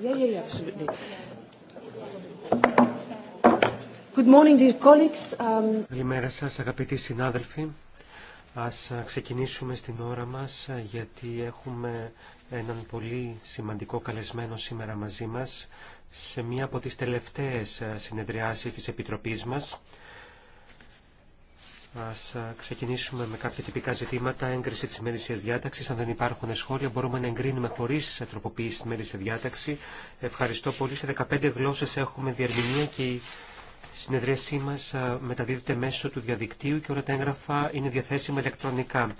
Yeah, yeah, Good um, Καλημέρα σας αγαπητοί συνάδελφοι. Ας ε, ξεκινήσουμε στην ώρα μας ε, γιατί έχουμε έναν πολύ σημαντικό καλεσμένο σήμερα μαζί μας σε μία από τις τελευταίες ε, συνεδριάσεις της Επιτροπής μας. Ας ξεκινήσουμε με κάποια τυπικά ζητήματα. Έγκριση της ημέρησιας διάταξης. Αν δεν υπάρχουν σχόλια μπορούμε να εγκρίνουμε χωρίς τροποποίηση της ημέρησιας διάταξη. Ευχαριστώ πολύ. Σε 15 γλώσσες έχουμε διερμηνία και η συνεδρίασή μας μεταδίδεται μέσω του διαδικτύου και όλα τα έγγραφα είναι διαθέσιμα ηλεκτρονικά.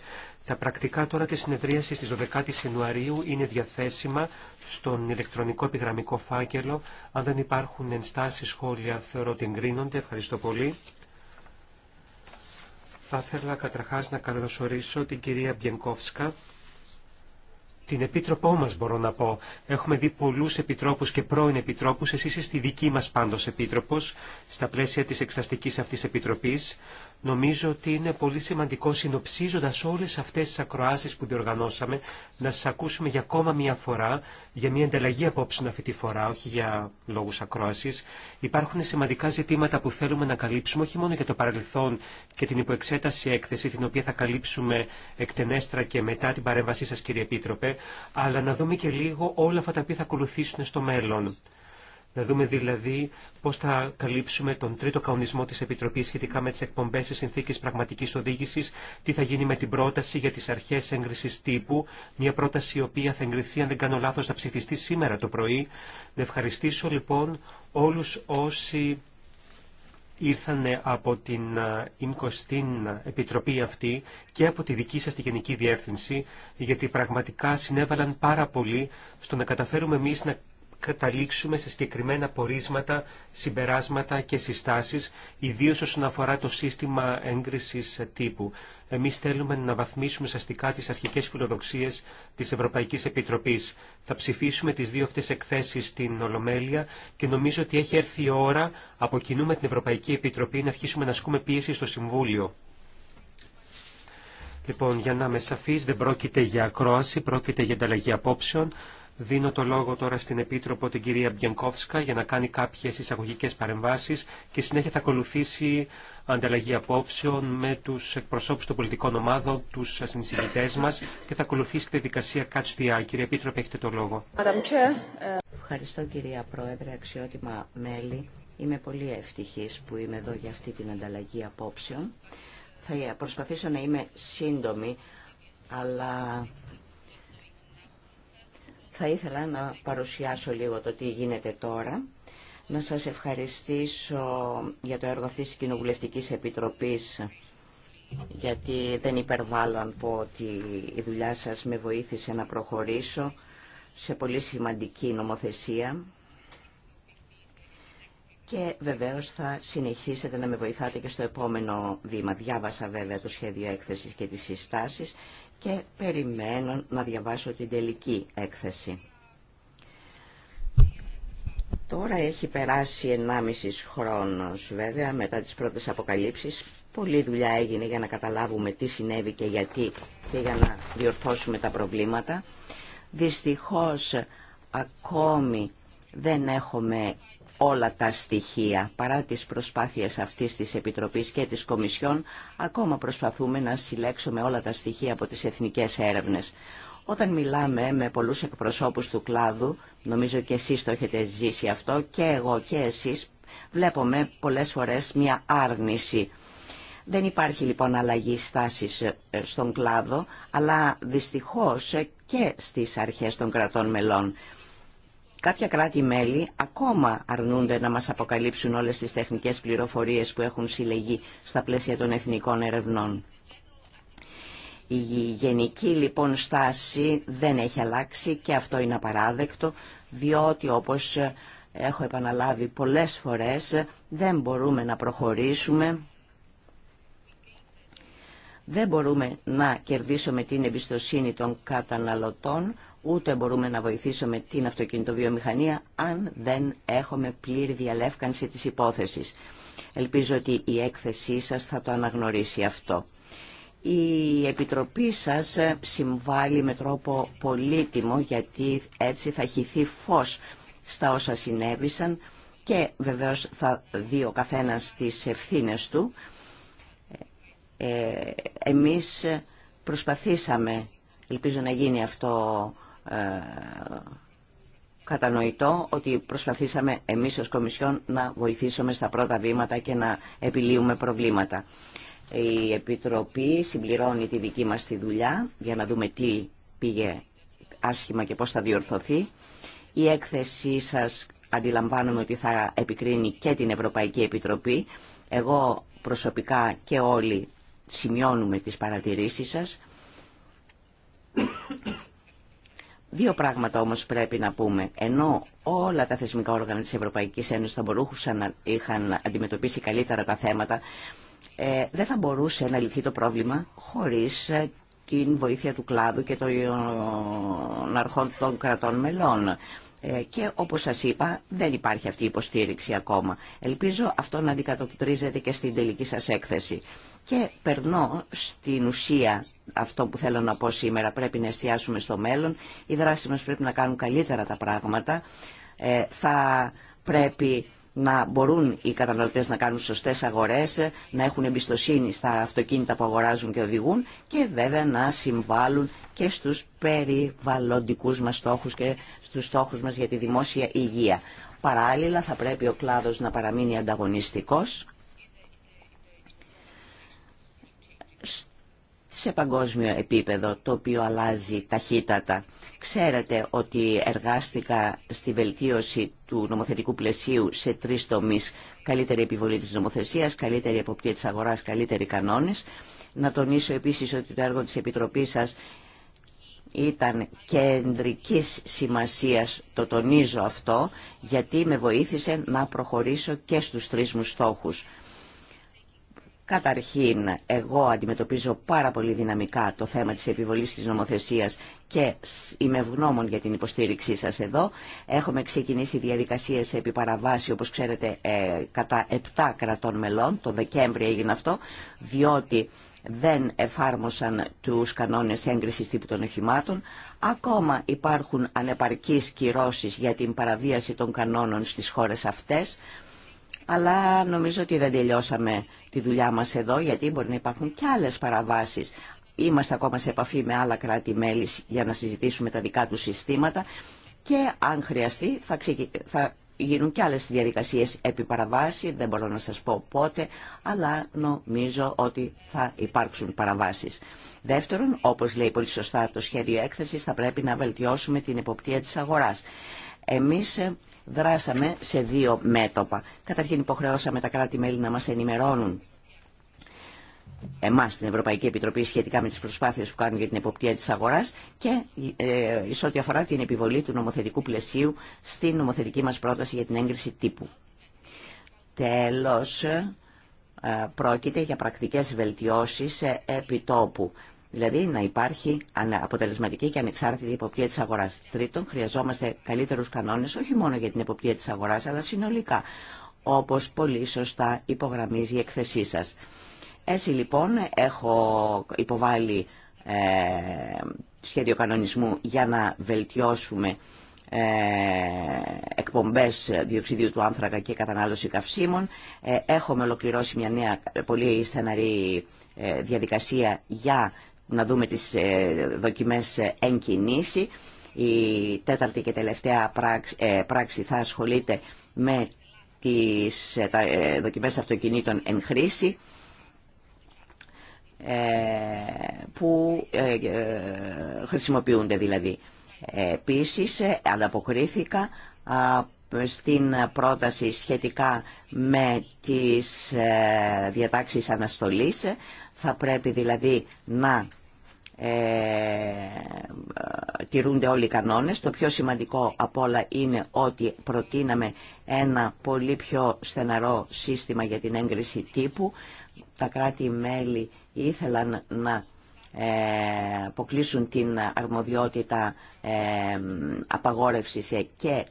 Τα πρακτικά τώρα της συνεδρίασης της 12 η Ιανουαρίου είναι διαθέσιμα στον ηλεκτρονικό επιγραμμικό φάκελο. Αν δεν υπάρχουν ενστάσεις σχόλια θεωρώ ότι εγκρίνονται. Ευχαριστώ πολύ. Θα ήθελα καταρχάς να καλωσορίσω την κυρία Μπιενκόφσκα, την επίτροπό μας μπορώ να πω. Έχουμε δει πολλούς επιτρόπους και πρώην επιτρόπους, εσείς είστε η δική μας πάντως επίτροπος, στα πλαίσια της εξαστικής αυτής επιτροπής. Νομίζω ότι είναι πολύ σημαντικό συνοψίζοντας όλες αυτές τις ακροάσεις που διοργανώσαμε να σα ακούσουμε για ακόμα μία φορά, για μία ανταλλαγή απόψεων αυτή τη φορά, όχι για λόγους ακρόαση. Υπάρχουν σημαντικά ζητήματα που θέλουμε να καλύψουμε, όχι μόνο για το παρελθόν και την υποεξέταση έκθεση, την οποία θα καλύψουμε εκτενέστρα και μετά την παρέμβασή σας κύριε Επίτροπε, αλλά να δούμε και λίγο όλα αυτά τα οποία θα ακολουθήσουν στο μέλλον. Να δούμε δηλαδή πώς θα καλύψουμε τον τρίτο καονισμό της Επιτροπής σχετικά με τις εκπομπές της συνθήκης πραγματικής οδήγησης, τι θα γίνει με την πρόταση για τις αρχές έγκρισης τύπου, μια πρόταση η οποία θα εγκριθεί αν δεν κάνω λάθος να ψηφιστεί σήμερα το πρωί. Να ευχαριστήσω λοιπόν όλους όσοι ήρθαν από την ΙΜΚΟ στην Επιτροπή αυτή και από τη δική σας τη Γενική Διεύθυνση, γιατί πραγματικά συνέβαλαν πάρα πολύ στο να καταφέρουμε εμείς να καταλήξουμε σε συγκεκριμένα πορίσματα, συμπεράσματα και συστάσεις, ιδίως όσον αφορά το σύστημα έγκρισης τύπου. Εμείς θέλουμε να βαθμίσουμε σαστικά τις αρχικές φιλοδοξίες της Ευρωπαϊκής Επιτροπής. Θα ψηφίσουμε τις δύο αυτές εκθέσεις στην Ολομέλεια και νομίζω ότι έχει έρθει η ώρα από κοινού με την Ευρωπαϊκή Επιτροπή να αρχίσουμε να ασκούμε πίεση στο Συμβούλιο. Λοιπόν, για να είμαι σαφής, δεν πρόκειται για ακρόαση, πρόκειται για ανταλλαγή απόψεων. Δίνω το λόγο τώρα στην Επίτροπο την κυρία Μπιενκόφσκα για να κάνει κάποιες εισαγωγικές παρεμβάσεις και συνέχεια θα ακολουθήσει ανταλλαγή απόψεων με τους εκπροσώπους των πολιτικών ομάδων, τους συνεισηγητές μας και θα ακολουθήσει και τη δικασία Catch the Eye. Κύριε Επίτροπε, έχετε το λόγο. Ε, Ευχαριστώ κυρία Πρόεδρε, αξιότιμα μέλη. Είμαι πολύ ευτυχής που είμαι εδώ για αυτή την ανταλλαγή απόψεων. Θα προσπαθήσω να είμαι σύντομη, αλλά θα ήθελα να παρουσιάσω λίγο το τι γίνεται τώρα. Να σας ευχαριστήσω για το έργο αυτής της Κοινοβουλευτικής Επιτροπής γιατί δεν υπερβάλλω αν πω ότι η δουλειά σας με βοήθησε να προχωρήσω σε πολύ σημαντική νομοθεσία και βεβαίως θα συνεχίσετε να με βοηθάτε και στο επόμενο βήμα. Διάβασα βέβαια το σχέδιο έκθεσης και τις συστάσεις και περιμένω να διαβάσω την τελική έκθεση. Τώρα έχει περάσει 1,5 χρόνος βέβαια μετά τις πρώτες αποκαλύψεις. Πολλή δουλειά έγινε για να καταλάβουμε τι συνέβη και γιατί και για να διορθώσουμε τα προβλήματα. Δυστυχώς ακόμη δεν έχουμε όλα τα στοιχεία. Παρά τις προσπάθειες αυτής της Επιτροπής και της Κομισιόν, ακόμα προσπαθούμε να συλλέξουμε όλα τα στοιχεία από τις εθνικές έρευνες. Όταν μιλάμε με πολλούς εκπροσώπους του κλάδου, νομίζω και εσείς το έχετε ζήσει αυτό, και εγώ και εσείς, βλέπουμε πολλές φορές μια άρνηση. Δεν υπάρχει λοιπόν αλλαγή στάσης ε, ε, στον κλάδο, αλλά δυστυχώς ε, και στις αρχές των κρατών μελών. Κάποια κράτη-μέλη ακόμα αρνούνται να μας αποκαλύψουν όλες τις τεχνικές πληροφορίες που έχουν συλλεγεί στα πλαίσια των εθνικών ερευνών. Η γενική λοιπόν στάση δεν έχει αλλάξει και αυτό είναι απαράδεκτο, διότι όπως ε, έχω επαναλάβει πολλές φορές δεν μπορούμε να προχωρήσουμε, δεν μπορούμε να κερδίσουμε την εμπιστοσύνη των καταναλωτών ούτε μπορούμε να βοηθήσουμε την αυτοκινητοβιομηχανία αν δεν έχουμε πλήρη διαλεύκανση της υπόθεσης. Ελπίζω ότι η έκθεσή σας θα το αναγνωρίσει αυτό. Η Επιτροπή σας συμβάλλει με τρόπο πολύτιμο γιατί έτσι θα χυθεί φως στα όσα συνέβησαν και βεβαίως θα δει ο καθένας τις ευθύνες του. Ε, εμείς προσπαθήσαμε, ελπίζω να γίνει αυτό ε, κατανοητό ότι προσπαθήσαμε εμείς ως Κομισιόν να βοηθήσουμε στα πρώτα βήματα και να επιλύουμε προβλήματα. Η Επιτροπή συμπληρώνει τη δική μας τη δουλειά για να δούμε τι πήγε άσχημα και πώς θα διορθωθεί. Η έκθεσή σας αντιλαμβάνομαι ότι θα επικρίνει και την Ευρωπαϊκή Επιτροπή. Εγώ προσωπικά και όλοι σημειώνουμε τις παρατηρήσεις σας Δύο πράγματα όμως πρέπει να πούμε. Ενώ όλα τα θεσμικά όργανα της Ευρωπαϊκής Ένωσης θα μπορούσαν να είχαν αντιμετωπίσει καλύτερα τα θέματα, ε, δεν θα μπορούσε να λυθεί το πρόβλημα χωρίς ε, την βοήθεια του κλάδου και των ε, αρχών των κρατών μελών. Ε, και όπως σας είπα δεν υπάρχει αυτή η υποστήριξη ακόμα. Ελπίζω αυτό να αντικατοπτρίζεται και στην τελική σας έκθεση. Και περνώ στην ουσία αυτό που θέλω να πω σήμερα. Πρέπει να εστιάσουμε στο μέλλον. Οι δράσεις μας πρέπει να κάνουν καλύτερα τα πράγματα. Ε, θα πρέπει να μπορούν οι καταναλωτές να κάνουν σωστές αγορές, να έχουν εμπιστοσύνη στα αυτοκίνητα που αγοράζουν και οδηγούν και βέβαια να συμβάλλουν και στους περιβαλλοντικούς μας στόχους και τους στόχους μας για τη δημόσια υγεία. Παράλληλα θα πρέπει ο κλάδος να παραμείνει ανταγωνιστικός σε παγκόσμιο επίπεδο, το οποίο αλλάζει ταχύτατα. Ξέρετε ότι εργάστηκα στη βελτίωση του νομοθετικού πλαισίου σε τρεις τομείς. Καλύτερη επιβολή της νομοθεσίας, καλύτερη εποπτεία της αγοράς, καλύτεροι κανόνες. Να τονίσω επίσης ότι το έργο της Επιτροπής σας ήταν κεντρικής σημασίας, το τονίζω αυτό, γιατί με βοήθησε να προχωρήσω και στους τρεις μου στόχους. Καταρχήν, εγώ αντιμετωπίζω πάρα πολύ δυναμικά το θέμα της επιβολής της νομοθεσίας και είμαι ευγνώμων για την υποστήριξή σας εδώ. Έχουμε ξεκινήσει διαδικασίες επί παραβάση, όπως ξέρετε, ε, κατά 7 κρατών μελών. Το Δεκέμβριο έγινε αυτό, διότι δεν εφάρμοσαν τους κανόνες έγκρισης τύπου των οχημάτων, ακόμα υπάρχουν ανεπαρκείς κυρώσεις για την παραβίαση των κανόνων στις χώρες αυτές, αλλά νομίζω ότι δεν τελειώσαμε τη δουλειά μας εδώ, γιατί μπορεί να υπάρχουν και άλλες παραβάσεις. Είμαστε ακόμα σε επαφή με άλλα κράτη-μέλη για να συζητήσουμε τα δικά του συστήματα και αν χρειαστεί θα, θα γίνουν και άλλες διαδικασίες επί παραβάση, δεν μπορώ να σας πω πότε, αλλά νομίζω ότι θα υπάρξουν παραβάσεις. Δεύτερον, όπως λέει πολύ σωστά το σχέδιο έκθεσης, θα πρέπει να βελτιώσουμε την εποπτεία της αγοράς. Εμείς ε, δράσαμε σε δύο μέτωπα. Καταρχήν υποχρεώσαμε τα κράτη-μέλη να μας ενημερώνουν Εμά, στην Ευρωπαϊκή Επιτροπή σχετικά με τι προσπάθειε που κάνουν για την εποπτεία τη αγορά και ε, ό,τι αφορά την επιβολή του νομοθετικού πλαισίου στην νομοθετική μα πρόταση για την έγκριση τύπου. Τέλος, ε, πρόκειται για πρακτικέ βελτιώσει βελτιώσεις επιτόπου. Δηλαδή να υπάρχει αποτελεσματική και ανεξάρτητη υποπτία της αγοράς. Τρίτον, χρειαζόμαστε καλύτερους κανόνες όχι μόνο για την υποπτία της αγοράς, αλλά συνολικά, όπως πολύ σωστά υπογραμμίζει η εκθεσή σας. Έτσι λοιπόν έχω υποβάλει ε, σχέδιο κανονισμού για να βελτιώσουμε ε, εκπομπές διοξιδίου του άνθρακα και κατανάλωση καυσίμων. Ε, έχουμε ολοκληρώσει μια νέα πολύ στεναρή ε, διαδικασία για να δούμε τις δοκιμές εν κινήσει. Η τέταρτη και τελευταία πράξη, θα ασχολείται με τις δοκιμές αυτοκινήτων εν χρήση. Ε, που ε, ε, χρησιμοποιούνται δηλαδή. Επίσης ανταποκρίθηκα στην πρόταση σχετικά με τις διατάξεις αναστολής. Θα πρέπει δηλαδή να ε, τηρούνται όλοι οι κανόνες. Το πιο σημαντικό από όλα είναι ότι προτείναμε ένα πολύ πιο στεναρό σύστημα για την έγκριση τύπου. Τα κράτη-μέλη ήθελαν να ε, αποκλείσουν την αρμοδιότητα ε, απαγόρευσης ε, και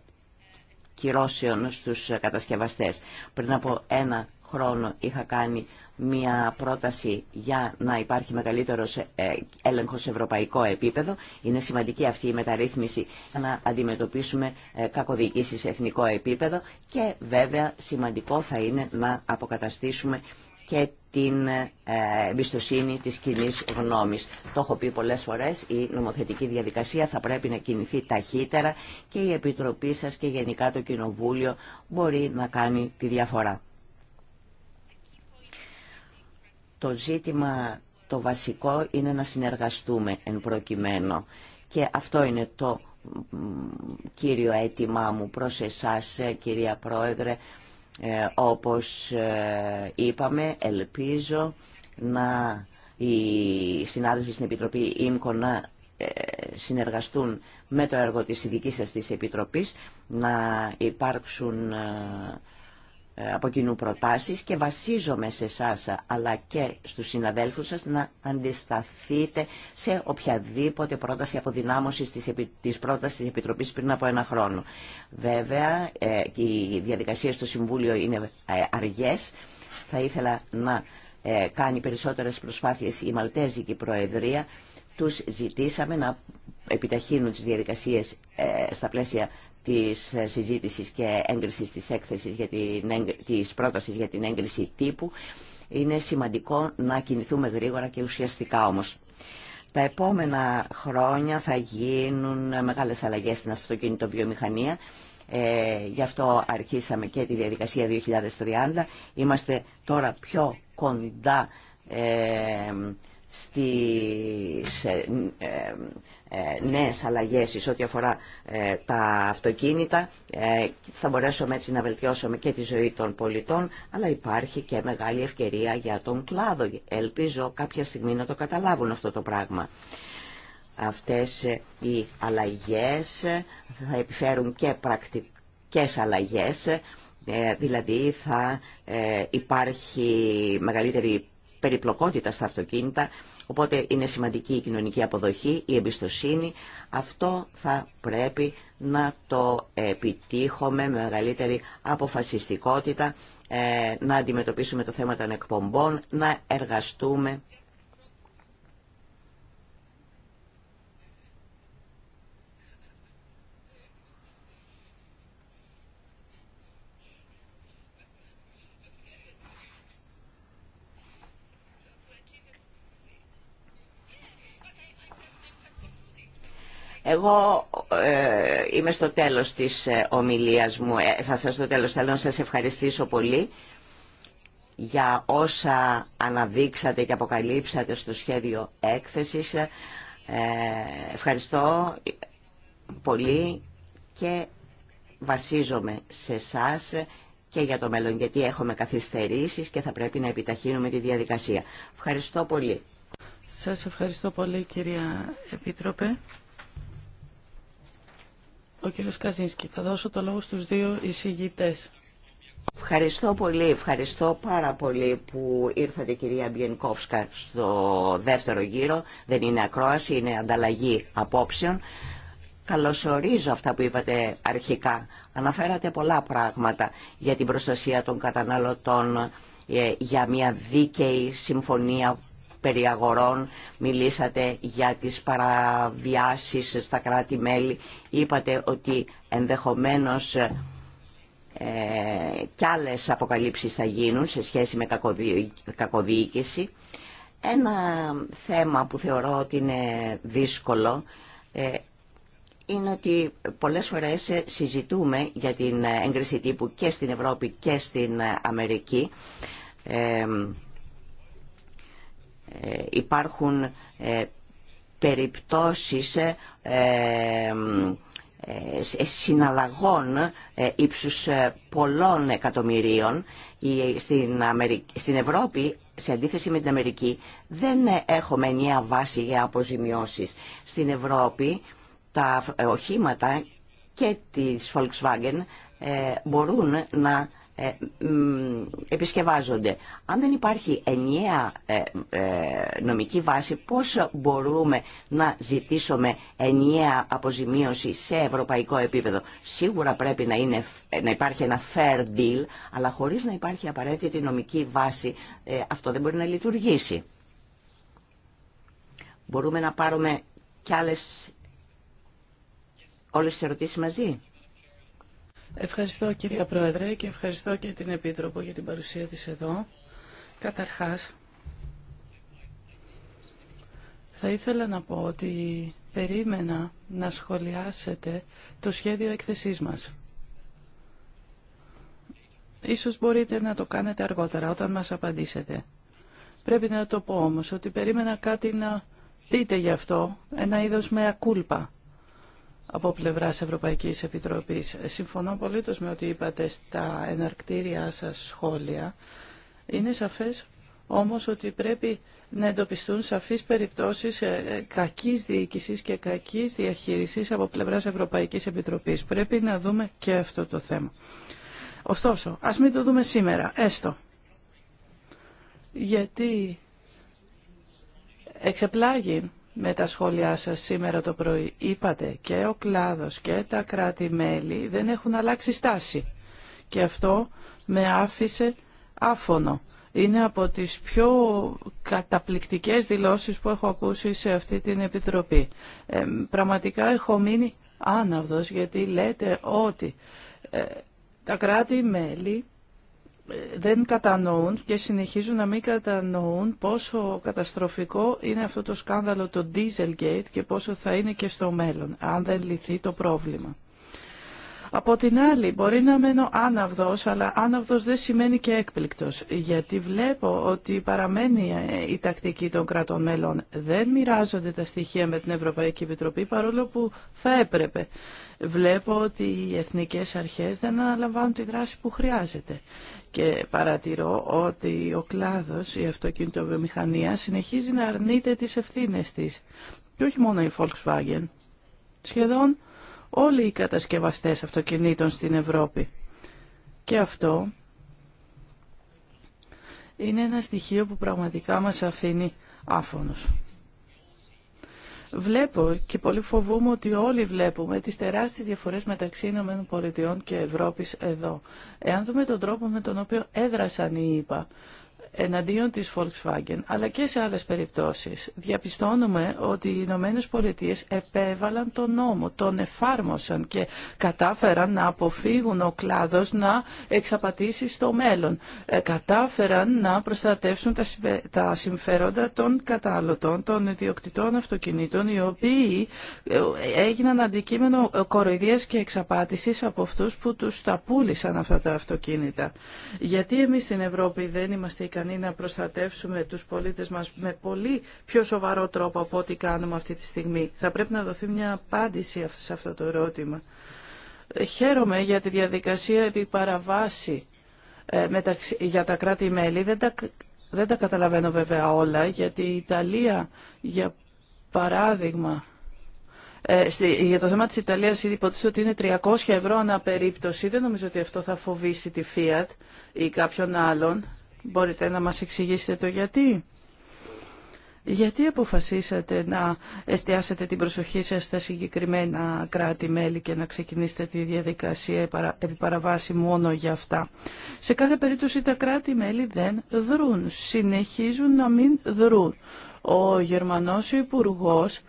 κυρώσεων στους κατασκευαστές. Πριν από ένα χρόνο είχα κάνει μια πρόταση για να υπάρχει μεγαλύτερος έλεγχος σε ευρωπαϊκό επίπεδο. Είναι σημαντική αυτή η μεταρρύθμιση να αντιμετωπίσουμε κακοδιοίκηση σε εθνικό επίπεδο και βέβαια σημαντικό θα είναι να αποκαταστήσουμε και την ε, εμπιστοσύνη της κοινή γνώμης. Το έχω πει πολλές φορές, η νομοθετική διαδικασία θα πρέπει να κινηθεί ταχύτερα και η Επιτροπή σας και γενικά το Κοινοβούλιο μπορεί να κάνει τη διαφορά. Το ζήτημα το βασικό είναι να συνεργαστούμε εν προκειμένου και αυτό είναι το κύριο αίτημά μου προς εσάς ε, κυρία Πρόεδρε ε, όπως ε, είπαμε, ελπίζω να οι συνάδελφοι στην Επιτροπή ΙΜΚΟ να ε, συνεργαστούν με το έργο της ειδικής σας της Επιτροπής, να υπάρξουν ε, ε, από κοινού προτάσεις και βασίζομαι σε εσά αλλά και στους συναδέλφους σας να αντισταθείτε σε οποιαδήποτε πρόταση αποδυνάμωσης της, της πρότασης της Επιτροπής πριν από ένα χρόνο. Βέβαια, ε, και οι διαδικασίες στο Συμβούλιο είναι ε, αργές. Θα ήθελα να κάνει περισσότερες προσπάθειες η Μαλτέζικη Προεδρία. Τους ζητήσαμε να επιταχύνουν τις διαδικασίες ε, στα πλαίσια της ε, συζήτησης και έγκρισης της έκθεσης για την, της πρότασης για την έγκριση τύπου. Είναι σημαντικό να κινηθούμε γρήγορα και ουσιαστικά όμως. Τα επόμενα χρόνια θα γίνουν μεγάλες αλλαγές στην αυτοκινητοβιομηχανία. Ε, γι' αυτό αρχίσαμε και τη διαδικασία 2030. Είμαστε τώρα πιο κοντά ε, στις ε, ε, ε, νέες αλλαγές ό,τι αφορά τα αυτοκίνητα. Θα μπορέσουμε έτσι να βελτιώσουμε και τη ζωή των πολιτών, αλλά υπάρχει και μεγάλη ευκαιρία για τον κλάδο. Ελπίζω κάποια στιγμή να το καταλάβουν αυτό το πράγμα. Αυτές οι αλλαγές θα επιφέρουν και πρακτικές αλλαγές, δηλαδή θα υπάρχει μεγαλύτερη περιπλοκότητα στα αυτοκίνητα, οπότε είναι σημαντική η κοινωνική αποδοχή, η εμπιστοσύνη. Αυτό θα πρέπει να το επιτύχουμε με μεγαλύτερη αποφασιστικότητα, ε, να αντιμετωπίσουμε το θέμα των εκπομπών, να εργαστούμε Εγώ ε, είμαι στο τέλος της ε, ομιλίας μου. Ε, θα σας το τέλος θέλω να σας ευχαριστήσω πολύ για όσα αναδείξατε και αποκαλύψατε στο σχέδιο έκθεσης. Ε, ευχαριστώ πολύ και βασίζομαι σε σας και για το μέλλον, γιατί έχουμε καθυστερήσεις και θα πρέπει να επιταχύνουμε τη διαδικασία. Ευχαριστώ πολύ. Σας ευχαριστώ πολύ κυρία Επίτροπε. Θα δώσω το λόγο στους δύο Ευχαριστώ πολύ, ευχαριστώ πάρα πολύ που ήρθατε κυρία Μπιενκόφσκα στο δεύτερο γύρο. Δεν είναι ακρόαση, είναι ανταλλαγή απόψεων. Καλωσορίζω αυτά που είπατε αρχικά. Αναφέρατε πολλά πράγματα για την προστασία των καταναλωτών, ε, για μια δίκαιη συμφωνία περί μιλήσατε για τις παραβιάσεις στα κράτη-μέλη, είπατε ότι ενδεχομένως ε, κι άλλες αποκαλύψεις θα γίνουν σε σχέση με κακοδιοίκηση. Ένα θέμα που θεωρώ ότι είναι δύσκολο ε, είναι ότι πολλές φορές συζητούμε για την έγκριση τύπου και στην Ευρώπη και στην Αμερική. Ε, ε, υπάρχουν ε, περιπτώσεις ε, συναλλαγών ύψους πολλών εκατομμυρίων στην Ευρώπη σε αντίθεση με την Αμερική δεν έχουμε ενιαία βάση για αποζημιώσεις. Στην Ευρώπη τα οχήματα και της Volkswagen μπορούν να ε, επισκευάζονται. Αν δεν υπάρχει ενιαία ε, ε, νομική βάση, πώς μπορούμε να ζητήσουμε ενιαία αποζημίωση σε ευρωπαϊκό επίπεδο. Σίγουρα πρέπει να, είναι, να υπάρχει ένα fair deal, αλλά χωρίς να υπάρχει απαραίτητη νομική βάση, αυτό δεν μπορεί να λειτουργήσει. Μπορούμε να πάρουμε κι άλλες όλες τις ερωτήσεις μαζί. Ευχαριστώ κυρία Πρόεδρε και ευχαριστώ και την Επίτροπο για την παρουσία της εδώ. Καταρχάς, θα ήθελα να πω ότι περίμενα να σχολιάσετε το σχέδιο έκθεσής μας. Ίσως μπορείτε να το κάνετε αργότερα όταν μας απαντήσετε. Πρέπει να το πω όμως ότι περίμενα κάτι να πείτε γι' αυτό, ένα είδος με ακούλπα από πλευρά Ευρωπαϊκή Επιτροπής. Συμφωνώ πολύ με ό,τι είπατε στα εναρκτήριά σα σχόλια. Είναι σαφέ όμως ότι πρέπει να εντοπιστούν σαφείς περιπτώσεις ε, ε, κακής διοίκησης και κακής διαχείρισης από πλευράς Ευρωπαϊκής Επιτροπής. Πρέπει να δούμε και αυτό το θέμα. Ωστόσο, ας μην το δούμε σήμερα, έστω. Γιατί εξεπλάγει με τα σχόλιά σας σήμερα το πρωί. Είπατε και ο κλάδος και τα κράτη-μέλη δεν έχουν αλλάξει στάση. Και αυτό με άφησε άφωνο. Είναι από τις πιο καταπληκτικές δηλώσεις που έχω ακούσει σε αυτή την Επιτροπή. Ε, πραγματικά έχω μείνει άναυδος γιατί λέτε ότι ε, τα κράτη-μέλη δεν κατανοούν και συνεχίζουν να μην κατανοούν πόσο καταστροφικό είναι αυτό το σκάνδαλο το Dieselgate και πόσο θα είναι και στο μέλλον, αν δεν λυθεί το πρόβλημα. Από την άλλη, μπορεί να μένω άναυδος, αλλά άναυδος δεν σημαίνει και έκπληκτος, γιατί βλέπω ότι παραμένει ε, η τακτική των κρατών μέλων. Δεν μοιράζονται τα στοιχεία με την Ευρωπαϊκή Επιτροπή, παρόλο που θα έπρεπε. Βλέπω ότι οι εθνικές αρχές δεν αναλαμβάνουν τη δράση που χρειάζεται. Και παρατηρώ ότι ο κλάδος, η αυτοκινητοβιομηχανία, συνεχίζει να αρνείται τις ευθύνες της. Και όχι μόνο η Volkswagen. Σχεδόν όλοι οι κατασκευαστές αυτοκινήτων στην Ευρώπη. Και αυτό είναι ένα στοιχείο που πραγματικά μας αφήνει άφωνος. Βλέπω και πολύ φοβούμαι ότι όλοι βλέπουμε τις τεράστιες διαφορές μεταξύ ΗΠΑ και Ευρώπης εδώ. Εάν δούμε τον τρόπο με τον οποίο έδρασαν οι ΗΠΑ εναντίον της Volkswagen, αλλά και σε άλλες περιπτώσεις. Διαπιστώνουμε ότι οι Ηνωμένε Πολιτείε επέβαλαν τον νόμο, τον εφάρμοσαν και κατάφεραν να αποφύγουν ο κλάδος να εξαπατήσει στο μέλλον. Ε, κατάφεραν να προστατεύσουν τα συμφέροντα των καταναλωτών, των ιδιοκτητών αυτοκινήτων, οι οποίοι ε, έγιναν αντικείμενο ε, κοροϊδίας και εξαπάτησης από αυτούς που τους τα πούλησαν αυτά τα αυτοκίνητα. Γιατί εμείς στην Ευρώπη δεν είμαστε ικανοί ή να προστατεύσουμε τους πολίτες μας με πολύ πιο σοβαρό τρόπο από ό,τι κάνουμε αυτή τη στιγμή. Θα πρέπει να δοθεί μια απάντηση σε αυτό το ερώτημα. Ε, χαίρομαι για τη διαδικασία επί παραβάση ε, για τα κράτη-μέλη. Δεν τα, δεν καταλαβαίνω βέβαια όλα, γιατί η Ιταλία, για παράδειγμα, ε, για το θέμα της Ιταλίας ήδη υποτίθεται ότι είναι 300 ευρώ αναπερίπτωση. Δεν νομίζω ότι αυτό θα φοβήσει τη Fiat ή κάποιον άλλον. Μπορείτε να μας εξηγήσετε το γιατί. Γιατί αποφασίσατε να εστιάσετε την προσοχή σας στα συγκεκριμένα κράτη-μέλη και να ξεκινήσετε τη διαδικασία επί παραβάση μόνο για αυτά. Σε κάθε περίπτωση τα κράτη-μέλη δεν δρούν, συνεχίζουν να μην δρούν. Ο Γερμανός Υπουργός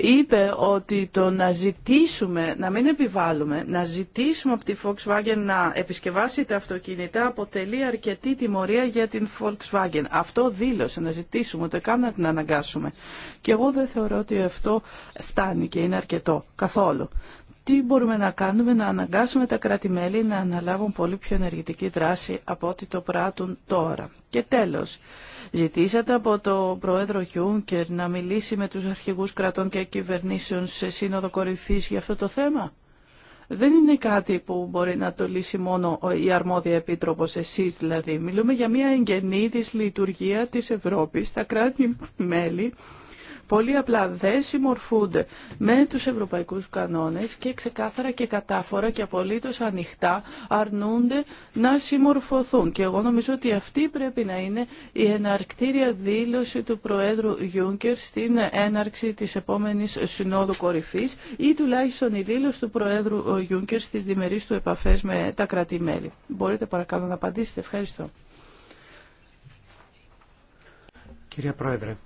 είπε ότι το να ζητήσουμε, να μην επιβάλλουμε, να ζητήσουμε από τη Volkswagen να επισκευάσει τα αυτοκίνητα αποτελεί αρκετή τιμωρία για την Volkswagen. Αυτό δήλωσε, να ζητήσουμε, το καν να την αναγκάσουμε. Και εγώ δεν θεωρώ ότι αυτό φτάνει και είναι αρκετό καθόλου τι μπορούμε να κάνουμε να αναγκάσουμε τα κράτη-μέλη να αναλάβουν πολύ πιο ενεργητική δράση από ό,τι το πράττουν τώρα. Και τέλος, ζητήσατε από τον Πρόεδρο Γιούνκερ να μιλήσει με τους αρχηγούς κρατών και κυβερνήσεων σε σύνοδο κορυφής για αυτό το θέμα. Δεν είναι κάτι που μπορεί να το λύσει μόνο η αρμόδια επίτροπος εσείς δηλαδή. Μιλούμε για μια εγγενή λειτουργία της Ευρώπης, τα κράτη-μέλη πολύ απλά δεν συμμορφούνται με τους ευρωπαϊκούς κανόνες και ξεκάθαρα και κατάφορα και απολύτως ανοιχτά αρνούνται να συμμορφωθούν. Και εγώ νομίζω ότι αυτή πρέπει να είναι η εναρκτήρια δήλωση του Προέδρου Γιούγκερ στην έναρξη της επόμενης Συνόδου Κορυφής ή τουλάχιστον η δήλωση του Προέδρου Γιούγκερ στις διμερείς του επαφές με τα κράτη-μέλη. Μπορείτε παρακαλώ να απαντήσετε. Ευχαριστώ. Κυρία Πρόεδρε,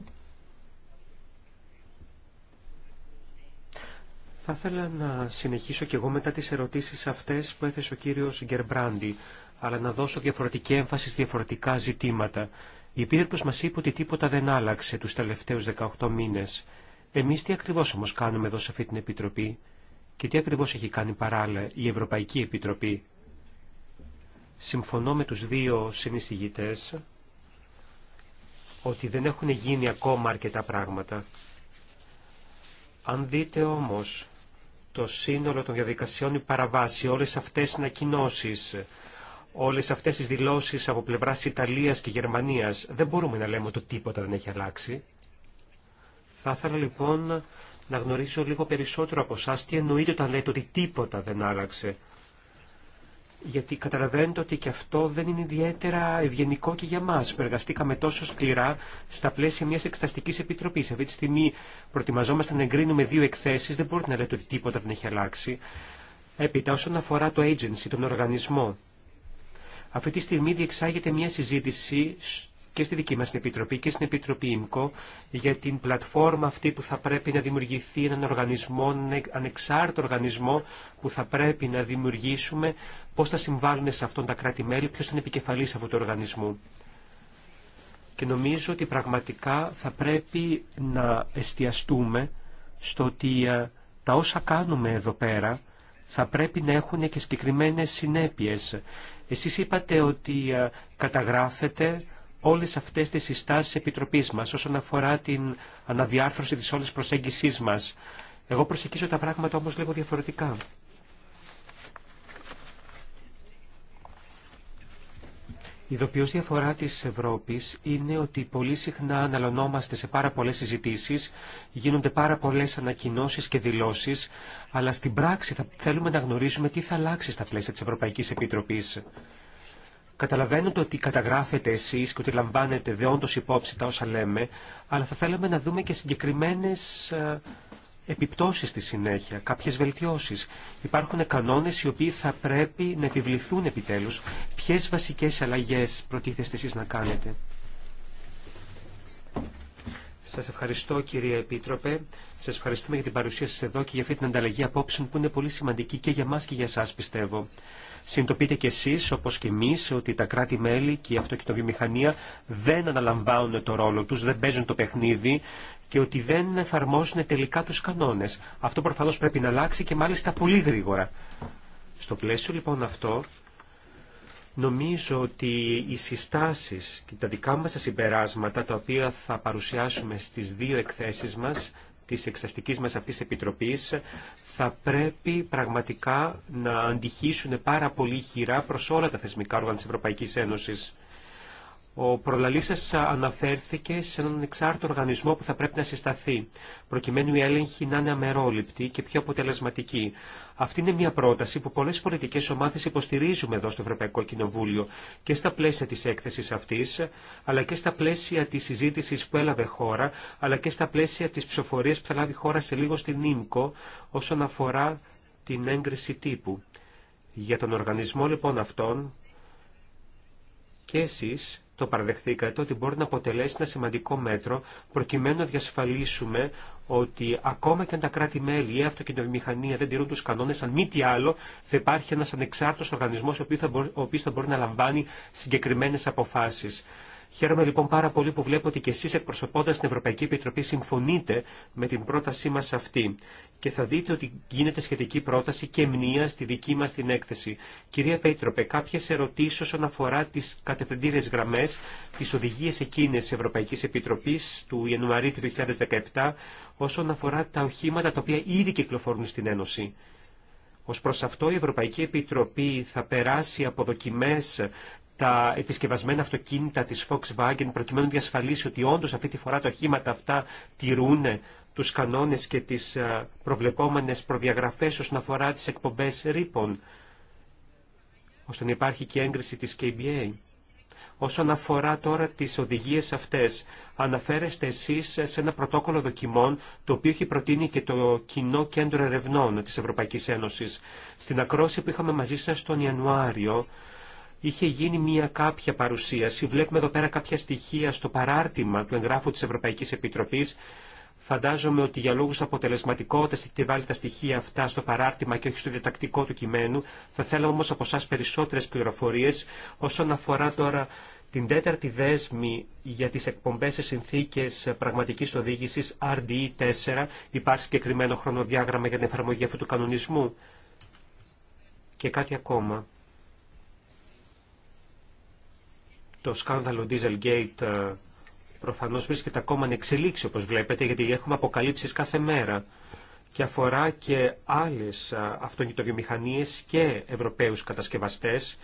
Θα ήθελα να συνεχίσω και εγώ μετά τις ερωτήσεις αυτές που έθεσε ο κύριος Γκερμπράντι, αλλά να δώσω διαφορετική έμφαση σε διαφορετικά ζητήματα. Η επίδελπος μας είπε ότι τίποτα δεν άλλαξε τους τελευταίους 18 μήνες. Εμείς τι ακριβώς όμως κάνουμε εδώ σε αυτή την Επιτροπή και τι ακριβώς έχει κάνει παράλληλα η Ευρωπαϊκή Επιτροπή. Συμφωνώ με τους δύο συνεισηγητές ότι δεν έχουν γίνει ακόμα αρκετά πράγματα. Αν δείτε όμως το σύνολο των διαδικασιών υπαραβάση, όλες αυτές οι ανακοινώσεις, όλες αυτές τις δηλώσεις από πλευράς Ιταλίας και Γερμανίας, δεν μπορούμε να λέμε ότι τίποτα δεν έχει αλλάξει. Θα ήθελα λοιπόν να γνωρίσω λίγο περισσότερο από εσά τι εννοείται όταν λέτε ότι τίποτα δεν άλλαξε γιατί καταλαβαίνετε ότι και αυτό δεν είναι ιδιαίτερα ευγενικό και για μας που εργαστήκαμε τόσο σκληρά στα πλαίσια μιας εξεταστικής επιτροπής. Αυτή τη στιγμή προετοιμαζόμαστε να εγκρίνουμε δύο εκθέσεις, δεν μπορείτε να λέτε ότι τίποτα δεν έχει αλλάξει. Έπειτα όσον αφορά το agency, τον οργανισμό. Αυτή τη στιγμή διεξάγεται μια συζήτηση και στη δική μας Επιτροπή και στην Επιτροπή ΙΜΚΟ για την πλατφόρμα αυτή που θα πρέπει να δημιουργηθεί έναν οργανισμό, έναν ανεξάρτητο οργανισμό που θα πρέπει να δημιουργήσουμε, πώς θα συμβάλλουν σε αυτόν τα κράτη-μέλη, ποιος είναι επικεφαλής αυτού του οργανισμού. Και νομίζω ότι πραγματικά θα πρέπει να εστιαστούμε στο ότι ε, τα όσα κάνουμε εδώ πέρα θα πρέπει να έχουν και συγκεκριμένες συνέπειες. Εσείς είπατε ότι ε, καταγράφετε όλες αυτές τις συστάσεις επιτροπής μας όσον αφορά την αναδιάρθρωση της όλης προσέγγισής μας. Εγώ προσεγγίζω τα πράγματα όμως λίγο διαφορετικά. Η ειδοποιώς διαφορά της Ευρώπης είναι ότι πολύ συχνά αναλωνόμαστε σε πάρα πολλές συζητήσεις, γίνονται πάρα πολλές ανακοινώσεις και δηλώσεις, αλλά στην πράξη θα θέλουμε να γνωρίζουμε τι θα αλλάξει στα πλαίσια της Ευρωπαϊκής Επιτροπής. Καταλαβαίνετε ότι καταγράφετε εσείς και ότι λαμβάνετε δεόντως υπόψη τα όσα λέμε, αλλά θα θέλαμε να δούμε και συγκεκριμένες ε, επιπτώσεις στη συνέχεια, κάποιες βελτιώσεις. Υπάρχουν κανόνες οι οποίοι θα πρέπει να επιβληθούν επιτέλους. Ποιες βασικές αλλαγές προτίθεστε εσείς να κάνετε. Σας ευχαριστώ κυρία Επίτροπε. Σας ευχαριστούμε για την παρουσία σας εδώ και για αυτή την ανταλλαγή απόψεων που είναι πολύ σημαντική και για μας και για σας πιστεύω. Συντοπείτε κι εσείς, όπως και εμείς, ότι τα κράτη-μέλη και η αυτοκινητοβιομηχανία δεν αναλαμβάνουν το ρόλο τους, δεν παίζουν το παιχνίδι και ότι δεν εφαρμόζουν τελικά τους κανόνες. Αυτό προφανώς πρέπει να αλλάξει και μάλιστα πολύ γρήγορα. Στο πλαίσιο λοιπόν αυτό Νομίζω ότι οι συστάσεις και τα δικά μας τα συμπεράσματα, τα οποία θα παρουσιάσουμε στις δύο εκθέσεις μας, της εξαστικής μας αυτής επιτροπής, θα πρέπει πραγματικά να αντιχίσουν πάρα πολύ χειρά προς όλα τα θεσμικά όργανα της Ευρωπαϊκής Ένωσης. Ο Προλαλήσας σα αναφέρθηκε σε έναν εξάρτητο οργανισμό που θα πρέπει να συσταθεί, προκειμένου η έλεγχη να είναι αμερόληπτη και πιο αποτελεσματική. Αυτή είναι μια πρόταση που πολλές πολιτικές ομάδες υποστηρίζουμε εδώ στο Ευρωπαϊκό Κοινοβούλιο και στα πλαίσια της έκθεσης αυτής, αλλά και στα πλαίσια της συζήτησης που έλαβε χώρα, αλλά και στα πλαίσια της ψηφοφορίας που θα λάβει χώρα σε λίγο στην ΙΜΚΟ όσον αφορά την έγκριση τύπου. Για τον οργανισμό λοιπόν αυτόν και εσείς το παραδεχθήκατε, ότι μπορεί να αποτελέσει ένα σημαντικό μέτρο προκειμένου να διασφαλίσουμε ότι ακόμα και αν τα κράτη-μέλη ή η αυτοκινητοβιομηχανία δεν τηρούν του κανόνε, αν μη τι άλλο, θα υπάρχει ένα ανεξάρτητο οργανισμό ο οποίο θα, οποίος θα μπορεί να λαμβάνει συγκεκριμένε αποφάσει. Χαίρομαι λοιπόν πάρα πολύ που βλέπω ότι και εσείς εκπροσωπώντας την Ευρωπαϊκή Επιτροπή συμφωνείτε με την πρότασή μας αυτή και θα δείτε ότι γίνεται σχετική πρόταση και μνήα στη δική μας την έκθεση. Κυρία Πέτροπε, κάποιες ερωτήσεις όσον αφορά τις κατευθυντήριες γραμμές, τις οδηγίες εκείνες της Ευρωπαϊκής Επιτροπής του Ιανουαρίου του 2017 όσον αφορά τα οχήματα τα οποία ήδη κυκλοφορούν στην Ένωση. Ως προς αυτό η Ευρωπαϊκή Επιτροπή θα περάσει από τα επισκευασμένα αυτοκίνητα της Volkswagen προκειμένου να διασφαλίσει ότι όντως αυτή τη φορά τα οχήματα αυτά τηρούν τους κανόνες και τις ε, προβλεπόμενες προδιαγραφές όσον αφορά τις εκπομπές ρήπων, ώστε να υπάρχει και έγκριση της KBA. Όσον αφορά τώρα τις οδηγίες αυτές, αναφέρεστε εσείς σε ένα πρωτόκολλο δοκιμών, το οποίο έχει προτείνει και το Κοινό Κέντρο Ερευνών της Ευρωπαϊκής Ένωσης. Στην ακρόση που είχαμε μαζί σας τον Ιανουάριο, είχε γίνει μια κάποια παρουσίαση. Βλέπουμε εδώ πέρα κάποια στοιχεία στο παράρτημα του εγγράφου της Ευρωπαϊκής Επιτροπής. Φαντάζομαι ότι για λόγους αποτελεσματικότητας έχετε βάλει τα στοιχεία αυτά στο παράρτημα και όχι στο διδακτικό του κειμένου. Θα θέλαμε όμως από εσά περισσότερες πληροφορίες όσον αφορά τώρα την τέταρτη δέσμη για τις εκπομπές σε συνθήκες πραγματικής οδήγησης RDE4 υπάρχει συγκεκριμένο χρονοδιάγραμμα για την εφαρμογή αυτού του κανονισμού. Και κάτι ακόμα. Το σκάνδαλο Dieselgate ε, προφανώς βρίσκεται ακόμα εξελίξει όπως βλέπετε γιατί έχουμε αποκαλύψεις κάθε μέρα και αφορά και άλλες ε, αυτοκινητοβιομηχανίες και Ευρωπαίους κατασκευαστές.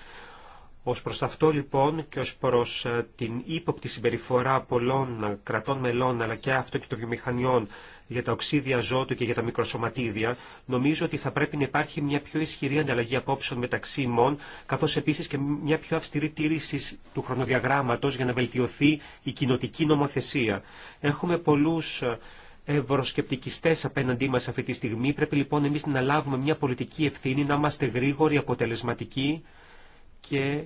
Ως προς αυτό λοιπόν και ως προς ε, την ύποπτη συμπεριφορά πολλών κρατών μελών αλλά και αυτοκινητοβιομηχανιών για τα οξύδια ζώτου και για τα μικροσωματίδια, νομίζω ότι θα πρέπει να υπάρχει μια πιο ισχυρή ανταλλαγή απόψεων μεταξύ ημών, καθώ επίση και μια πιο αυστηρή τήρηση του χρονοδιαγράμματο για να βελτιωθεί η κοινοτική νομοθεσία. Έχουμε πολλού ε, ευρωσκεπτικιστέ απέναντί μα αυτή τη στιγμή. Πρέπει λοιπόν εμεί να λάβουμε μια πολιτική ευθύνη, να είμαστε γρήγοροι, αποτελεσματικοί και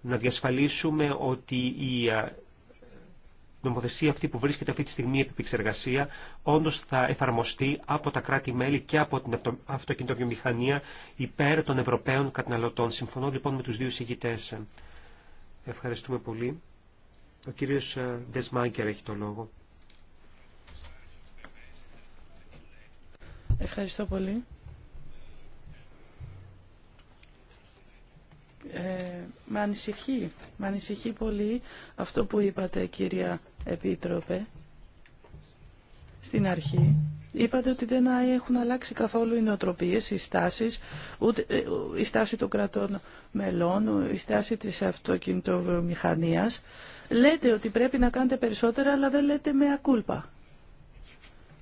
να διασφαλίσουμε ότι η ε, νομοθεσία αυτή που βρίσκεται αυτή τη στιγμή επί επεξεργασία όντω θα εφαρμοστεί από τα κράτη-μέλη και από την αυτοκινητοβιομηχανία υπέρ των Ευρωπαίων καταναλωτών. Συμφωνώ λοιπόν με του δύο συγητέ. Ευχαριστούμε πολύ. Ο κύριο Ντεσμάγκερ ε, έχει το λόγο. Ευχαριστώ πολύ. Ε, με ανησυχεί. πολύ αυτό που είπατε, κυρία Επίτροπε, στην αρχή. Είπατε ότι δεν έχουν αλλάξει καθόλου οι νοοτροπίες, οι στάσεις, ούτε, ε, η στάση των κρατών μελών, η στάση της αυτοκινητομηχανίας. Λέτε ότι πρέπει να κάνετε περισσότερα, αλλά δεν λέτε με ακούλπα.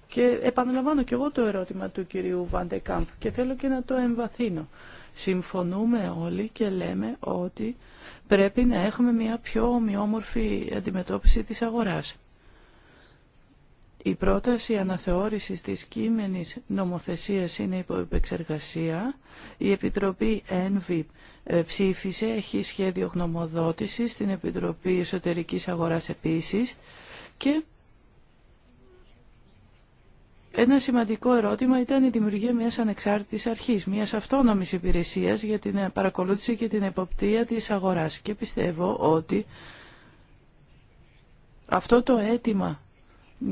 Και επαναλαμβάνω και εγώ το ερώτημα του κυρίου Βαντεκάμπ και θέλω και να το εμβαθύνω. Συμφωνούμε όλοι και λέμε ότι πρέπει να έχουμε μια πιο ομοιόμορφη αντιμετώπιση της αγοράς. Η πρόταση αναθεώρησης της κείμενης νομοθεσίας είναι υπό επεξεργασία. Η Επιτροπή ΕΝΒΙ ε, ψήφισε, έχει σχέδιο γνωμοδότησης στην Επιτροπή Εσωτερικής Αγοράς επίσης και ένα σημαντικό ερώτημα ήταν η δημιουργία μιας ανεξάρτητης αρχής, μιας αυτόνομης υπηρεσίας για την παρακολούθηση και την εποπτεία της αγοράς. Και πιστεύω ότι αυτό το αίτημα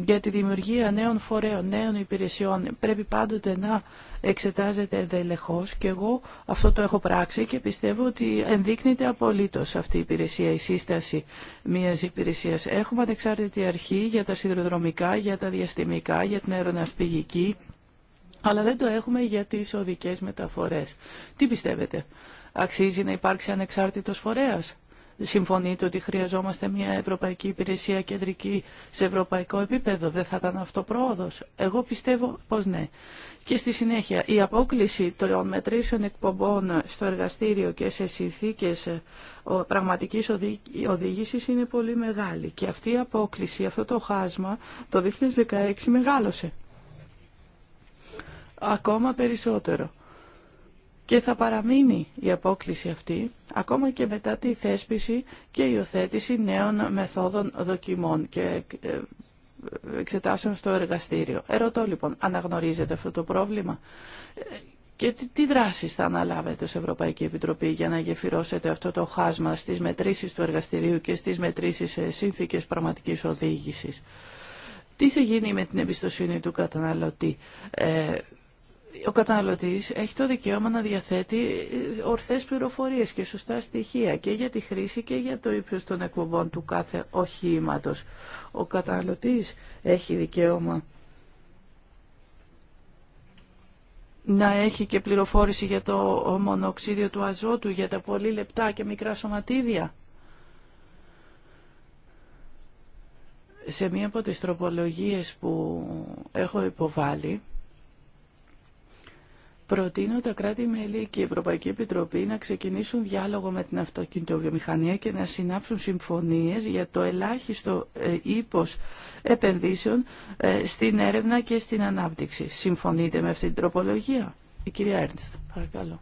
για τη δημιουργία νέων φορέων, νέων υπηρεσιών πρέπει πάντοτε να εξετάζεται ενδελεχώς και εγώ αυτό το έχω πράξει και πιστεύω ότι ενδείκνυται απολύτως αυτή η υπηρεσία, η σύσταση μιας υπηρεσίας. Έχουμε ανεξάρτητη αρχή για τα σιδηροδρομικά, για τα διαστημικά, για την αεροναυπηγική, αλλά δεν το έχουμε για τις οδικές μεταφορές. Τι πιστεύετε, αξίζει να υπάρξει ανεξάρτητος φορέας συμφωνείτε ότι χρειαζόμαστε μια ευρωπαϊκή υπηρεσία κεντρική σε ευρωπαϊκό επίπεδο. Δεν θα ήταν αυτό πρόοδο. Εγώ πιστεύω πως ναι. Και στη συνέχεια η απόκληση των μετρήσεων εκπομπών στο εργαστήριο και σε συνθήκε ε, πραγματική οδήγηση είναι πολύ μεγάλη. Και αυτή η απόκληση, αυτό το χάσμα το 2016 μεγάλωσε. Ακόμα περισσότερο και θα παραμείνει η απόκληση αυτή ακόμα και μετά τη θέσπιση και υιοθέτηση νέων μεθόδων δοκιμών και ε, εξετάσεων στο εργαστήριο. Ερωτώ λοιπόν, αναγνωρίζετε αυτό το πρόβλημα ε, και τι, τι δράσεις θα αναλάβετε ως Ευρωπαϊκή Επιτροπή για να γεφυρώσετε αυτό το χάσμα στις μετρήσεις του εργαστηρίου και στις μετρήσεις σε σύνθηκες πραγματικής οδήγησης. Τι θα γίνει με την εμπιστοσύνη του καταναλωτή. Ε, ο καταναλωτής έχει το δικαίωμα να διαθέτει ε, ορθές πληροφορίες και σωστά στοιχεία και για τη χρήση και για το ύψος των εκπομπών του κάθε οχήματος. Ο καταναλωτής έχει δικαίωμα να έχει και πληροφόρηση για το μονοξίδιο του αζότου, για τα πολύ λεπτά και μικρά σωματίδια. Σε μία από τις τροπολογίες που έχω υποβάλει, Προτείνω τα κράτη-μέλη και η Ευρωπαϊκή Επιτροπή να ξεκινήσουν διάλογο με την αυτοκινητοβιομηχανία και να συνάψουν συμφωνίες για το ελάχιστο ε, ύπος επενδύσεων ε, στην έρευνα και στην ανάπτυξη. Συμφωνείτε με αυτή την τροπολογία. Η κυρία Έρνστ, παρακαλώ.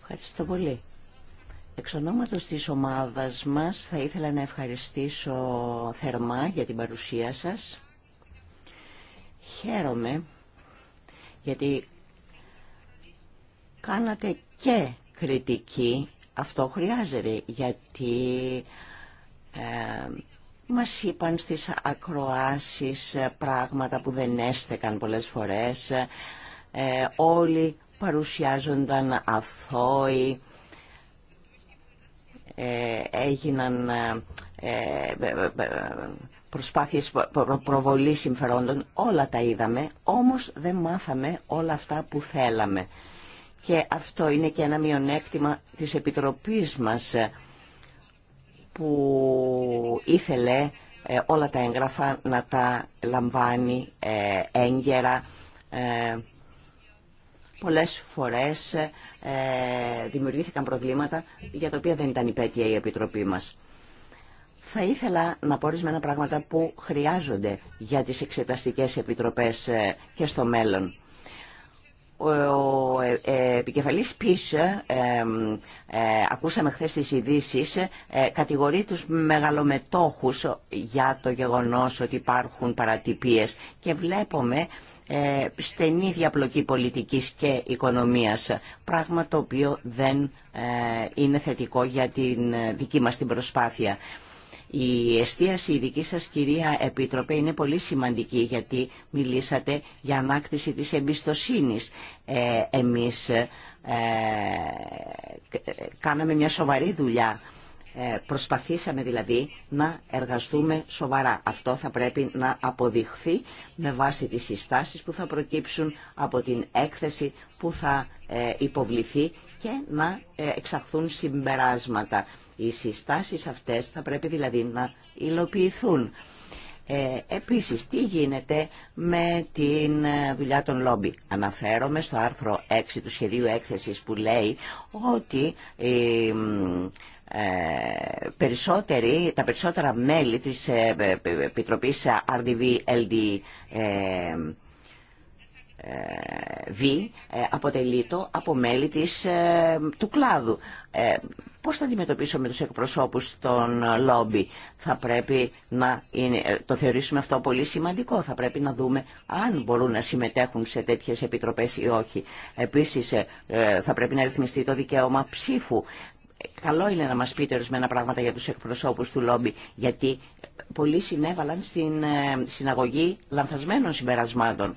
Ευχαριστώ πολύ. Εξ ονόματος της ομάδας μας θα ήθελα να ευχαριστήσω θερμά για την παρουσία σας. Χαίρομαι γιατί κάνατε και κριτική. Αυτό χρειάζεται γιατί ε, μας είπαν στις ακροάσεις πράγματα που δεν έστεκαν πολλές φορές. Ε, όλοι παρουσιάζονταν αθώοι ε, έγιναν ε, ε, προσπάθειες προβολής συμφερόντων, όλα τα είδαμε, όμως δεν μάθαμε όλα αυτά που θέλαμε. Και αυτό είναι και ένα μειονέκτημα της Επιτροπής μας που ήθελε όλα τα έγγραφα να τα λαμβάνει έγκαιρα πολλές φορές ε, δημιουργήθηκαν προβλήματα για τα οποία δεν ήταν υπέτεια η Επιτροπή μας. Θα ήθελα να πω ορισμένα πράγματα που χρειάζονται για τις εξεταστικές επιτροπές ε, και στο μέλλον. Ο ε, ε, επικεφαλής πίσω, ε, ακούσαμε χθες τις ειδήσει, κατηγορεί τους μεγαλομετόχους για το γεγονός ότι υπάρχουν παρατυπίες και βλέπουμε ε, στενή διαπλοκή πολιτικής και οικονομίας, πράγμα το οποίο δεν ε, είναι θετικό για την δική μας την προσπάθεια. Η εστίαση η δική σας κυρία Επίτροπε είναι πολύ σημαντική γιατί μιλήσατε για ανάκτηση της εμπιστοσύνης. Ε, εμείς ε, ε κάναμε μια σοβαρή δουλειά ε, προσπαθήσαμε δηλαδή να εργαστούμε σοβαρά. Αυτό θα πρέπει να αποδειχθεί με βάση τις συστάσεις που θα προκύψουν από την έκθεση που θα ε, υποβληθεί και να ε, εξαχθούν συμπεράσματα. Οι συστάσεις αυτές θα πρέπει δηλαδή να υλοποιηθούν. Επίσης, τι γίνεται με την δουλειά των λόμπι. Αναφέρομαι στο άρθρο 6 του σχεδίου έκθεσης που λέει ότι ε, περισσότεροι, τα περισσότερα μέλη της ε, ε, Επιτροπής RDV-LD V αποτελείται από μέλη της, του κλάδου. Πώς θα αντιμετωπίσουμε τους εκπροσώπους των λόμπι. Θα πρέπει να είναι, το θεωρήσουμε αυτό πολύ σημαντικό. Θα πρέπει να δούμε αν μπορούν να συμμετέχουν σε τέτοιες επιτροπές ή όχι. Επίσης θα πρέπει να ρυθμιστεί το δικαίωμα ψήφου καλό είναι να μας πείτε ορισμένα πράγματα για τους εκπροσώπους του λόμπι, γιατί πολλοί συνέβαλαν στην ε, συναγωγή λανθασμένων συμπερασμάτων.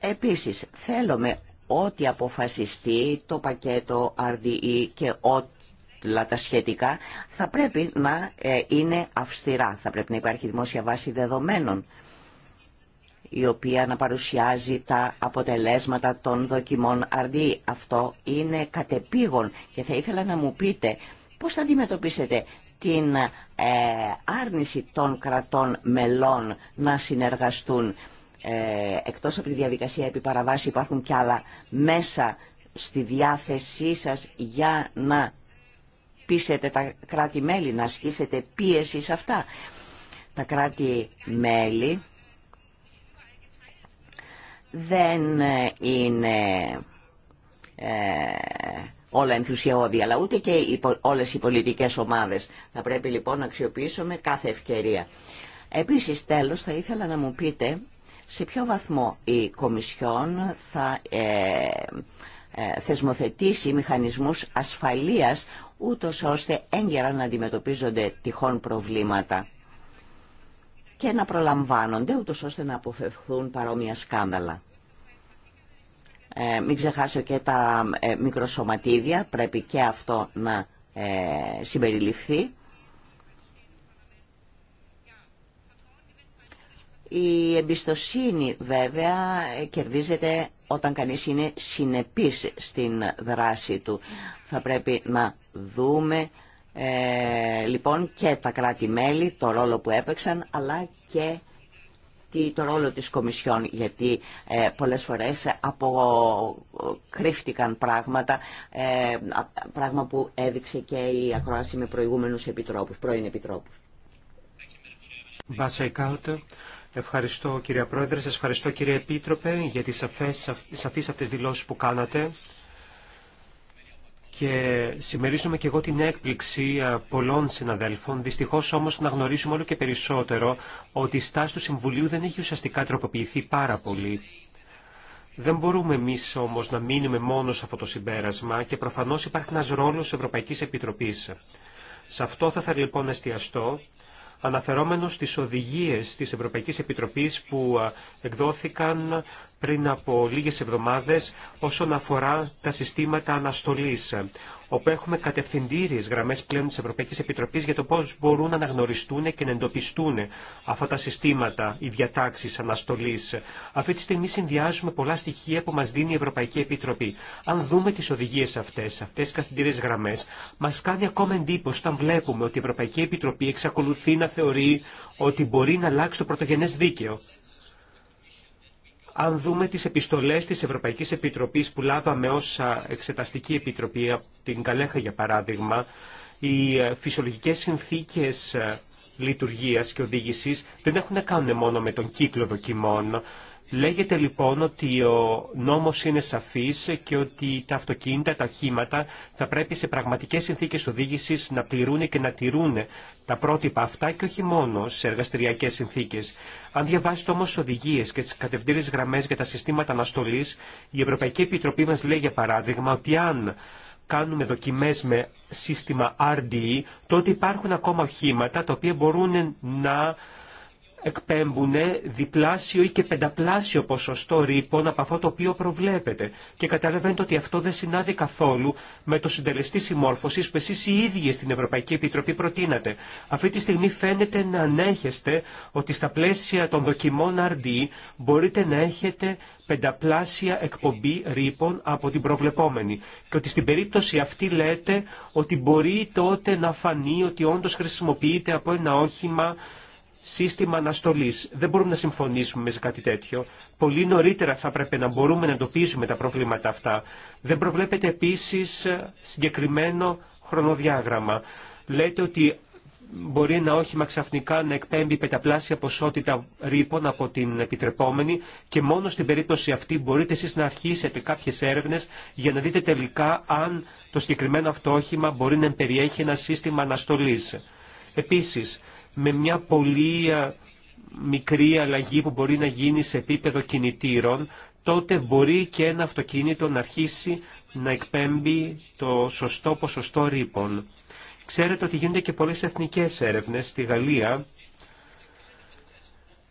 Επίσης, θέλουμε ό,τι αποφασιστεί το πακέτο RDE και όλα τα σχετικά θα πρέπει να ε, είναι αυστηρά, θα πρέπει να υπάρχει δημόσια βάση δεδομένων η οποία να παρουσιάζει τα αποτελέσματα των δοκιμών RD. Αυτό είναι κατεπήγον και θα ήθελα να μου πείτε πώς θα αντιμετωπίσετε την ε, άρνηση των κρατών μελών να συνεργαστούν. Ε, εκτός από τη διαδικασία επιπαραβάση υπάρχουν και άλλα μέσα στη διάθεσή σας για να πείσετε τα κράτη-μέλη, να ασκήσετε πίεση σε αυτά. Τα κράτη-μέλη δεν είναι ε, όλα ενθουσιώδη, αλλά ούτε και οι, όλες οι πολιτικές ομάδες. Θα πρέπει λοιπόν να αξιοποιήσουμε κάθε ευκαιρία. Επίσης, τέλος, θα ήθελα να μου πείτε σε ποιο βαθμό η Κομισιόν θα ε, ε, θεσμοθετήσει μηχανισμούς ασφαλείας, ούτως ώστε έγκαιρα να αντιμετωπίζονται τυχόν προβλήματα και να προλαμβάνονται, ούτως ώστε να αποφευχθούν παρόμοια σκάνδαλα. Ε, μην ξεχάσω και τα ε, μικροσωματίδια, πρέπει και αυτό να ε, συμπεριληφθεί. Η εμπιστοσύνη βέβαια ε, κερδίζεται όταν κανείς είναι συνεπής στην δράση του. Θα πρέπει να δούμε ε, λοιπόν και τα κράτη-μέλη, το ρόλο που έπαιξαν, αλλά και το ρόλο της Κομισιόν, γιατί ε, πολλές φορές αποκρύφτηκαν πράγματα, ε, πράγμα που έδειξε και η ακρόαση με προηγούμενους επιτρόπους, πρώην επιτρόπους. Ευχαριστώ κύριε Πρόεδρε, σας ευχαριστώ κύριε Επίτροπε για τις σαφείς αυτές δηλώσεις που κάνατε και συμμερίζομαι και εγώ την έκπληξη ε, πολλών συναδέλφων. Δυστυχώ όμω να γνωρίσουμε όλο και περισσότερο ότι η στάση του Συμβουλίου δεν έχει ουσιαστικά τροποποιηθεί πάρα πολύ. Δεν μπορούμε εμεί όμω να μείνουμε μόνο σε αυτό το συμπέρασμα και προφανώ υπάρχει ένα ρόλο Ευρωπαϊκή Επιτροπή. Σε αυτό θα ήθελα λοιπόν να εστιαστώ αναφερόμενος στις οδηγίες της Ευρωπαϊκής Επιτροπής που εκδόθηκαν πριν από λίγες εβδομάδες όσον αφορά τα συστήματα αναστολής όπου έχουμε κατευθυντήριε γραμμέ πλέον τη Ευρωπαϊκή Επιτροπή για το πώ μπορούν να αναγνωριστούν και να εντοπιστούν αυτά τα συστήματα, οι διατάξει αναστολή. Αυτή τη στιγμή συνδυάζουμε πολλά στοιχεία που μα δίνει η Ευρωπαϊκή Επιτροπή. Αν δούμε τι οδηγίε αυτέ, αυτέ τι καθυντήριε γραμμέ, μα κάνει ακόμα εντύπωση όταν βλέπουμε ότι η Ευρωπαϊκή Επιτροπή εξακολουθεί να θεωρεί ότι μπορεί να αλλάξει το πρωτογενέ δίκαιο. Αν δούμε τις επιστολές της Ευρωπαϊκής Επιτροπής που λάβαμε ως Εξεταστική Επιτροπή, την Καλέχα για παράδειγμα, οι ε, φυσιολογικές συνθήκες ε, λειτουργίας και οδήγησης δεν έχουν να κάνουν μόνο με τον κύκλο δοκιμών. Λέγεται λοιπόν ότι ο νόμος είναι σαφής και ότι τα αυτοκίνητα, τα οχήματα θα πρέπει σε πραγματικές συνθήκες οδήγησης να πληρούν και να τηρούν τα πρότυπα αυτά και όχι μόνο σε εργαστηριακές συνθήκες. Αν διαβάσετε όμως οδηγίες και τις κατευθύνες γραμμές για τα συστήματα αναστολής, η Ευρωπαϊκή Επιτροπή μας λέει για παράδειγμα ότι αν κάνουμε δοκιμές με σύστημα RDE, τότε υπάρχουν ακόμα οχήματα τα οποία μπορούν να εκπέμπουν διπλάσιο ή και πενταπλάσιο ποσοστό ρήπων από αυτό το οποίο προβλέπετε. Και καταλαβαίνετε ότι αυτό δεν συνάδει καθόλου με το συντελεστή συμμόρφωση που εσεί οι ίδιοι στην Ευρωπαϊκή Επιτροπή προτείνατε. Αυτή τη στιγμή φαίνεται να ανέχεστε ότι στα πλαίσια των δοκιμών RD μπορείτε να έχετε πενταπλάσια εκπομπή ρήπων από την προβλεπόμενη. Και ότι στην περίπτωση αυτή λέτε ότι μπορεί τότε να φανεί ότι όντω χρησιμοποιείται από ένα όχημα σύστημα αναστολή. Δεν μπορούμε να συμφωνήσουμε σε κάτι τέτοιο. Πολύ νωρίτερα θα έπρεπε να μπορούμε να εντοπίζουμε τα προβλήματα αυτά. Δεν προβλέπεται επίση συγκεκριμένο χρονοδιάγραμμα. Λέτε ότι μπορεί ένα όχημα ξαφνικά να εκπέμπει πεταπλάσια ποσότητα ρήπων από την επιτρεπόμενη και μόνο στην περίπτωση αυτή μπορείτε εσείς να αρχίσετε κάποιες έρευνες για να δείτε τελικά αν το συγκεκριμένο αυτό όχημα μπορεί να περιέχει ένα σύστημα αναστολή. Επίσης, με μια πολύ μικρή αλλαγή που μπορεί να γίνει σε επίπεδο κινητήρων, τότε μπορεί και ένα αυτοκίνητο να αρχίσει να εκπέμπει το σωστό ποσοστό ρήπων. Ξέρετε ότι γίνονται και πολλές εθνικές έρευνες. Στη Γαλλία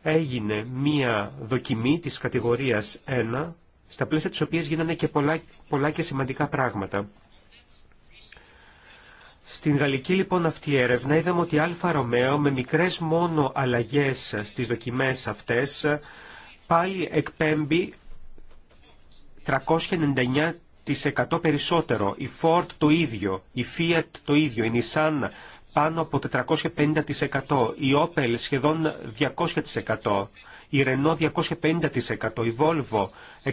έγινε μία δοκιμή της κατηγορίας 1, στα πλαίσια της οποίας γίνανε και πολλά, πολλά και σημαντικά πράγματα. Στην γαλλική λοιπόν αυτή η έρευνα είδαμε ότι η Αλφα Ρωμαίο με μικρές μόνο αλλαγές στις δοκιμές αυτές πάλι εκπέμπει 399% περισσότερο. Η Ford το ίδιο, η Fiat το ίδιο, η Nissan πάνω από 450%, η Opel σχεδόν 200%, η Renault 250%, η Volvo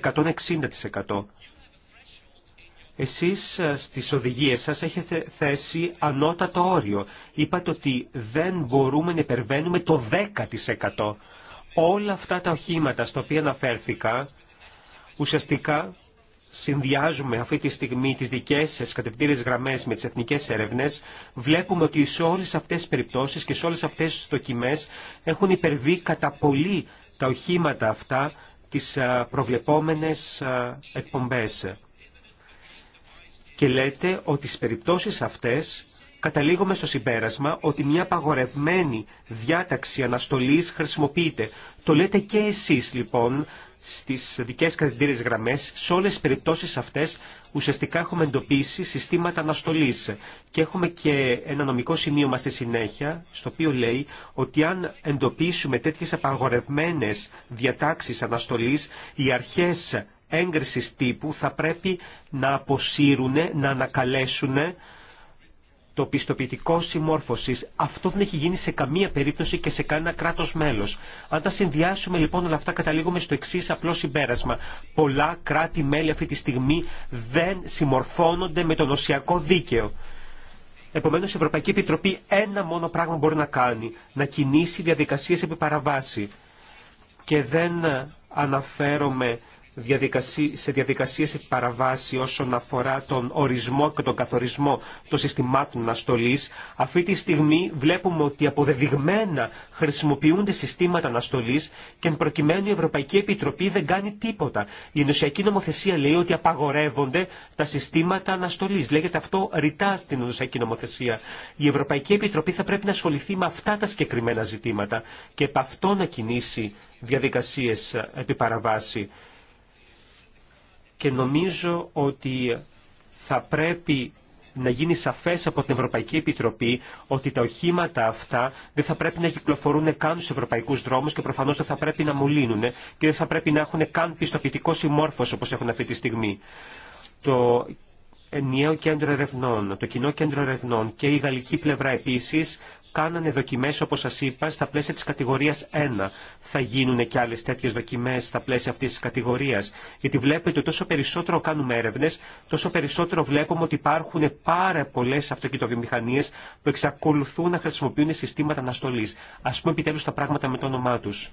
160%. Εσείς ε, στις οδηγίες σας έχετε θέσει ανώτατο όριο. Είπατε ότι δεν μπορούμε να υπερβαίνουμε το 10%. Όλα αυτά τα οχήματα στα οποία αναφέρθηκα, ουσιαστικά συνδυάζουμε αυτή τη στιγμή τις δικές σας κατευθύνες γραμμές με τις εθνικές έρευνες, βλέπουμε ότι σε όλες αυτές τις περιπτώσεις και σε όλες αυτές τις δοκιμές έχουν υπερβεί κατά πολύ τα οχήματα αυτά τις ε, προβλεπόμενες ε, εκπομπές και λέτε ότι στις περιπτώσεις αυτές καταλήγουμε στο συμπέρασμα ότι μια απαγορευμένη διάταξη αναστολής χρησιμοποιείται. Το λέτε και εσείς λοιπόν στις δικές κατητήριες γραμμές, σε όλες τις περιπτώσεις αυτές ουσιαστικά έχουμε εντοπίσει συστήματα αναστολής και έχουμε και ένα νομικό σημείο μας στη συνέχεια, στο οποίο λέει ότι αν εντοπίσουμε τέτοιες απαγορευμένες διατάξεις αναστολής, οι αρχές έγκρισης τύπου θα πρέπει να αποσύρουν, να ανακαλέσουν το πιστοποιητικό συμμόρφωσης. Αυτό δεν έχει γίνει σε καμία περίπτωση και σε κανένα κράτος μέλος. Αν τα συνδυάσουμε λοιπόν όλα αυτά καταλήγουμε στο εξή απλό συμπέρασμα. Πολλά κράτη-μέλη αυτή τη στιγμή δεν συμμορφώνονται με το νοσιακό δίκαιο. Επομένω, η Ευρωπαϊκή Επιτροπή ένα μόνο πράγμα μπορεί να κάνει, να κινήσει διαδικασίε επί παραβάση. Και δεν αναφέρομαι σε διαδικασίες παραβάση όσον αφορά τον ορισμό και τον καθορισμό των συστημάτων αναστολή. Αυτή τη στιγμή βλέπουμε ότι αποδεδειγμένα χρησιμοποιούνται συστήματα αναστολή και εν προκειμένου η Ευρωπαϊκή Επιτροπή δεν κάνει τίποτα. Η ενωσιακή νομοθεσία λέει ότι απαγορεύονται τα συστήματα αναστολή. Λέγεται αυτό ρητά στην ενωσιακή νομοθεσία. Η Ευρωπαϊκή Επιτροπή θα πρέπει να ασχοληθεί με αυτά τα συγκεκριμένα ζητήματα και επ' αυτό να κινήσει διαδικασίε ε, επί παραβάση και νομίζω ότι θα πρέπει να γίνει σαφές από την Ευρωπαϊκή Επιτροπή ότι τα οχήματα αυτά δεν θα πρέπει να κυκλοφορούν καν στους ευρωπαϊκούς δρόμους και προφανώς δεν θα πρέπει να μολύνουν και δεν θα πρέπει να έχουν καν πιστοποιητικό συμμόρφωση όπως έχουν αυτή τη στιγμή. Το ενιαίο κέντρο ερευνών, το κοινό κέντρο ερευνών και η γαλλική πλευρά επίσης κάνανε δοκιμές όπως σας είπα στα πλαίσια της κατηγορίας 1. Θα γίνουν και άλλες τέτοιες δοκιμές στα πλαίσια αυτής της κατηγορίας. Γιατί βλέπετε ότι τόσο περισσότερο κάνουμε έρευνες, τόσο περισσότερο βλέπουμε ότι υπάρχουν πάρα πολλές αυτοκινητοβιομηχανίες που εξακολουθούν να χρησιμοποιούν συστήματα αναστολής. Ας πούμε επιτέλους τα πράγματα με το όνομά τους.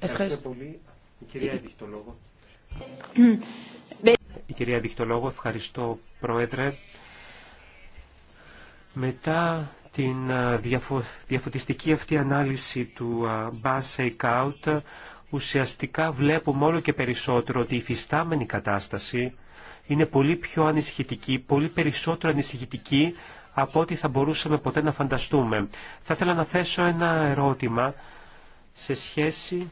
Ευχαριστώ πολύ. Η κυρία έχει το λόγο. Η κυρία λόγο. ευχαριστώ Πρόεδρε. Μετά την διαφωτιστική αυτή ανάλυση του bass Out, ουσιαστικά βλέπουμε όλο και περισσότερο ότι η φυστάμενη κατάσταση είναι πολύ πιο ανησυχητική, πολύ περισσότερο ανησυχητική από ό,τι θα μπορούσαμε ποτέ να φανταστούμε. Θα ήθελα να θέσω ένα ερώτημα σε σχέση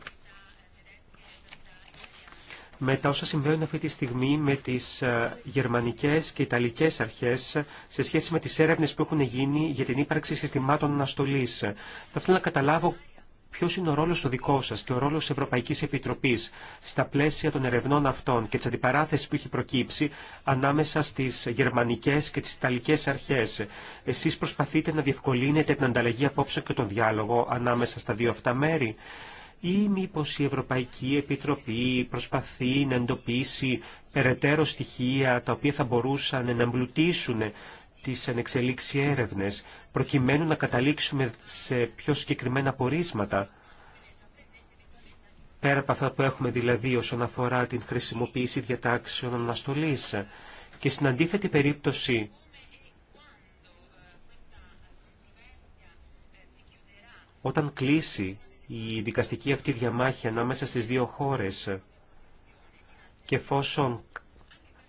με τα όσα συμβαίνουν αυτή τη στιγμή με τις ε, γερμανικές και ιταλικές αρχές σε σχέση με τις έρευνες που έχουν γίνει για την ύπαρξη συστημάτων αναστολής. Θα ήθελα να καταλάβω ποιος είναι ο ρόλος ο δικό σας και ο ρόλος της Ευρωπαϊκής Επιτροπής στα πλαίσια των ερευνών αυτών και της αντιπαράθεσης που έχει προκύψει ανάμεσα στις γερμανικές και τις ιταλικές αρχές. Εσείς προσπαθείτε να διευκολύνετε την ανταλλαγή απόψε και τον διάλογο ανάμεσα στα δύο αυτά μέρη ή μήπως η Ευρωπαϊκή Επιτροπή προσπαθεί να εντοπίσει περαιτέρω στοιχεία τα οποία θα μπορούσαν να εμπλουτίσουν τις ανεξελίξει έρευνες προκειμένου να καταλήξουμε σε πιο συγκεκριμένα πορίσματα πέρα από αυτά που έχουμε δηλαδή όσον αφορά την χρησιμοποίηση διατάξεων αναστολής και στην αντίθετη περίπτωση όταν κλείσει η δικαστική αυτή διαμάχη ανάμεσα στις δύο χώρες και εφόσον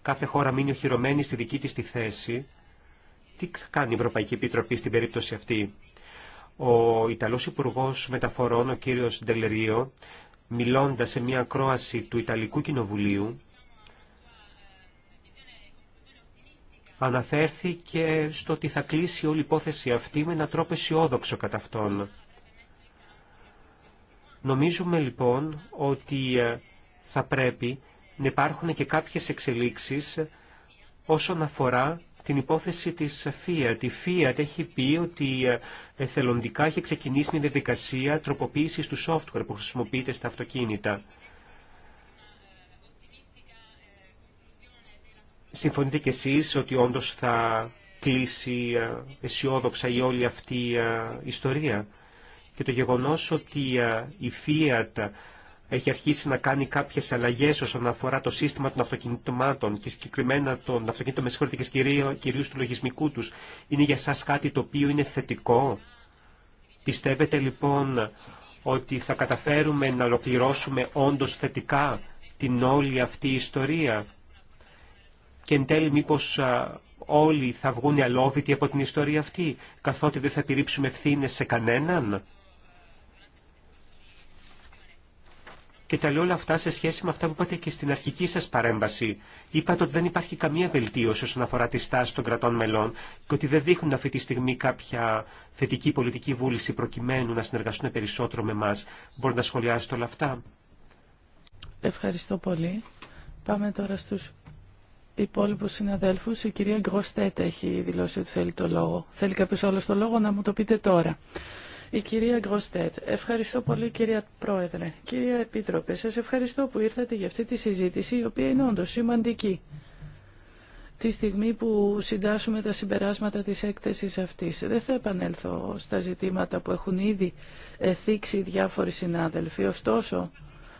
κάθε χώρα μείνει οχυρωμένη στη δική της τη θέση, τι κάνει η Ευρωπαϊκή Επιτροπή στην περίπτωση αυτή. Ο Ιταλός Υπουργός Μεταφορών, ο κύριος Ντελερίο, μιλώντας σε μια ακρόαση του Ιταλικού Κοινοβουλίου, αναφέρθηκε στο ότι θα κλείσει όλη η υπόθεση αυτή με έναν τρόπο αισιόδοξο κατά αυτόν. Νομίζουμε λοιπόν ότι ε, θα πρέπει να υπάρχουν και κάποιες εξελίξεις ε, όσον αφορά την υπόθεση της Fiat. Η Fiat έχει πει ότι ε, εθελοντικά έχει ξεκινήσει μια διαδικασία τροποποίησης του software που χρησιμοποιείται στα αυτοκίνητα. Συμφωνείτε κι εσείς ότι όντως θα κλείσει αισιόδοξα η όλη αυτή η ιστορία και το γεγονός ότι ε, η Fiat έχει αρχίσει να κάνει κάποιες αλλαγές όσον αφορά το σύστημα των αυτοκινητωμάτων και συγκεκριμένα των αυτοκινήτων με συγχωρείτε και του λογισμικού τους. Είναι για σας κάτι το οποίο είναι θετικό. Πιστεύετε λοιπόν ότι θα καταφέρουμε να ολοκληρώσουμε όντως θετικά την όλη αυτή η ιστορία και εν τέλει μήπως ε, όλοι θα βγουν αλόβητοι από την ιστορία αυτή καθότι δεν θα επιρρύψουμε ευθύνε σε κανέναν. Και τα λέω όλα αυτά σε σχέση με αυτά που είπατε και στην αρχική σας παρέμβαση. Είπατε ότι δεν υπάρχει καμία βελτίωση όσον αφορά τη στάση των κρατών μελών και ότι δεν δείχνουν αυτή τη στιγμή κάποια θετική πολιτική βούληση προκειμένου να συνεργαστούν περισσότερο με εμά. Μπορείτε να σχολιάσετε όλα αυτά. Ευχαριστώ πολύ. Πάμε τώρα στους υπόλοιπους συναδέλφους. Η κυρία Γκροστέτ έχει δηλώσει ότι θέλει το λόγο. Θέλει κάποιος άλλο το λόγο να μου το πείτε τώρα. Η κυρία Γκροστέτ. Ευχαριστώ πολύ κυρία Πρόεδρε. Κυρία Επίτροπε, σας ευχαριστώ που ήρθατε για αυτή τη συζήτηση η οποία είναι όντως σημαντική τη στιγμή που συντάσσουμε τα συμπεράσματα της έκθεσης αυτής. Δεν θα επανέλθω στα ζητήματα που έχουν ήδη θίξει διάφοροι συνάδελφοι. Ωστόσο,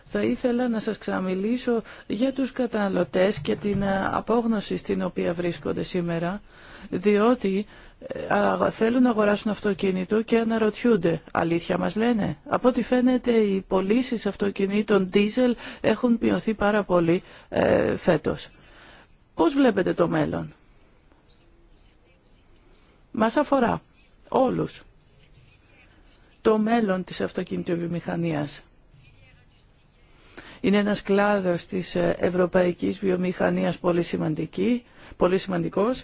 θα ήθελα να σας ξαναμιλήσω για τους καταναλωτές και την ε, απόγνωση στην οποία βρίσκονται σήμερα, διότι ε, θέλουν να αγοράσουν αυτοκίνητο και αναρωτιούνται. Αλήθεια μας λένε. Από ό,τι φαίνεται οι πωλήσει αυτοκινήτων diesel έχουν μειωθεί πάρα πολύ ε, φέτος. Πώς βλέπετε το μέλλον. Μας αφορά όλους το μέλλον της αυτοκινητοβιομηχανίας. Είναι ένας κλάδος της ε, ευρωπαϊκής βιομηχανίας πολύ, σημαντική, σημαντικός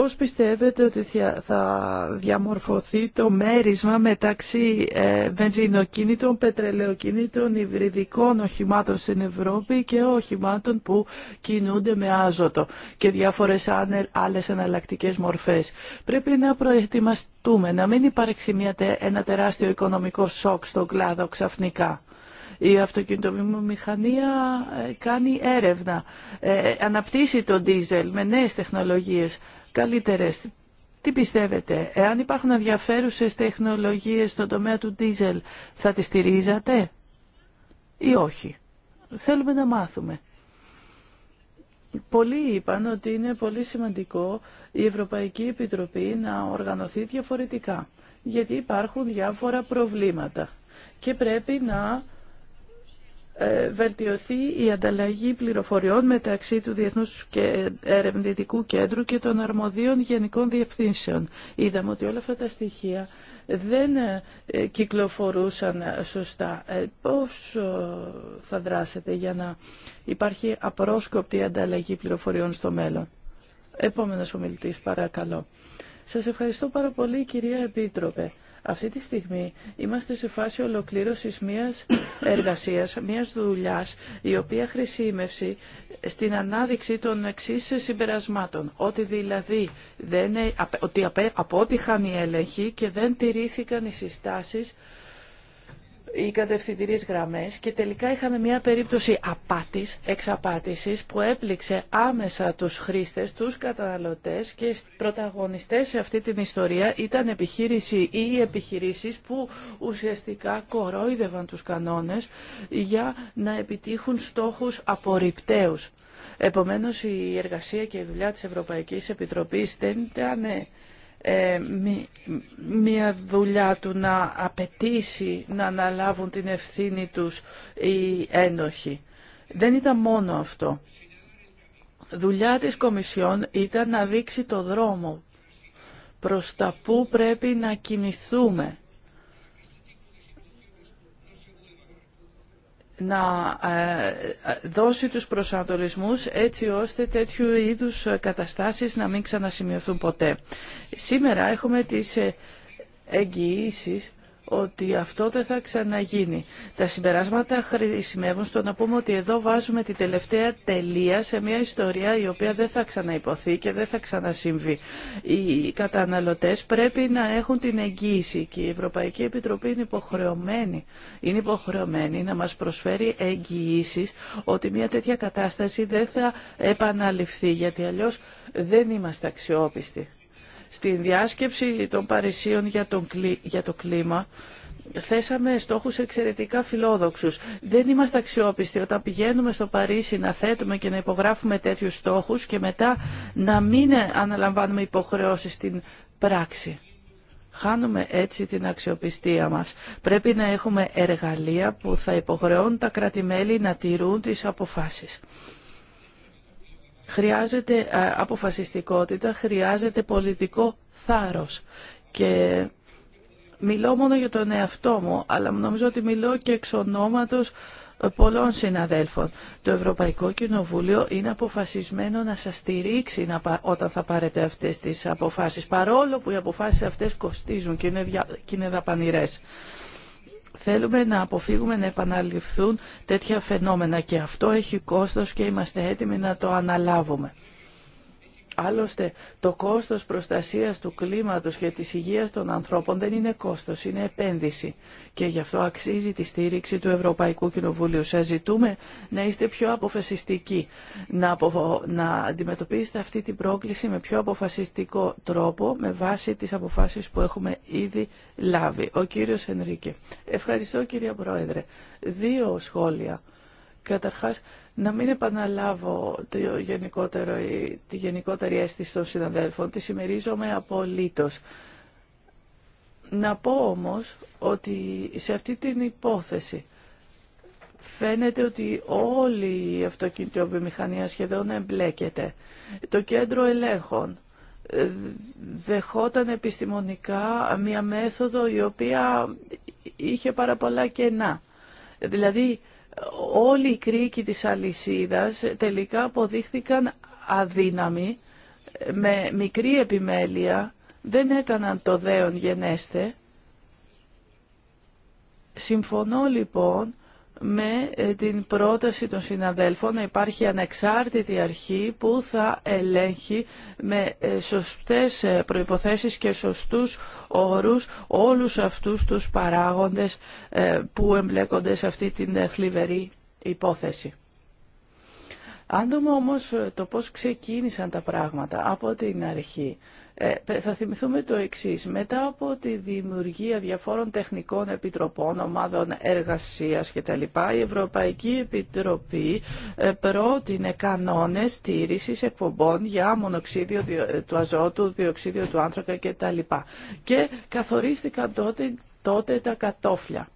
Πώς πιστεύετε ότι θα διαμορφωθεί το μέρισμα μεταξύ ε, βενζινοκίνητων, πετρελαιοκίνητων, υβριδικών οχημάτων στην Ευρώπη και οχημάτων που κινούνται με άζωτο και διάφορες άλλες εναλλακτικές μορφές. Πρέπει να προετοιμαστούμε, να μην υπάρξει ένα τεράστιο οικονομικό σοκ στον κλάδο ξαφνικά. Η αυτοκινητοβιομηχανία ε, κάνει έρευνα, ε, αναπτύσσει το ντίζελ με νέες τεχνολογίες καλύτερες. Τι πιστεύετε, εάν υπάρχουν ενδιαφέρουσες τεχνολογίες στον τομέα του ντίζελ, θα τις στηρίζατε ή όχι. Θέλουμε να μάθουμε. Πολλοί είπαν ότι είναι πολύ σημαντικό η Ευρωπαϊκή Επιτροπή να οργανωθεί διαφορετικά, γιατί υπάρχουν διάφορα προβλήματα και πρέπει να ε, βελτιωθεί η ανταλλαγή πληροφοριών μεταξύ του Διεθνούς και Ερευνητικού Κέντρου και των αρμοδίων γενικών διευθύνσεων. Είδαμε ότι όλα αυτά τα στοιχεία δεν ε, κυκλοφορούσαν ε, σωστά. Πώς θα δράσετε για να υπάρχει απρόσκοπτη ανταλλαγή πληροφοριών στο μέλλον. Επόμενος ομιλητής, παρακαλώ. Σας ευχαριστώ πάρα πολύ, κυρία Επίτροπε. Αυτή τη στιγμή είμαστε σε φάση ολοκλήρωσης μιας εργασίας, μιας δουλειάς, η οποία χρησιμεύσει στην ανάδειξη των εξή συμπερασμάτων. Ότι δηλαδή δεν, ε, ότι απέτυχαν οι έλεγχοι και δεν τηρήθηκαν οι συστάσεις οι κατευθυντηρίες γραμμές και τελικά είχαμε μια περίπτωση απάτης, εξαπάτησης που έπληξε άμεσα τους χρήστες, τους καταναλωτές και πρωταγωνιστές σε αυτή την ιστορία ήταν επιχείρηση ή επιχειρήσεις που ουσιαστικά κορόιδευαν τους κανόνες για να επιτύχουν στόχους απορριπταίους. Επομένως η εργασία και η δουλειά της Ευρωπαϊκής Επιτροπής δεν ήταν ε, μια δουλειά του να απαιτήσει να αναλάβουν την ευθύνη τους οι ένοχοι. Δεν ήταν μόνο αυτό. Δουλειά της Κομισιόν ήταν να δείξει το δρόμο προς τα που πρέπει να κινηθούμε να ε, ε, δώσει τους προσανατολισμούς έτσι ώστε τέτοιου είδους καταστάσεις να μην ξανασημειωθούν ποτέ. Σήμερα έχουμε τις ε, εγγυήσεις ότι αυτό δεν θα ξαναγίνει. Τα συμπεράσματα χρησιμεύουν στο να πούμε ότι εδώ βάζουμε τη τελευταία τελεία σε μια ιστορία η οποία δεν θα ξαναυποθεί και δεν θα ξανασυμβεί. Οι καταναλωτές πρέπει να έχουν την εγγύηση και η Ευρωπαϊκή Επιτροπή είναι υποχρεωμένη, είναι υποχρεωμένη να μας προσφέρει εγγυήσει ότι μια τέτοια κατάσταση δεν θα επαναληφθεί γιατί αλλιώς δεν είμαστε αξιόπιστοι. Στην διάσκεψη των Παρισίων για, τον, για το κλίμα, θέσαμε στόχους εξαιρετικά φιλόδοξους. Δεν είμαστε αξιόπιστοι όταν πηγαίνουμε στο Παρίσι να θέτουμε και να υπογράφουμε τέτοιους στόχους και μετά να μην αναλαμβάνουμε υποχρεώσεις στην πράξη. Χάνουμε έτσι την αξιοπιστία μας. Πρέπει να έχουμε εργαλεία που θα υποχρεώνουν τα κρατη να τηρούν τις αποφάσεις. Χρειάζεται ε, αποφασιστικότητα, χρειάζεται πολιτικό θάρρος. Και μιλώ μόνο για τον εαυτό μου, αλλά νομίζω ότι μιλώ και εξ ονόματος ε, πολλών συναδέλφων. Το Ευρωπαϊκό Κοινοβούλιο είναι αποφασισμένο να σας στηρίξει όταν θα πάρετε αυτές τις αποφάσεις, παρόλο που οι αποφάσεις αυτές κοστίζουν και είναι, δαπανηρές. Θέλουμε να αποφύγουμε να επαναληφθούν τέτοια φαινόμενα και αυτό έχει κόστος και είμαστε έτοιμοι να το αναλάβουμε. Άλλωστε, το κόστος προστασίας του κλίματος και της υγείας των ανθρώπων δεν είναι κόστος, είναι επένδυση. Και γι' αυτό αξίζει τη στήριξη του Ευρωπαϊκού Κοινοβουλίου. Σας ζητούμε να είστε πιο αποφασιστικοί, να, να αντιμετωπίσετε αυτή την πρόκληση με πιο αποφασιστικό τρόπο, με βάση τις αποφάσεις που έχουμε ήδη λάβει. Ο κύριος Ενρίκε. Ευχαριστώ κύριε Πρόεδρε. Δύο σχόλια Καταρχάς, να μην επαναλάβω το γενικότερο, τη γενικότερη αίσθηση των συναδέλφων, τη συμμερίζομαι απολύτως. Να πω όμως ότι σε αυτή την υπόθεση φαίνεται ότι όλη η αυτοκινητοβιομηχανία σχεδόν εμπλέκεται. Το κέντρο ελέγχων ε, δεχόταν επιστημονικά μια μέθοδο η οποία είχε πάρα πολλά κενά. Δηλαδή όλοι οι κρίκοι της αλυσίδας τελικά αποδείχθηκαν αδύναμοι, με μικρή επιμέλεια, δεν έκαναν το δέον γενέστε. Συμφωνώ λοιπόν με ε, την πρόταση των συναδέλφων να υπάρχει ανεξάρτητη αρχή που θα ελέγχει με ε, σωστές ε, προϋποθέσεις και σωστούς όρους όλους αυτούς τους παράγοντες που εμπλέκονται σε αυτή την θλιβερή υπόθεση. Αν δούμε όμως το πώς ξεκίνησαν τα πράγματα από την αρχή, ε, θα θυμηθούμε το εξή. Μετά από τη δημιουργία διαφόρων τεχνικών επιτροπών, ομάδων εργασίας κτλ, η Ευρωπαϊκή Επιτροπή ε, πρότεινε κανόνες στήρισης εκπομπών για μονοξίδιο ε, του αζότου, διοξίδιο του άνθρακα κτλ. Και καθορίστηκαν τότε, τότε τα κατόφλια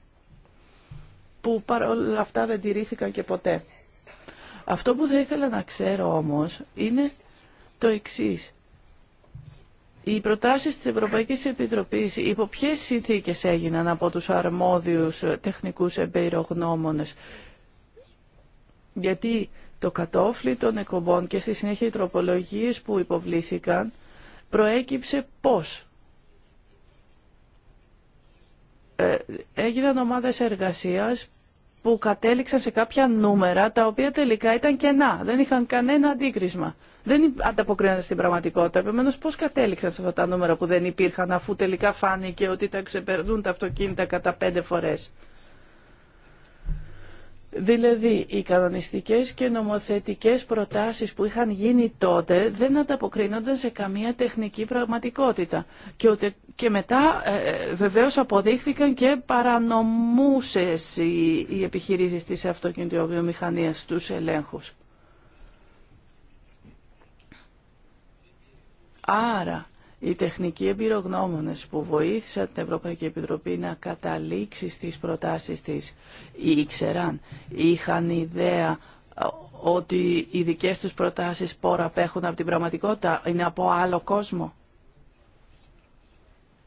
που παρόλα αυτά δεν τηρήθηκαν και ποτέ. Αυτό που θα ήθελα να ξέρω όμως είναι το εξής. Οι προτάσεις της Ευρωπαϊκής Επιτροπής υπό ποιες συνθήκες έγιναν από τους αρμόδιους τεχνικούς εμπειρογνώμονες. Γιατί το κατόφλι των εκπομπών και στη συνέχεια οι τροπολογίες που υποβλήθηκαν προέκυψε πώς. Ε, έγιναν ομάδες εργασίας που κατέληξαν σε κάποια νούμερα τα οποία τελικά ήταν κενά, δεν είχαν κανένα αντίκρισμα. Δεν ανταποκρίνονται στην πραγματικότητα. Επομένω, πώ κατέληξαν σε αυτά τα νούμερα που δεν υπήρχαν, αφού τελικά φάνηκε ότι τα ξεπερνούν τα αυτοκίνητα κατά πέντε φορέ. Δηλαδή, οι κανονιστικές και νομοθετικές προτάσεις που είχαν γίνει τότε δεν ανταποκρίνονταν σε καμία τεχνική πραγματικότητα. Και, ούτε, και μετά ε, ε βεβαίως αποδείχθηκαν και παρανομούσες οι, οι επιχειρήσεις της αυτοκινητοβιομηχανίας στους ελέγχους. Άρα, οι τεχνικοί εμπειρογνώμονες που βοήθησαν την Ευρωπαϊκή Επιτροπή να καταλήξει στις προτάσεις της ήξεραν, είχαν ιδέα ε, ότι οι δικές τους προτάσεις πόρα απέχουν από την πραγματικότητα, είναι από άλλο κόσμο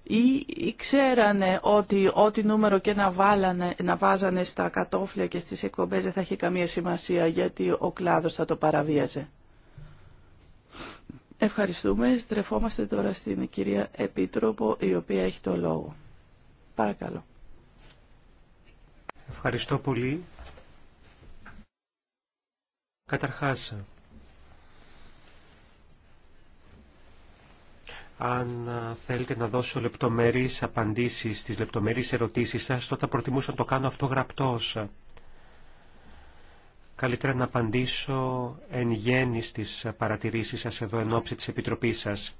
ή ξέρανε ότι ό,τι νούμερο και να, βάλανε, να βάζανε στα κατόφλια και στις εκπομπές δεν θα είχε καμία σημασία γιατί ο κλάδος θα το παραβίαζε. Ευχαριστούμε. Στρεφόμαστε τώρα στην κυρία Επίτροπο, η οποία έχει το λόγο. Παρακαλώ. Ευχαριστώ πολύ. Καταρχάς, Αν θέλετε να δώσω λεπτομερείς απαντήσεις στις λεπτομέρειες ερωτήσεις σας, τότε προτιμούσα να το κάνω αυτό γραπτός. Καλύτερα να απαντήσω εν γέννη στις παρατηρήσεις σας εδώ εν ώψη της Επιτροπής σας.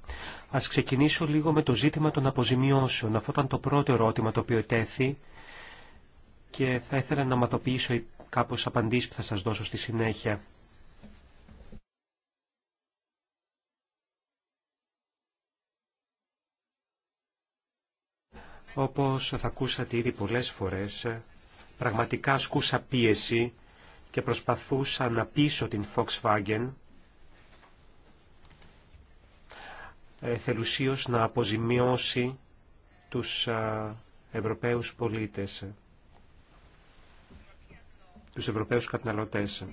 Ας ξεκινήσω λίγο με το ζήτημα των αποζημιώσεων. Αυτό ήταν το πρώτο ερώτημα το οποίο τέθη και θα ήθελα να μαθοποιήσω κάπως απαντήσεις που θα σας δώσω στη συνέχεια. Όπως θα ακούσατε ήδη πολλές φορές, πραγματικά ασκούσα πίεση και προσπαθούσα να πείσω την Volkswagen ε, θελουσίως να αποζημιώσει τους Ευρωπαίους πολίτες, τους Ευρωπαίους καταναλωτές.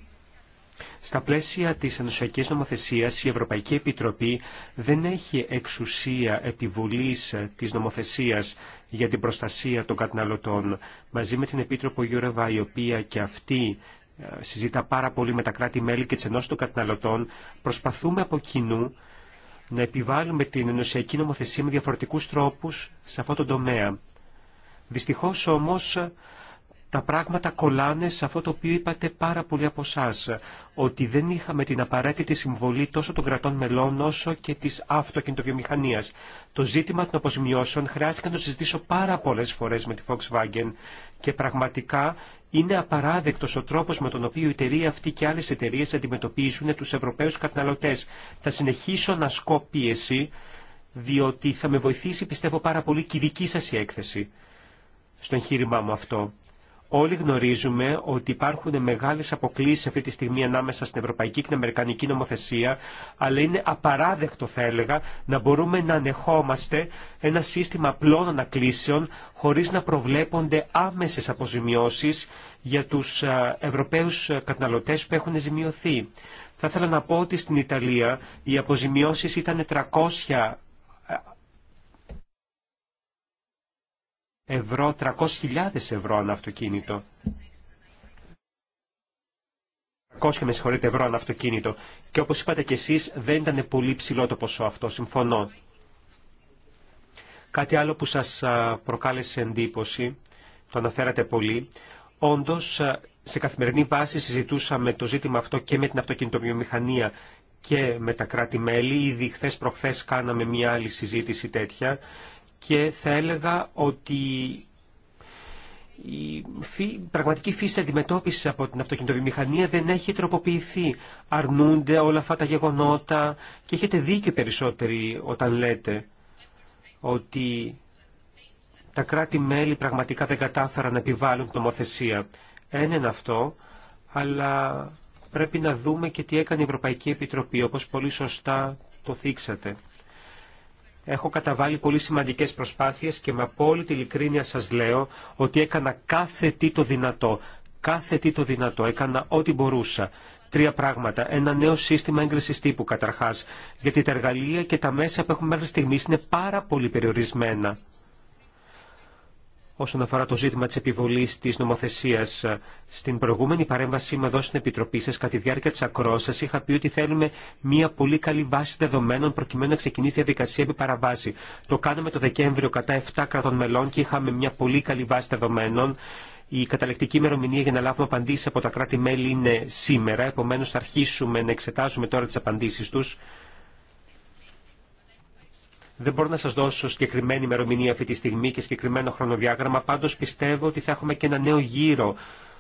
Στα πλαίσια της ενωσιακής νομοθεσίας, η Ευρωπαϊκή Επιτροπή δεν έχει εξουσία επιβολής ε, της νομοθεσίας για την προστασία των καταναλωτών. Μαζί με την Επίτροπο Γιούρεβα, η οποία και αυτή συζήτα πάρα πολύ με τα κράτη-μέλη και τις ενώσεις των καταναλωτών, προσπαθούμε από κοινού να επιβάλλουμε την ενωσιακή νομοθεσία με διαφορετικούς τρόπους σε αυτό το τομέα. Δυστυχώς όμως τα πράγματα κολλάνε σε αυτό το οποίο είπατε πάρα πολύ από εσά, ότι δεν είχαμε την απαραίτητη συμβολή τόσο των κρατών μελών όσο και τη αυτοκινητοβιομηχανία. Το ζήτημα των αποζημιώσεων χρειάστηκε να το συζητήσω πάρα πολλέ φορέ με τη Volkswagen και πραγματικά είναι απαράδεκτος ο τρόπος με τον οποίο η εταιρεία αυτή και άλλες εταιρείες αντιμετωπίζουν τους Ευρωπαίους καταναλωτές. Θα συνεχίσω να σκώ πίεση, διότι θα με βοηθήσει πιστεύω πάρα πολύ και η δική σας η έκθεση στο εγχείρημά μου αυτό. Όλοι γνωρίζουμε ότι υπάρχουν μεγάλες αποκλήσει αυτή τη στιγμή ανάμεσα στην ευρωπαϊκή και την αμερικανική νομοθεσία, αλλά είναι απαράδεκτο θα έλεγα να μπορούμε να ανεχόμαστε ένα σύστημα απλών ανακλήσεων χωρίς να προβλέπονται άμεσες αποζημιώσεις για τους ε, Ευρωπαίους ε, καταναλωτέ που έχουν ζημιωθεί. Θα ήθελα να πω ότι στην Ιταλία οι αποζημιώσει ήταν 300 ευρώ, 300.000 ευρώ ένα αυτοκίνητο. 300 με συγχωρείτε ευρώ ένα αυτοκίνητο. Και όπως είπατε και εσείς δεν ήταν πολύ ψηλό το ποσό αυτό, συμφωνώ. Κάτι άλλο που σας προκάλεσε εντύπωση, το αναφέρατε πολύ, όντως σε καθημερινή βάση συζητούσαμε το ζήτημα αυτό και με την αυτοκινητοβιομηχανία και με τα κράτη-μέλη. Ήδη χθε προχθές κάναμε μια άλλη συζήτηση τέτοια και θα έλεγα ότι η πραγματική φύση αντιμετώπιση από την αυτοκινητοβιομηχανία δεν έχει τροποποιηθεί. Αρνούνται όλα αυτά τα γεγονότα και έχετε δίκιο περισσότεροι όταν λέτε ότι τα κράτη-μέλη πραγματικά δεν κατάφεραν να επιβάλλουν νομοθεσία. Ένα είναι αυτό, αλλά πρέπει να δούμε και τι έκανε η Ευρωπαϊκή Επιτροπή, όπως πολύ σωστά το θίξατε. Έχω καταβάλει πολύ σημαντικές προσπάθειες και με απόλυτη ειλικρίνεια σας λέω ότι έκανα κάθε τι το δυνατό. Κάθε τι το δυνατό. Έκανα ό,τι μπορούσα. Τρία πράγματα. Ένα νέο σύστημα έγκριση τύπου καταρχά. Γιατί τα εργαλεία και τα μέσα που έχουμε μέχρι στιγμή είναι πάρα πολύ περιορισμένα όσον αφορά το ζήτημα της επιβολής της νομοθεσίας. Στην προηγούμενη παρέμβασή μου εδώ στην Επιτροπή σας, κατά τη διάρκεια της Σας είχα πει ότι θέλουμε μια πολύ καλή βάση δεδομένων προκειμένου να ξεκινήσει η διαδικασία επί παραβάση. Το κάναμε το Δεκέμβριο κατά 7 κρατών μελών και είχαμε μια πολύ καλή βάση δεδομένων. Η καταλεκτική ημερομηνία για να λάβουμε απαντήσεις από τα κράτη-μέλη είναι σήμερα, επομένως θα αρχίσουμε να εξετάζουμε τώρα τις απαντήσεις τους. Δεν μπορώ να σα δώσω συγκεκριμένη ημερομηνία αυτή τη στιγμή και συγκεκριμένο χρονοδιάγραμμα, Πάντω πιστεύω ότι θα έχουμε και ένα νέο γύρο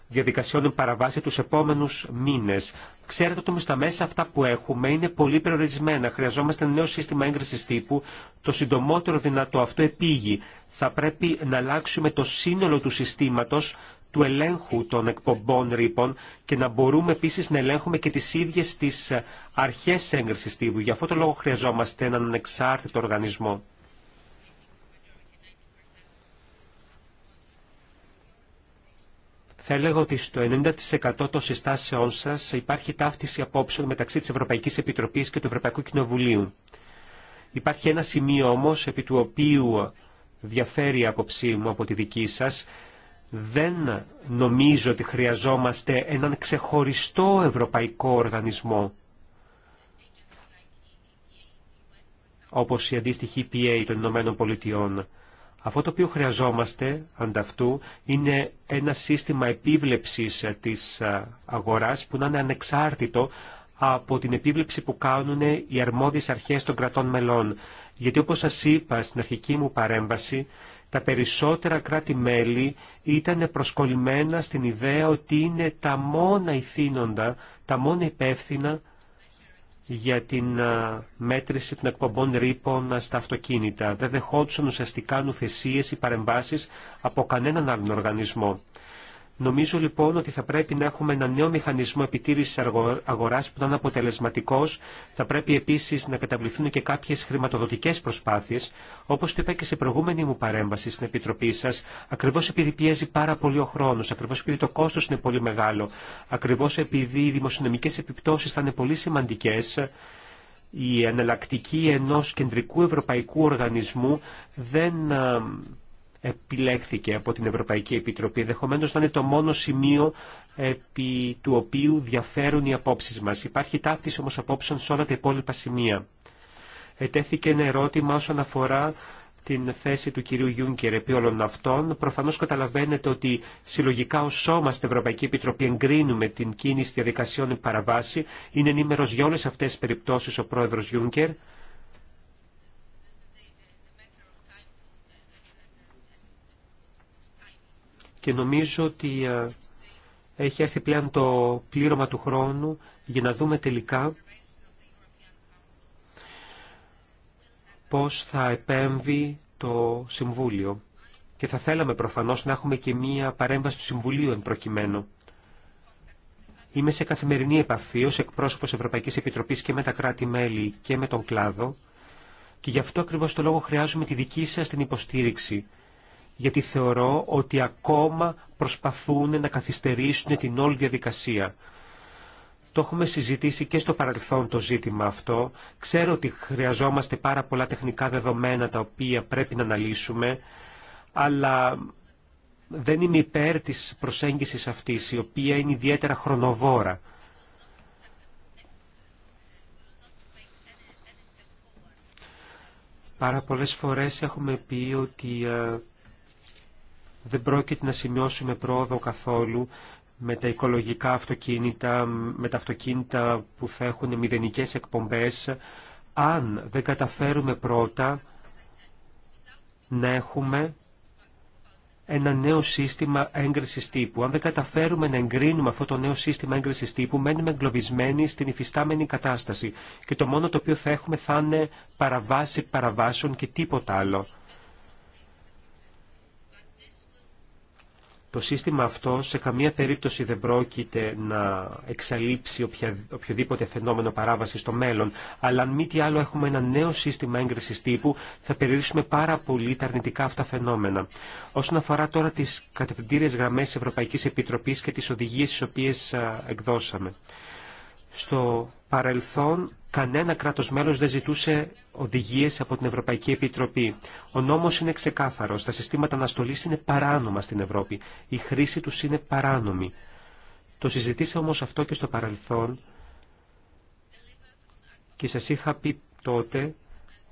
διαδικασιών παραβάση του επόμενου μήνε. Ξέρετε ότι όμω τα μέσα αυτά που έχουμε είναι πολύ περιορισμένα. Χρειαζόμαστε ένα νέο σύστημα έγκριση τύπου, το συντομότερο δυνατό. Αυτό επίγει. Θα πρέπει να αλλάξουμε το σύνολο του συστήματο, του ελέγχου των εκπομπών ρήπων και να μπορούμε επίση να ελέγχουμε και τι ίδιε τι αρχές έγκρισης τύπου. Γι' αυτό το λόγο χρειαζόμαστε έναν εξάρτητο οργανισμό. Θα έλεγα ότι στο 90% των συστάσεών σας υπάρχει ταύτιση απόψεων μεταξύ της Ευρωπαϊκής Επιτροπής και του Ευρωπαϊκού Κοινοβουλίου. Υπάρχει ένα σημείο όμως επί του οποίου διαφέρει η άποψή μου από τη δική σας. Δεν νομίζω ότι χρειαζόμαστε έναν ξεχωριστό ευρωπαϊκό οργανισμό. όπως η αντίστοιχη EPA των Ηνωμένων Πολιτειών. Αυτό το οποίο χρειαζόμαστε ανταυτού είναι ένα σύστημα επίβλεψης της αγοράς που να είναι ανεξάρτητο από την επίβλεψη που κάνουν οι αρμόδιες αρχές των κρατών μελών. Γιατί όπως σας είπα στην αρχική μου παρέμβαση, τα περισσότερα κράτη-μέλη ήταν προσκολλημένα στην ιδέα ότι είναι τα μόνα ηθήνοντα, τα μόνα υπεύθυνα για την ε, μέτρηση των εκπομπών ρήπων στα αυτοκίνητα. Δεν δεχόντουσαν ουσιαστικά νουθεσίες ή παρεμβάσεις από κανέναν άλλον οργανισμό. Νομίζω λοιπόν ότι θα πρέπει να έχουμε ένα νέο μηχανισμό επιτήρησης αγοράς που θα είναι αποτελεσματικός. Θα πρέπει επίσης να καταβληθούν και κάποιες χρηματοδοτικές προσπάθειες. Όπως το είπα και σε προηγούμενη μου παρέμβαση στην Επιτροπή σας, ακριβώς επειδή πιέζει πάρα πολύ ο χρόνος, ακριβώς επειδή το κόστος είναι πολύ μεγάλο, ακριβώς επειδή οι δημοσιονομικές επιπτώσεις θα είναι πολύ σημαντικές, η εναλλακτική ενός κεντρικού ευρωπαϊκού οργανισμού δεν επιλέχθηκε από την Ευρωπαϊκή Επιτροπή. Ενδεχομένω να είναι το μόνο σημείο επί του οποίου διαφέρουν οι απόψεις μας. Υπάρχει ταύτιση όμως απόψεων σε όλα τα υπόλοιπα σημεία. Ετέθηκε ένα ερώτημα όσον αφορά την θέση του κυρίου Γιούνκερ επί όλων αυτών. Προφανώ καταλαβαίνετε ότι συλλογικά ο σώμα στην Ευρωπαϊκή Επιτροπή εγκρίνουμε την κίνηση διαδικασιών παραβάση. Είναι ενήμερος για όλε αυτές τι περιπτώσει ο πρόεδρο Γιούνκερ. και νομίζω ότι ε, έχει έρθει πλέον το πλήρωμα του χρόνου για να δούμε τελικά πώς θα επέμβει το Συμβούλιο. Και θα θέλαμε προφανώς να έχουμε και μία παρέμβαση του Συμβουλίου εν προκειμένου. Είμαι σε καθημερινή επαφή ως εκπρόσωπος Ευρωπαϊκής Επιτροπής και με τα κράτη-μέλη και με τον κλάδο και γι' αυτό ακριβώς το λόγο χρειάζομαι τη δική σας την υποστήριξη γιατί θεωρώ ότι ακόμα προσπαθούν να καθυστερήσουν την όλη διαδικασία. Το έχουμε συζητήσει και στο παρελθόν το ζήτημα αυτό. Ξέρω ότι χρειαζόμαστε πάρα πολλά τεχνικά δεδομένα τα οποία πρέπει να αναλύσουμε, αλλά δεν είμαι υπέρ της προσέγγισης αυτής, η οποία είναι ιδιαίτερα χρονοβόρα. Πάρα πολλές φορές έχουμε πει ότι ε, δεν πρόκειται να σημειώσουμε πρόοδο καθόλου με τα οικολογικά αυτοκίνητα, με τα αυτοκίνητα που θα έχουν μηδενικές εκπομπές, αν δεν καταφέρουμε πρώτα να έχουμε ένα νέο σύστημα έγκρισης τύπου. Αν δεν καταφέρουμε να εγκρίνουμε αυτό το νέο σύστημα έγκρισης τύπου, μένουμε εγκλωβισμένοι στην υφιστάμενη κατάσταση. Και το μόνο το οποίο θα έχουμε θα είναι παραβάση παραβάσεων και τίποτα άλλο. Το σύστημα αυτό σε καμία περίπτωση δεν πρόκειται να εξαλείψει οποιοδήποτε φαινόμενο παράβαση στο μέλλον, αλλά αν μη τι άλλο έχουμε ένα νέο σύστημα έγκρισης τύπου, θα περιορίσουμε πάρα πολύ τα αρνητικά αυτά φαινόμενα. Όσον αφορά τώρα τις κατευθυντήριες γραμμές Ευρωπαϊκής Επιτροπής και τις οδηγίες τι οποίε εκδώσαμε. Στο παρελθόν Κανένα κράτος μέλος δεν ζητούσε οδηγίες από την Ευρωπαϊκή Επιτροπή. Ο νόμος είναι ξεκάθαρο. Τα συστήματα αναστολή είναι παράνομα στην Ευρώπη. Η χρήση του είναι παράνομη. Το συζητήσαμε όμω αυτό και στο παρελθόν και σας είχα πει τότε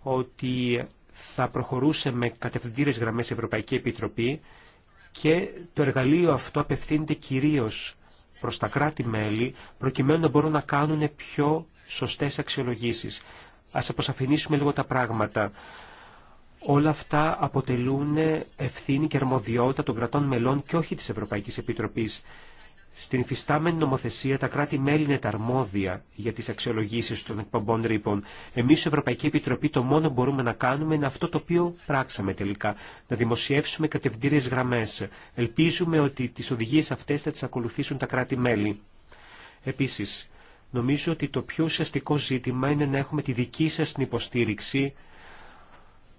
ότι θα προχωρούσε με κατευθυντήρες γραμμές η Ευρωπαϊκή Επιτροπή και το εργαλείο αυτό απευθύνεται κυρίως προς τα κράτη-μέλη προκειμένου να μπορούν να κάνουν πιο σωστές αξιολογήσεις. Ας αποσαφηνίσουμε λίγο τα πράγματα. Όλα αυτά αποτελούν ευθύνη και αρμοδιότητα των κρατών μελών και όχι της Ευρωπαϊκής Επιτροπής. Στην υφιστάμενη νομοθεσία τα κράτη-μέλη είναι τα αρμόδια για τις αξιολογήσεις των εκπομπών ρήπων. Εμείς η Ευρωπαϊκή Επιτροπή το μόνο που μπορούμε να κάνουμε είναι αυτό το οποίο πράξαμε τελικά. Να δημοσιεύσουμε κατευθύντηρες γραμμές. Ελπίζουμε ότι τις οδηγίες αυτές θα τις ακολουθήσουν τα κράτη-μέλη. Επίσης, Νομίζω ότι το πιο ουσιαστικό ζήτημα είναι να έχουμε τη δική σας την υποστήριξη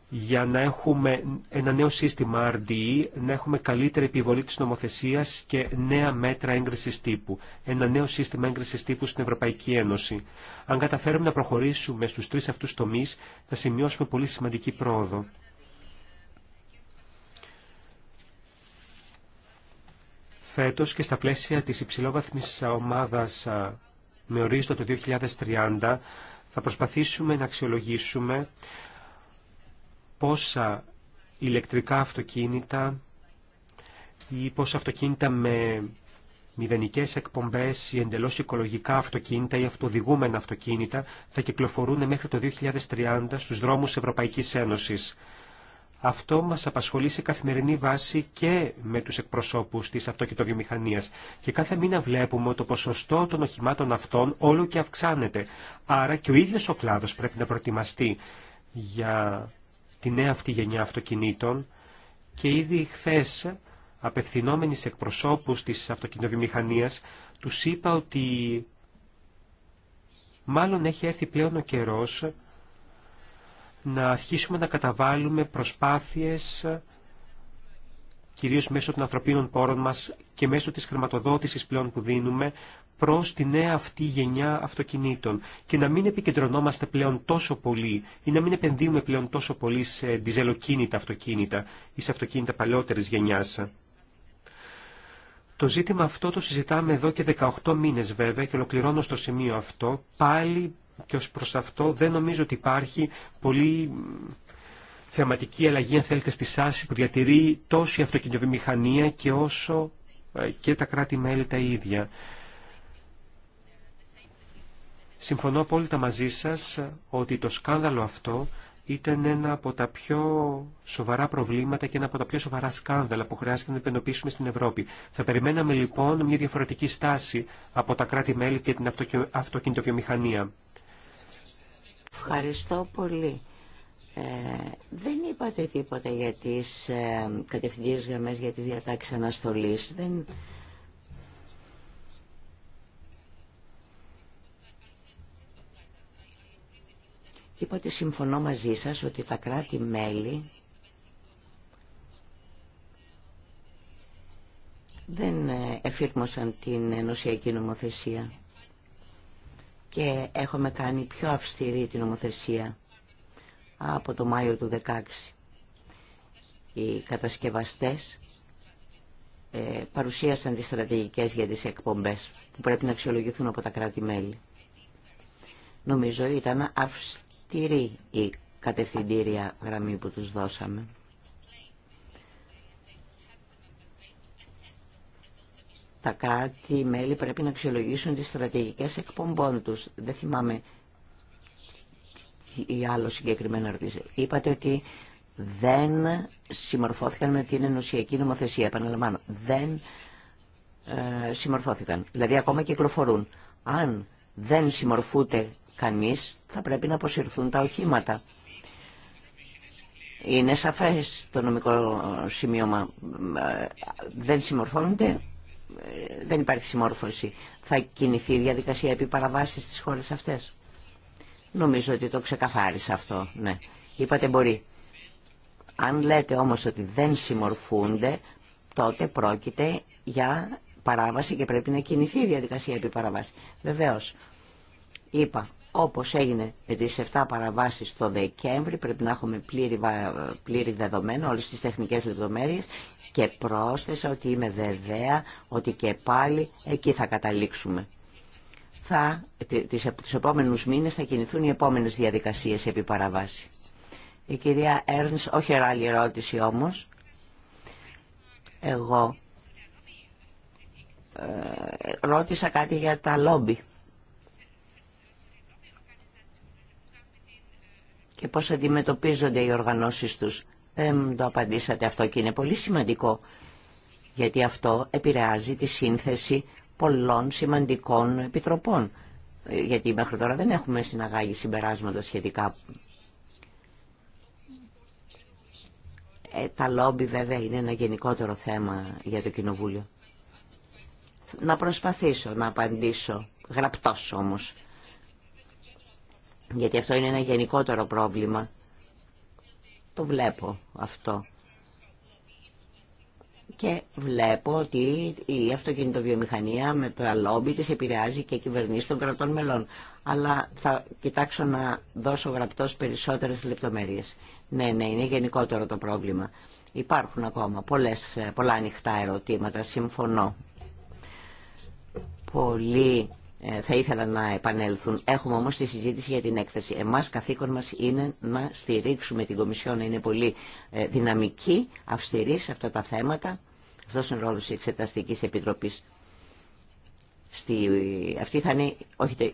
για να έχουμε ένα νέο σύστημα RDE, να έχουμε καλύτερη επιβολή της νομοθεσίας και νέα μέτρα έγκρισης τύπου. Ένα νέο σύστημα έγκρισης τύπου στην Ευρωπαϊκή Ένωση. Αν καταφέρουμε να προχωρήσουμε στους τρεις αυτούς τομείς, θα σημειώσουμε πολύ σημαντική πρόοδο. Φέτος και στα πλαίσια της υψηλόβαθμης ομάδας με ορίζοντα το 2030 θα προσπαθήσουμε να αξιολογήσουμε πόσα ηλεκτρικά αυτοκίνητα ή πόσα αυτοκίνητα με μηδενικές εκπομπές ή εντελώς οικολογικά αυτοκίνητα ή αυτοδηγούμενα αυτοκίνητα θα κυκλοφορούν μέχρι το 2030 στους δρόμους Ευρωπαϊκής Ένωσης. Αυτό μας απασχολεί σε καθημερινή βάση και με τους εκπροσώπους της αυτοκινητοβιομηχανίας. Και κάθε μήνα βλέπουμε ότι το ποσοστό των οχημάτων αυτών όλο και αυξάνεται. Άρα και ο ίδιος ο κλάδος πρέπει να προετοιμαστεί για τη νέα αυτή γενιά αυτοκινήτων και ήδη χθε απευθυνόμενοι σε εκπροσώπους της αυτοκινητοβιομηχανίας τους είπα ότι μάλλον έχει έρθει πλέον ο καιρός να αρχίσουμε να καταβάλουμε προσπάθειες κυρίως μέσω των ανθρωπίνων πόρων μας και μέσω της χρηματοδότησης πλέον που δίνουμε προς τη νέα αυτή γενιά αυτοκινήτων και να μην επικεντρωνόμαστε πλέον τόσο πολύ ή να μην επενδύουμε πλέον τόσο πολύ σε διζελοκίνητα αυτοκίνητα ή σε αυτοκίνητα παλαιότερης γενιάς. Το ζήτημα αυτό το συζητάμε εδώ και 18 μήνες βέβαια και ολοκληρώνω στο σημείο αυτό πάλι και ως προς αυτό δεν νομίζω ότι υπάρχει πολύ θεαματική αλλαγή, αν θέλετε, στη σάση που διατηρεί τόσο η αυτοκινητοβιομηχανία και όσο ε, και τα κράτη-μέλη τα ίδια. Συμφωνώ απόλυτα μαζί σας ε, ότι το σκάνδαλο αυτό ήταν ένα από τα πιο σοβαρά προβλήματα και ένα από τα πιο σοβαρά σκάνδαλα που χρειάζεται να επενδοποιήσουμε στην Ευρώπη. Θα περιμέναμε λοιπόν μια διαφορετική στάση από τα κράτη-μέλη και την αυτοκινητοβιομηχανία. Ευχαριστώ πολύ. Ε, δεν είπατε τίποτα για τις ε, κατευθυντήριες γραμμές για τις διατάξεις αναστολής. Δεν... συμφωνώ μαζί σας ότι τα κράτη-μέλη δεν ε, εφήρμοσαν την ενωσιακή νομοθεσία και έχουμε κάνει πιο αυστηρή την νομοθεσία από το Μάιο του 2016. Οι κατασκευαστές ε, παρουσίασαν τις στρατηγικές για τις εκπομπές που πρέπει να αξιολογηθούν από τα κράτη-μέλη. Νομίζω ήταν αυστηρή η κατευθυντήρια γραμμή που τους δώσαμε. τα κράτη-μέλη πρέπει να αξιολογήσουν τις στρατηγικές εκπομπών τους. Δεν θυμάμαι ή άλλο συγκεκριμένο ρωτήσε. Είπατε ότι δεν συμμορφώθηκαν με την ενωσιακή νομοθεσία. Επαναλαμβάνω, δεν ε, συμμορφώθηκαν. Δηλαδή ακόμα κυκλοφορούν. Αν δεν συμμορφούνται κανείς, θα πρέπει να αποσυρθούν τα οχήματα. Είναι σαφές το νομικό σημείωμα. Ε, δεν συμμορφώνονται, ε, δεν υπάρχει συμμόρφωση. Θα κινηθεί η διαδικασία επί παραβάση στις χώρες αυτές. Νομίζω ότι το ξεκαθάρισα αυτό, ναι. Είπατε μπορεί. Αν λέτε όμως ότι δεν συμμορφούνται, τότε πρόκειται για παράβαση και πρέπει να κινηθεί η διαδικασία επί παραβάση. Βεβαίως, είπα, όπως έγινε με τι 7 παραβάσει το Δεκέμβρη, πρέπει να έχουμε πλήρη, πλήρη δεδομένα, όλε τι τεχνικέ λεπτομέρειε και πρόσθεσα ότι είμαι βεβαία ότι και πάλι εκεί θα καταλήξουμε. Θα, τις, τους επόμενους μήνες θα κινηθούν οι επόμενες διαδικασίες επί παραβάση. Η κυρία Έρνς, όχι άλλη ερώτηση όμως. Εγώ ε, ρώτησα κάτι για τα λόμπι. και πώς αντιμετωπίζονται οι οργανώσεις τους το απαντήσατε αυτό και είναι πολύ σημαντικό, γιατί αυτό επηρεάζει τη σύνθεση πολλών σημαντικών επιτροπών. Ε, γιατί μέχρι τώρα δεν έχουμε συναγάγει συμπεράσματα σχετικά. Ε, τα λόμπι βέβαια είναι ένα γενικότερο θέμα για το Κοινοβούλιο. Να προσπαθήσω να απαντήσω, γραπτός όμως. Γιατί αυτό είναι ένα γενικότερο πρόβλημα το βλέπω αυτό. Και βλέπω ότι η αυτοκινητοβιομηχανία με τα λόμπι της επηρεάζει και κυβερνήσει των κρατών μελών. Αλλά θα κοιτάξω να δώσω γραπτός περισσότερες λεπτομέρειες. Ναι, ναι, είναι γενικότερο το πρόβλημα. Υπάρχουν ακόμα πολλές, πολλά ανοιχτά ερωτήματα, συμφωνώ. Πολύ ε, θα ήθελα να επανέλθουν. Έχουμε όμως τη συζήτηση για την έκθεση. Εμάς καθήκον μας είναι να στηρίξουμε την Κομισιόν, να είναι πολύ ε, δυναμική, αυστηρή σε αυτά τα θέματα. Αυτός είναι ο ρόλος της Εξεταστικής Επιτροπής. Στη, αυτή θα είναι, όχι, ε,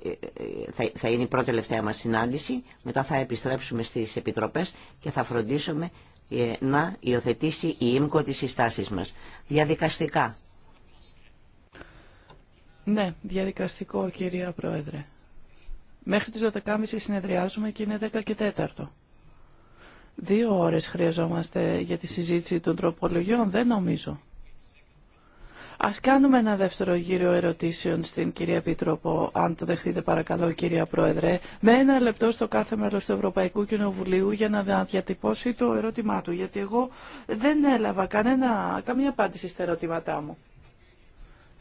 θα, θα είναι η πρώτη τελευταία μας συνάντηση. Μετά θα επιστρέψουμε στις Επιτροπές και θα φροντίσουμε να υιοθετήσει η ΙΜΚΟ τις συστάσεις μας. Διαδικαστικά, ναι, διαδικαστικό κυρία Πρόεδρε. Μέχρι τις 12.30 συνεδριάζουμε και είναι 10 και Δύο ώρες χρειαζόμαστε για τη συζήτηση των τροπολογιών, δεν νομίζω. Ας κάνουμε ένα δεύτερο γύρο ερωτήσεων στην κυρία Πίτροπο, αν το δεχτείτε παρακαλώ κυρία Πρόεδρε, με ένα λεπτό στο κάθε μέρος του Ευρωπαϊκού Κοινοβουλίου για να διατυπώσει το ερώτημά του, γιατί εγώ δεν έλαβα κανένα, καμία απάντηση στα ερώτηματά μου.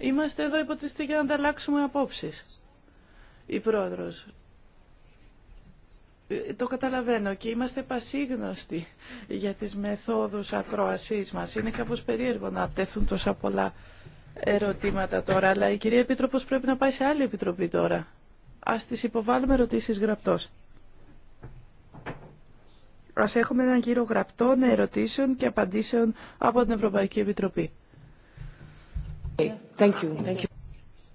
Είμαστε εδώ υποτίθεται για να ανταλλάξουμε απόψεις. Η πρόεδρος. Ε, το καταλαβαίνω και είμαστε πασίγνωστοι για τις μεθόδους ακροασής μας. Είναι κάπως περίεργο να τέθουν τόσα πολλά ερωτήματα τώρα, αλλά η κυρία Επίτροπος πρέπει να πάει σε άλλη επιτροπή τώρα. Ας τις υποβάλουμε ερωτήσεις γραπτός. Ας έχουμε έναν κύριο γραπτών ερωτήσεων και απαντήσεων από την Ευρωπαϊκή Επιτροπή.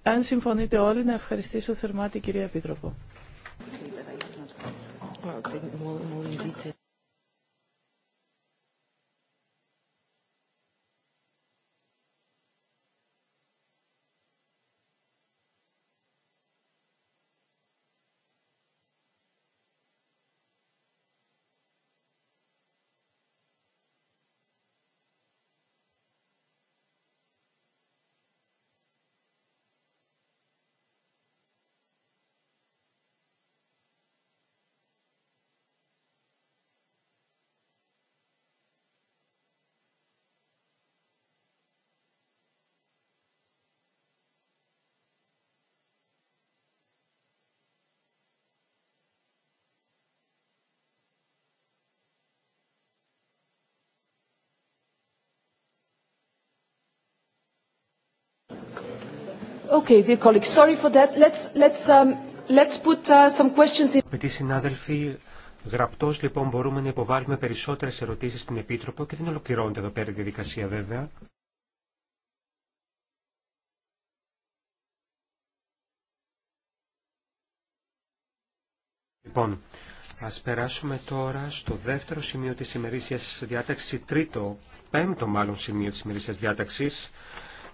Αν συμφωνείτε όλοι, να ευχαριστήσω θερμά την κυρία Επίτροπο. Okay, Με um, uh, τη συνάδελφοι, γραπτός λοιπόν μπορούμε να υποβάλουμε περισσότερες ερωτήσεις στην Επίτροπο και δεν ολοκληρώνεται εδώ πέρα η διαδικασία βέβαια. Λοιπόν, ας περάσουμε τώρα στο δεύτερο σημείο της ημερήσιας διάταξης, τρίτο, πέμπτο μάλλον σημείο της ημερήσιας διάταξης,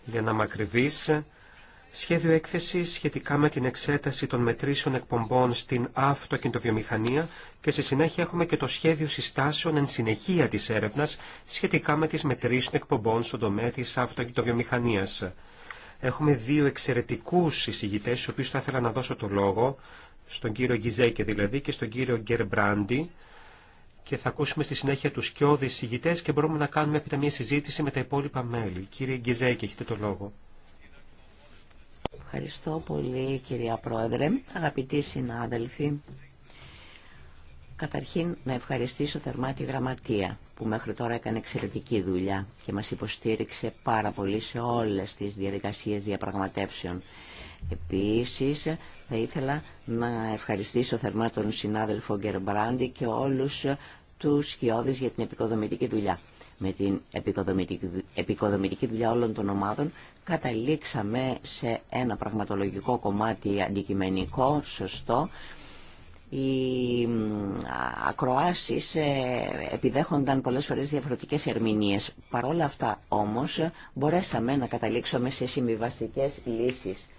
για να μακριβείς σχέδιο έκθεση σχετικά με την εξέταση των μετρήσεων εκπομπών στην αυτοκινητοβιομηχανία και στη συνέχεια έχουμε και το σχέδιο συστάσεων εν συνεχεία της έρευνας σχετικά με τις μετρήσεων εκπομπών στον τομέα της αυτοκινητοβιομηχανίας. Έχουμε δύο εξαιρετικούς συζητητές, στους οποίους θα ήθελα να δώσω το λόγο, στον κύριο Γκιζέκε δηλαδή και στον κύριο Γκερμπράντι, και θα ακούσουμε στη συνέχεια τους σκιώδεις συγητές και μπορούμε να κάνουμε έπειτα μια συζήτηση με τα υπόλοιπα μέλη. Κύριε Γκιζέκη, έχετε το λόγο. Ευχαριστώ πολύ κυρία Πρόεδρε, αγαπητοί συνάδελφοι. Καταρχήν να ευχαριστήσω θερμά τη Γραμματεία που μέχρι τώρα έκανε εξαιρετική δουλειά και μας υποστήριξε πάρα πολύ σε όλες τις διαδικασίες διαπραγματεύσεων. Επίσης θα ήθελα να ευχαριστήσω θερμά τον συνάδελφο Γκερμπράντι και όλους τους σκιώδεις για την επικοδομητική δουλειά. Με την επικοδομητική δουλειά όλων των ομάδων καταλήξαμε σε ένα πραγματολογικό κομμάτι αντικειμενικό, σωστό. Οι ακροάσεις ε, επιδέχονταν πολλές φορές διαφορετικές ερμηνείες. όλα αυτά όμως μπορέσαμε να καταλήξουμε σε συμβιβαστικές λύσεις.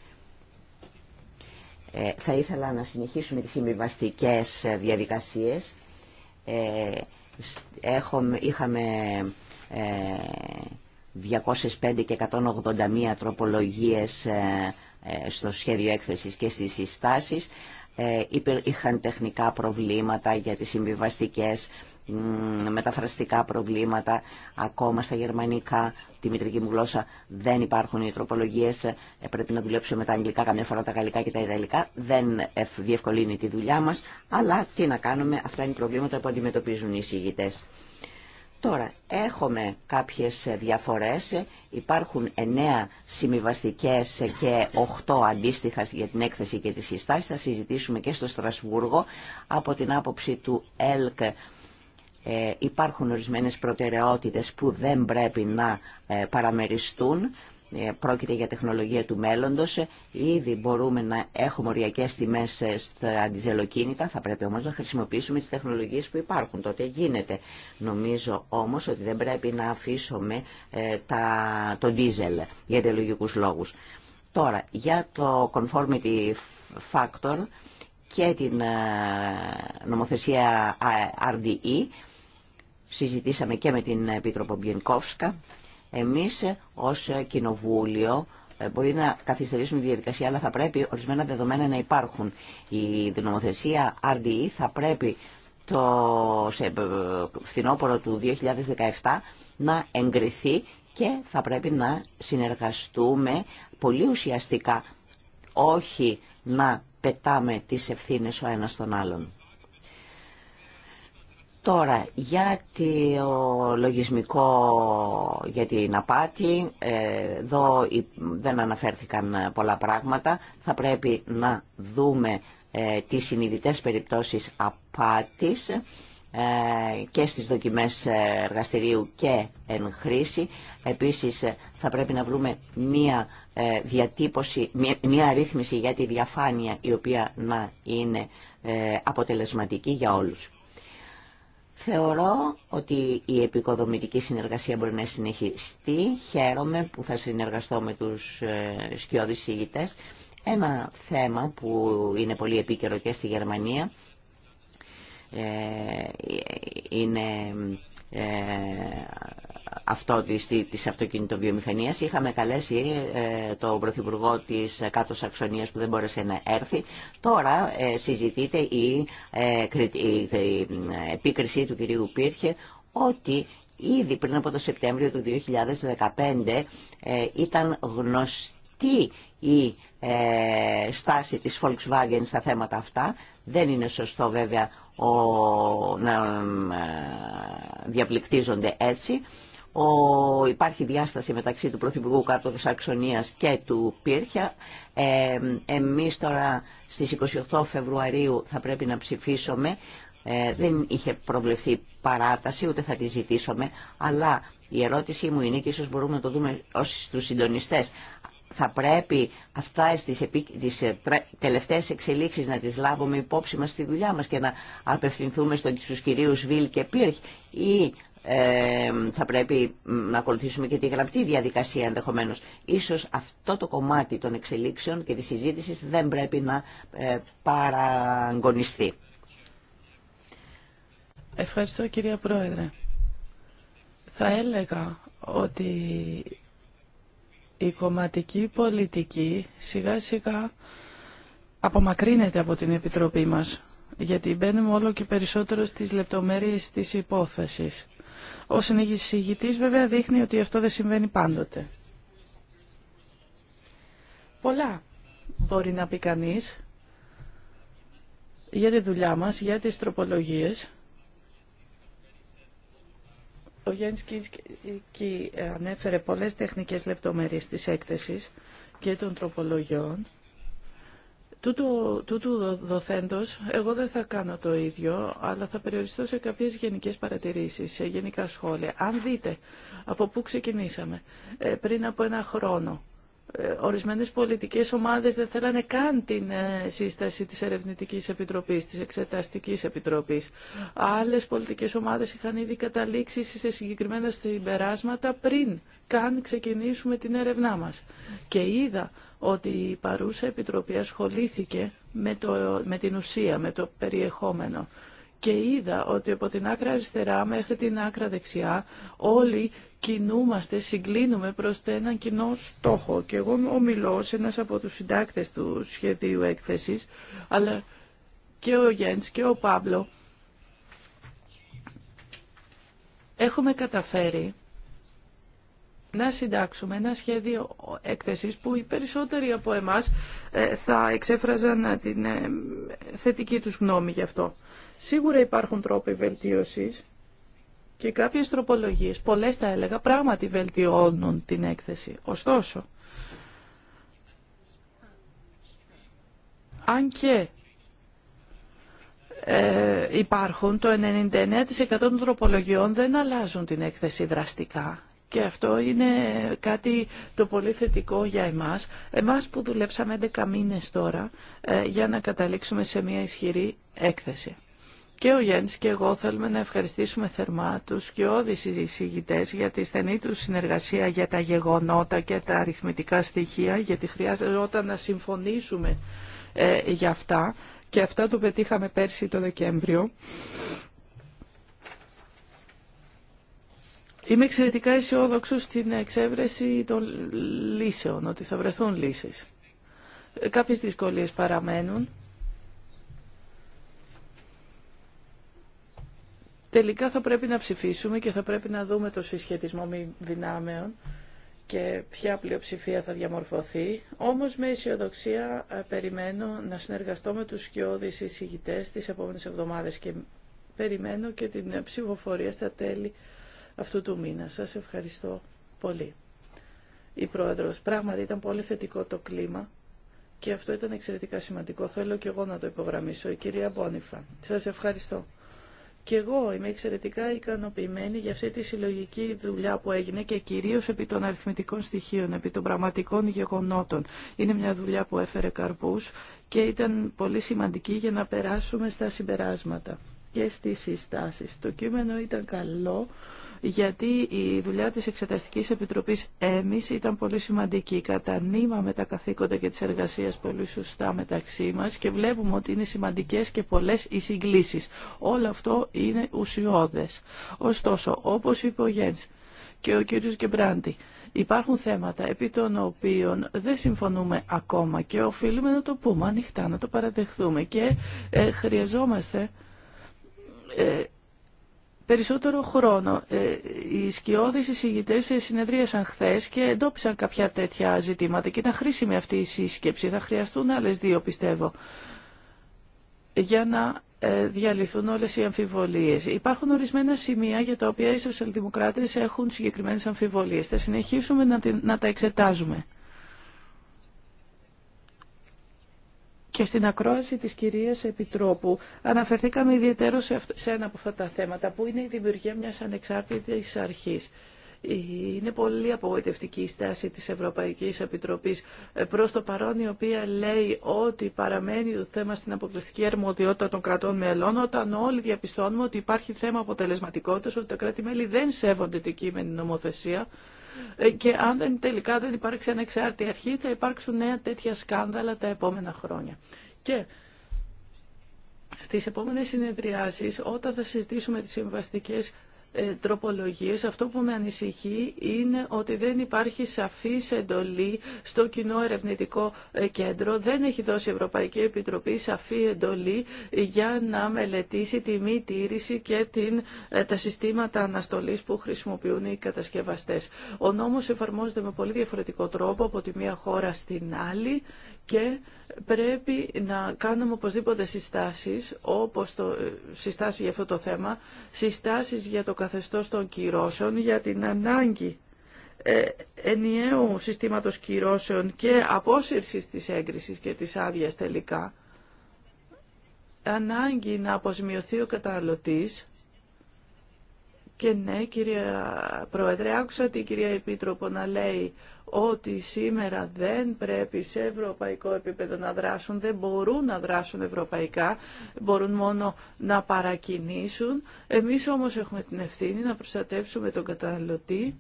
Ε, θα ήθελα να συνεχίσουμε τις συμβιβαστικές ε, διαδικασίες. Ε, έχουμε, είχαμε 205 και 181 τροπολογίες ε, ε, στο σχέδιο έκθεσης και στις συστάσεις. Ε, είχαν τεχνικά προβλήματα για τις συμβιβαστικές, μεταφραστικά προβλήματα, ακόμα στα γερμανικά, τη μητρική μου γλώσσα δεν υπάρχουν οι τροπολογίες, πρέπει να δουλέψουμε με τα αγγλικά, καμιά φορά τα γαλλικά και τα ιταλικά, δεν διευκολύνει τη δουλειά μας, αλλά τι να κάνουμε, αυτά είναι προβλήματα που αντιμετωπίζουν οι συγητές. Τώρα, έχουμε κάποιες διαφορές. Υπάρχουν εννέα συμβιβαστικέ και οχτώ αντίστοιχα για την έκθεση και τις συστάσεις. Θα συζητήσουμε και στο Στρασβούργο. Από την άποψη του ΕΛΚ ε, υπάρχουν ορισμένες προτεραιότητες που δεν πρέπει να ε, παραμεριστούν. Ε, πρόκειται για τεχνολογία του μέλλοντος. Ήδη μπορούμε να έχουμε οριακέ τιμές ε, στα αντιζελοκίνητα, θα πρέπει όμως να χρησιμοποιήσουμε τις τεχνολογίες που υπάρχουν. Τότε γίνεται. Νομίζω όμως ότι δεν πρέπει να αφήσουμε ε, τα, το ντίζελ για τελογικούς λόγους. Τώρα, για το conformity factor και την νομοθεσία RDE, συζητήσαμε και με την Επίτροπο Μπιενκόφσκα, εμείς ε, ως ε, κοινοβούλιο ε, μπορεί να καθυστερήσουμε τη διαδικασία, αλλά θα πρέπει ορισμένα δεδομένα να υπάρχουν. Η δημοθεσία RDE θα πρέπει το σε φθινόπωρο του 2017 να εγκριθεί και θα πρέπει να συνεργαστούμε πολύ ουσιαστικά, όχι να πετάμε τις ευθύνες ο ένας στον άλλον. Τώρα, για το λογισμικό, για την απάτη, ε, εδώ δεν αναφέρθηκαν ε, πολλά πράγματα. Θα πρέπει να δούμε ε, τις συνειδητές περιπτώσεις απάτης και στις δοκιμές εργαστηρίου και εν χρήση. Επίσης, θα πρέπει να βρούμε μία διατύπωση, μία ρύθμιση για τη διαφάνεια η οποία να είναι αποτελεσματική για όλους. Θεωρώ ότι η επικοδομητική συνεργασία μπορεί να συνεχιστεί. Χαίρομαι που θα συνεργαστώ με τους ε, σκιώδεις ηγητές. Ένα θέμα που είναι πολύ επίκαιρο και στη Γερμανία ε, είναι ε, αυτό της, της αυτοκινητοβιομηχανίας. Είχαμε καλέσει ε, τον Πρωθυπουργό της Κάτω Σαξονίας που δεν μπόρεσε να έρθει. Τώρα ε, συζητείται ε, η, η, η επίκριση του κυρίου Πύρχε ότι ήδη πριν από το Σεπτέμβριο του 2015 ε, ήταν γνωστή η ε, στάση της Volkswagen στα θέματα αυτά. Δεν είναι σωστό βέβαια να ε, διαπληκτίζονται έτσι. Ο, υπάρχει διάσταση μεταξύ του Πρωθυπουργού κάτω της Αξονίας και του Πύρχια. Ε, εμείς τώρα στις 28 Φεβρουαρίου θα πρέπει να ψηφίσουμε. Ε, δεν είχε προβλεφθεί παράταση, ούτε θα τη ζητήσουμε, αλλά η ερώτησή μου είναι και ίσως μπορούμε να το δούμε ως τους συντονιστές θα πρέπει αυτά στις επί... τις ε, τελευταίες εξελίξεις να τις λάβουμε υπόψη μας στη δουλειά μας και να απευθυνθούμε στους κυρίους Βίλ και Πύρχ ή ε, θα πρέπει να ακολουθήσουμε και τη γραπτή διαδικασία ενδεχομένως. Ίσως αυτό το κομμάτι των εξελίξεων και της συζήτησης δεν πρέπει να ε, παραγωνιστεί. Ευχαριστώ κυρία Πρόεδρε. Θα έλεγα ότι η κομματική πολιτική σιγά σιγά απομακρύνεται από την Επιτροπή μας, γιατί μπαίνουμε όλο και περισσότερο στις λεπτομέρειες της υπόθεσης. Ο συνηγητής βέβαια δείχνει ότι αυτό δεν συμβαίνει πάντοτε. Πολλά μπορεί να πει κανείς για τη δουλειά μας, για τις τροπολογίες. Ο Γιάννης Κίσκη ανέφερε πολλές τεχνικές λεπτομέρειε της έκθεσης και των τροπολογιών. Τούτου, τούτου δοθέντος, εγώ δεν θα κάνω το ίδιο, αλλά θα περιοριστώ σε κάποιες γενικές παρατηρήσεις, σε γενικά σχόλια. Αν δείτε από πού ξεκινήσαμε ε, πριν από ένα χρόνο, ε, ορισμένες πολιτικές ομάδες δεν θέλανε καν την ε, σύσταση της Ερευνητικής Επιτροπής, της Εξεταστικής Επιτροπής. Άλλες πολιτικές ομάδες είχαν ήδη καταλήξει σε συγκεκριμένα συμπεράσματα πριν καν ξεκινήσουμε την έρευνά μας. Και είδα ότι η παρούσα Επιτροπή ασχολήθηκε με, το, με την ουσία, με το περιεχόμενο και είδα ότι από την άκρα αριστερά μέχρι την άκρα δεξιά όλοι κινούμαστε, συγκλίνουμε προς έναν κοινό στόχο. Και εγώ ομιλώ σε ένας από τους συντάκτες του σχεδίου έκθεσης, αλλά και ο Γιάννης και ο Παύλο έχουμε καταφέρει να συντάξουμε ένα σχέδιο έκθεσης που οι περισσότεροι από εμάς ε, θα εξέφραζαν την ε, θετική τους γνώμη γι' αυτό. Σίγουρα υπάρχουν τρόποι βελτίωσης και κάποιες τροπολογίες, πολλές τα έλεγα, πράγματι βελτιώνουν την έκθεση. Ωστόσο, αν και ε, υπάρχουν, το 99% των τροπολογιών δεν αλλάζουν την έκθεση δραστικά. Και αυτό είναι κάτι το πολύ θετικό για εμάς, εμάς που δουλέψαμε 11 μήνες τώρα, ε, για να καταλήξουμε σε μια ισχυρή έκθεση. Και ο Γιάννης και εγώ θέλουμε να ευχαριστήσουμε θερμά τους και οι εισηγητές για τη στενή του συνεργασία για τα γεγονότα και τα αριθμητικά στοιχεία, γιατί χρειάζεται να συμφωνήσουμε ε, για αυτά. Και αυτά το πετύχαμε πέρσι το Δεκέμβριο. Είμαι εξαιρετικά αισιόδοξο στην εξέβρεση των λύσεων, ότι θα βρεθούν λύσεις. Ε, κάποιες δυσκολίες παραμένουν Τελικά θα πρέπει να ψηφίσουμε και θα πρέπει να δούμε το συσχετισμό μη δυνάμεων και ποια πλειοψηφία θα διαμορφωθεί. Όμως με αισιοδοξία ε, περιμένω να συνεργαστώ με τους σκιώδεις εισηγητές τις επόμενες εβδομάδες και περιμένω και την ε, ψηφοφορία στα τέλη αυτού του μήνα. Σας ευχαριστώ πολύ. Η Πρόεδρος, πράγματι ήταν πολύ θετικό το κλίμα και αυτό ήταν εξαιρετικά σημαντικό. Θέλω και εγώ να το υπογραμμίσω. Η κυρία Μπόνιφα, σας ευχαριστώ. Και εγώ είμαι εξαιρετικά ικανοποιημένη για αυτή τη συλλογική δουλειά που έγινε και κυρίως επί των αριθμητικών στοιχείων, επί των πραγματικών γεγονότων. Είναι μια δουλειά που έφερε καρπούς και ήταν πολύ σημαντική για να περάσουμε στα συμπεράσματα και στις συστάσεις. Το κείμενο ήταν καλό γιατί η δουλειά της Εξεταστικής Επιτροπής εμείς ήταν πολύ σημαντική. Κατανείμαμε τα καθήκοντα και τις εργασίες πολύ σωστά μεταξύ μας και βλέπουμε ότι είναι σημαντικές και πολλές οι συγκλήσεις. Όλο αυτό είναι ουσιώδες. Ωστόσο, όπως είπε ο Γέντς και ο κύριος Γκεμπράντη, Υπάρχουν θέματα επί των οποίων δεν συμφωνούμε ακόμα και οφείλουμε να το πούμε ανοιχτά, να το παραδεχθούμε και ε, χρειαζόμαστε ε, περισσότερο χρόνο. Ε, οι σκιώδεις εισηγητές συνεδρίασαν χθε και εντόπισαν κάποια τέτοια ζητήματα και ήταν χρήσιμη αυτή η σύσκεψη. Θα χρειαστούν άλλες δύο πιστεύω για να ε, διαλυθούν όλες οι αμφιβολίες. Υπάρχουν ορισμένα σημεία για τα οποία οι σοσιαλδημοκράτες έχουν συγκεκριμένες αμφιβολίες. Θα συνεχίσουμε να τα εξετάζουμε. Και στην ακρόαση της κυρίας Επιτρόπου αναφερθήκαμε ιδιαίτερο σε ένα από αυτά τα θέματα που είναι η δημιουργία μιας ανεξάρτητης αρχής. Είναι πολύ απογοητευτική η στάση της Ευρωπαϊκής Επιτροπής προς το παρόν η οποία λέει ότι παραμένει το θέμα στην αποκλειστική αρμοδιότητα των κρατών μελών όταν όλοι διαπιστώνουμε ότι υπάρχει θέμα αποτελεσματικότητας, ότι τα κράτη-μέλη δεν σέβονται την κείμενη νομοθεσία ε, και αν δεν, τελικά δεν υπάρξει ανεξάρτητη αρχή θα υπάρξουν νέα τέτοια σκάνδαλα τα επόμενα χρόνια. Και στις επόμενες συνεδριάσεις όταν θα συζητήσουμε τις συμβαστικές ε, τροπολογίες, αυτό που με ανησυχεί είναι ότι δεν υπάρχει σαφής εντολή στο κοινό ερευνητικό ε, κέντρο. Δεν έχει δώσει η Ευρωπαϊκή Επιτροπή σαφή εντολή για να μελετήσει τη μη τήρηση και την, ε, τα συστήματα αναστολής που χρησιμοποιούν οι κατασκευαστές. Ο νόμος εφαρμόζεται με πολύ διαφορετικό τρόπο από τη μία χώρα στην άλλη και πρέπει να κάνουμε οπωσδήποτε συστάσεις, όπως το, ε, συστάσεις για αυτό το θέμα, συστάσεις για το καθεστώς των κυρώσεων, για την ανάγκη ε, ενιαίου συστήματος κυρώσεων και απόσυρσης της έγκρισης και της άδειας τελικά, ανάγκη να αποσμειωθεί ο καταναλωτής, και ναι, κυρία Πρόεδρε, άκουσα την κυρία Επίτροπο να λέει ότι σήμερα δεν πρέπει σε ευρωπαϊκό επίπεδο να δράσουν, δεν μπορούν να δράσουν ευρωπαϊκά, μπορούν μόνο να παρακινήσουν. Εμείς όμως έχουμε την ευθύνη να προστατεύσουμε τον καταναλωτή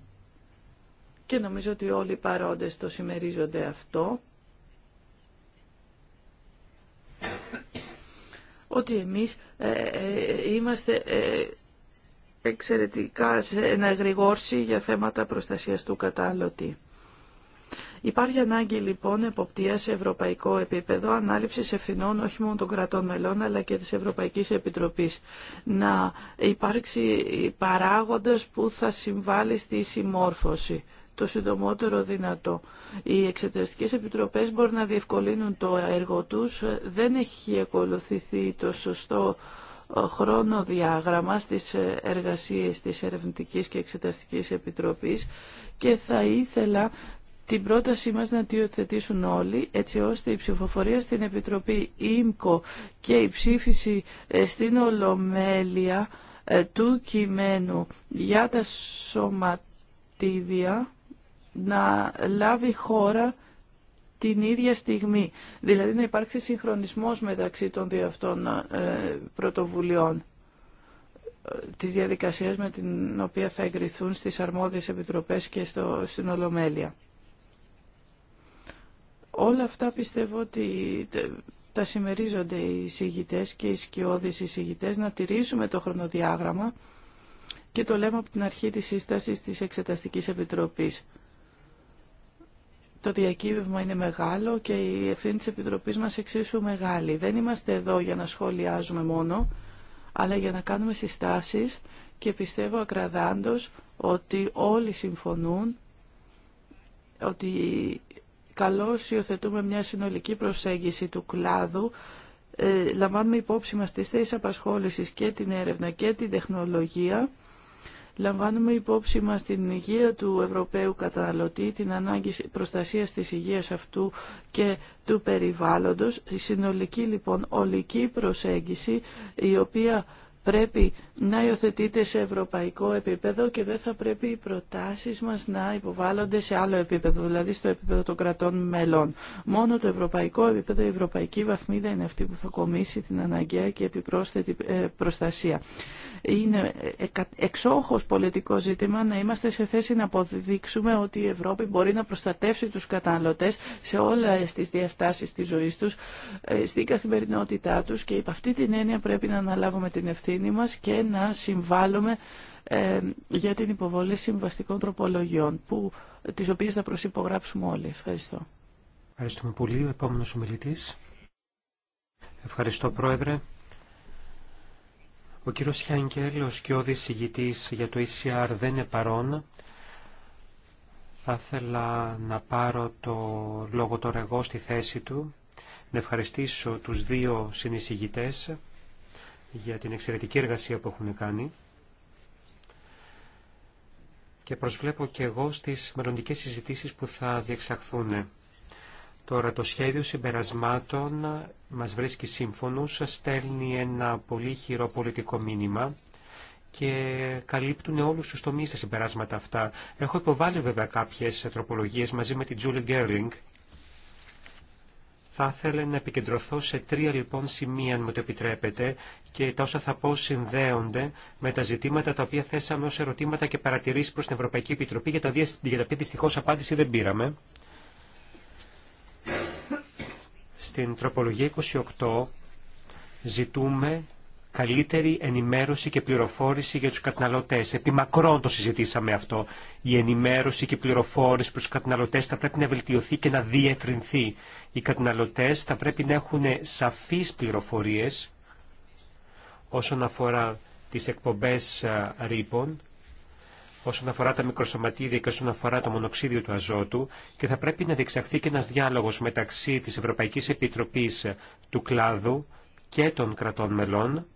και νομίζω ότι όλοι οι παρόντες το συμμερίζονται αυτό. Ότι εμείς ε, ε, ε, είμαστε εξαιρετικά σε γρηγόρση για θέματα προστασίας του κατάλωτη. Υπάρχει ανάγκη λοιπόν εποπτεία σε ευρωπαϊκό επίπεδο, ανάληψης ευθυνών όχι μόνο των κρατών μελών αλλά και της Ευρωπαϊκής Επιτροπής. Να υπάρξει παράγοντας που θα συμβάλλει στη συμμόρφωση το συντομότερο δυνατό. Οι εξεταστικές επιτροπές μπορεί να διευκολύνουν το έργο τους. Δεν έχει ακολουθηθεί το σωστό χρόνο διάγραμμα στις εργασίες της Ερευνητικής και Εξεταστικής Επιτροπής και θα ήθελα την πρότασή μας να τη όλοι, έτσι ώστε η ψηφοφορία στην Επιτροπή ΙΜΚΟ και η ψήφιση ε, στην Ολομέλεια ε, του κειμένου για τα σωματίδια να λάβει χώρα την ίδια στιγμή. Δηλαδή να υπάρξει συγχρονισμός μεταξύ των δύο αυτών ε, πρωτοβουλειών ε, της διαδικασίας με την οποία θα εγκριθούν στις αρμόδιες επιτροπές και στο, στην Ολομέλεια. Όλα αυτά πιστεύω ότι τα συμμερίζονται οι συγητές και οι σκιώδεις συγητές να τηρήσουμε το χρονοδιάγραμμα και το λέμε από την αρχή της σύστασης της Εξεταστικής Επιτροπής. Το διακύβευμα είναι μεγάλο και η ευθύνη της Επιτροπής μας εξίσου μεγάλη. Δεν είμαστε εδώ για να σχολιάζουμε μόνο, αλλά για να κάνουμε συστάσεις και πιστεύω ακραδάντως ότι όλοι συμφωνούν ότι καλώς υιοθετούμε μια συνολική προσέγγιση του κλάδου ε, λαμβάνουμε υπόψη μας τις θέσεις απασχόλησης και την έρευνα και την τεχνολογία Λαμβάνουμε υπόψη μας την υγεία του Ευρωπαίου καταναλωτή, την ανάγκη προστασίας της υγείας αυτού και του περιβάλλοντος, η συνολική λοιπόν ολική προσέγγιση η οποία πρέπει να υιοθετείται σε ευρωπαϊκό επίπεδο και δεν θα πρέπει οι προτάσεις μας να υποβάλλονται σε άλλο επίπεδο, δηλαδή στο επίπεδο των κρατών μελών. Μόνο το ευρωπαϊκό επίπεδο, η ευρωπαϊκή βαθμίδα είναι αυτή που θα κομίσει την αναγκαία και επιπρόσθετη ε, προστασία. Είναι ε, εξόχως πολιτικό ζήτημα να είμαστε σε θέση να αποδείξουμε ότι η Ευρώπη μπορεί να προστατεύσει τους καταναλωτές σε όλες τις διαστάσεις της ζωής τους, ε, στην καθημερινότητά τους και υπ' αυτή την έννοια πρέπει να αναλάβουμε την ευθύνη μας και να συμβάλλουμε ε, για την υποβολή συμβαστικών τροπολογιών, που, τις οποίες θα προσυπογράψουμε όλοι. Ευχαριστώ. Ευχαριστούμε πολύ. Ο επόμενος ομιλητής. Ευχαριστώ, Πρόεδρε. Ο κύριος Χιάνκελ, ο σκιώδης για το ECR, δεν είναι παρόν. Θα ήθελα να πάρω το λόγο τώρα εγώ στη θέση του, να ευχαριστήσω τους δύο συνεισηγητές για την εξαιρετική εργασία που έχουν κάνει και προσβλέπω και εγώ στις μελλοντικές συζητήσεις που θα διεξαχθούν. Τώρα το σχέδιο συμπερασμάτων μας βρίσκει σύμφωνους, στέλνει ένα πολύ χειρό πολιτικό μήνυμα και καλύπτουν όλους τους τομείς τα συμπεράσματα αυτά. Έχω υποβάλει βέβαια κάποιες τροπολογίες μαζί με την Τζούλη Gerling θα ήθελα να επικεντρωθώ σε τρία λοιπόν σημεία, αν μου το επιτρέπετε, και τα όσα θα πω συνδέονται με τα ζητήματα τα οποία θέσαμε ως ερωτήματα και παρατηρήσεις προς την Ευρωπαϊκή Επιτροπή, για τα οποία δυστυχώς απάντηση δεν πήραμε. Στην τροπολογία 28 ζητούμε καλύτερη ενημέρωση και πληροφόρηση για τους καταναλωτές. Επί μακρόν το συζητήσαμε αυτό. Η ενημέρωση και η πληροφόρηση προς τους καταναλωτές θα πρέπει να βελτιωθεί και να διευρυνθεί. Οι καταναλωτές θα πρέπει να έχουν σαφείς πληροφορίες όσον αφορά τις εκπομπές ρήπων, όσον αφορά τα μικροσωματίδια και όσον αφορά το μονοξίδιο του αζότου και θα πρέπει να διεξαχθεί και ένας διάλογος μεταξύ της Ευρωπαϊκής Επιτροπής του κλάδου και των κρατών μελών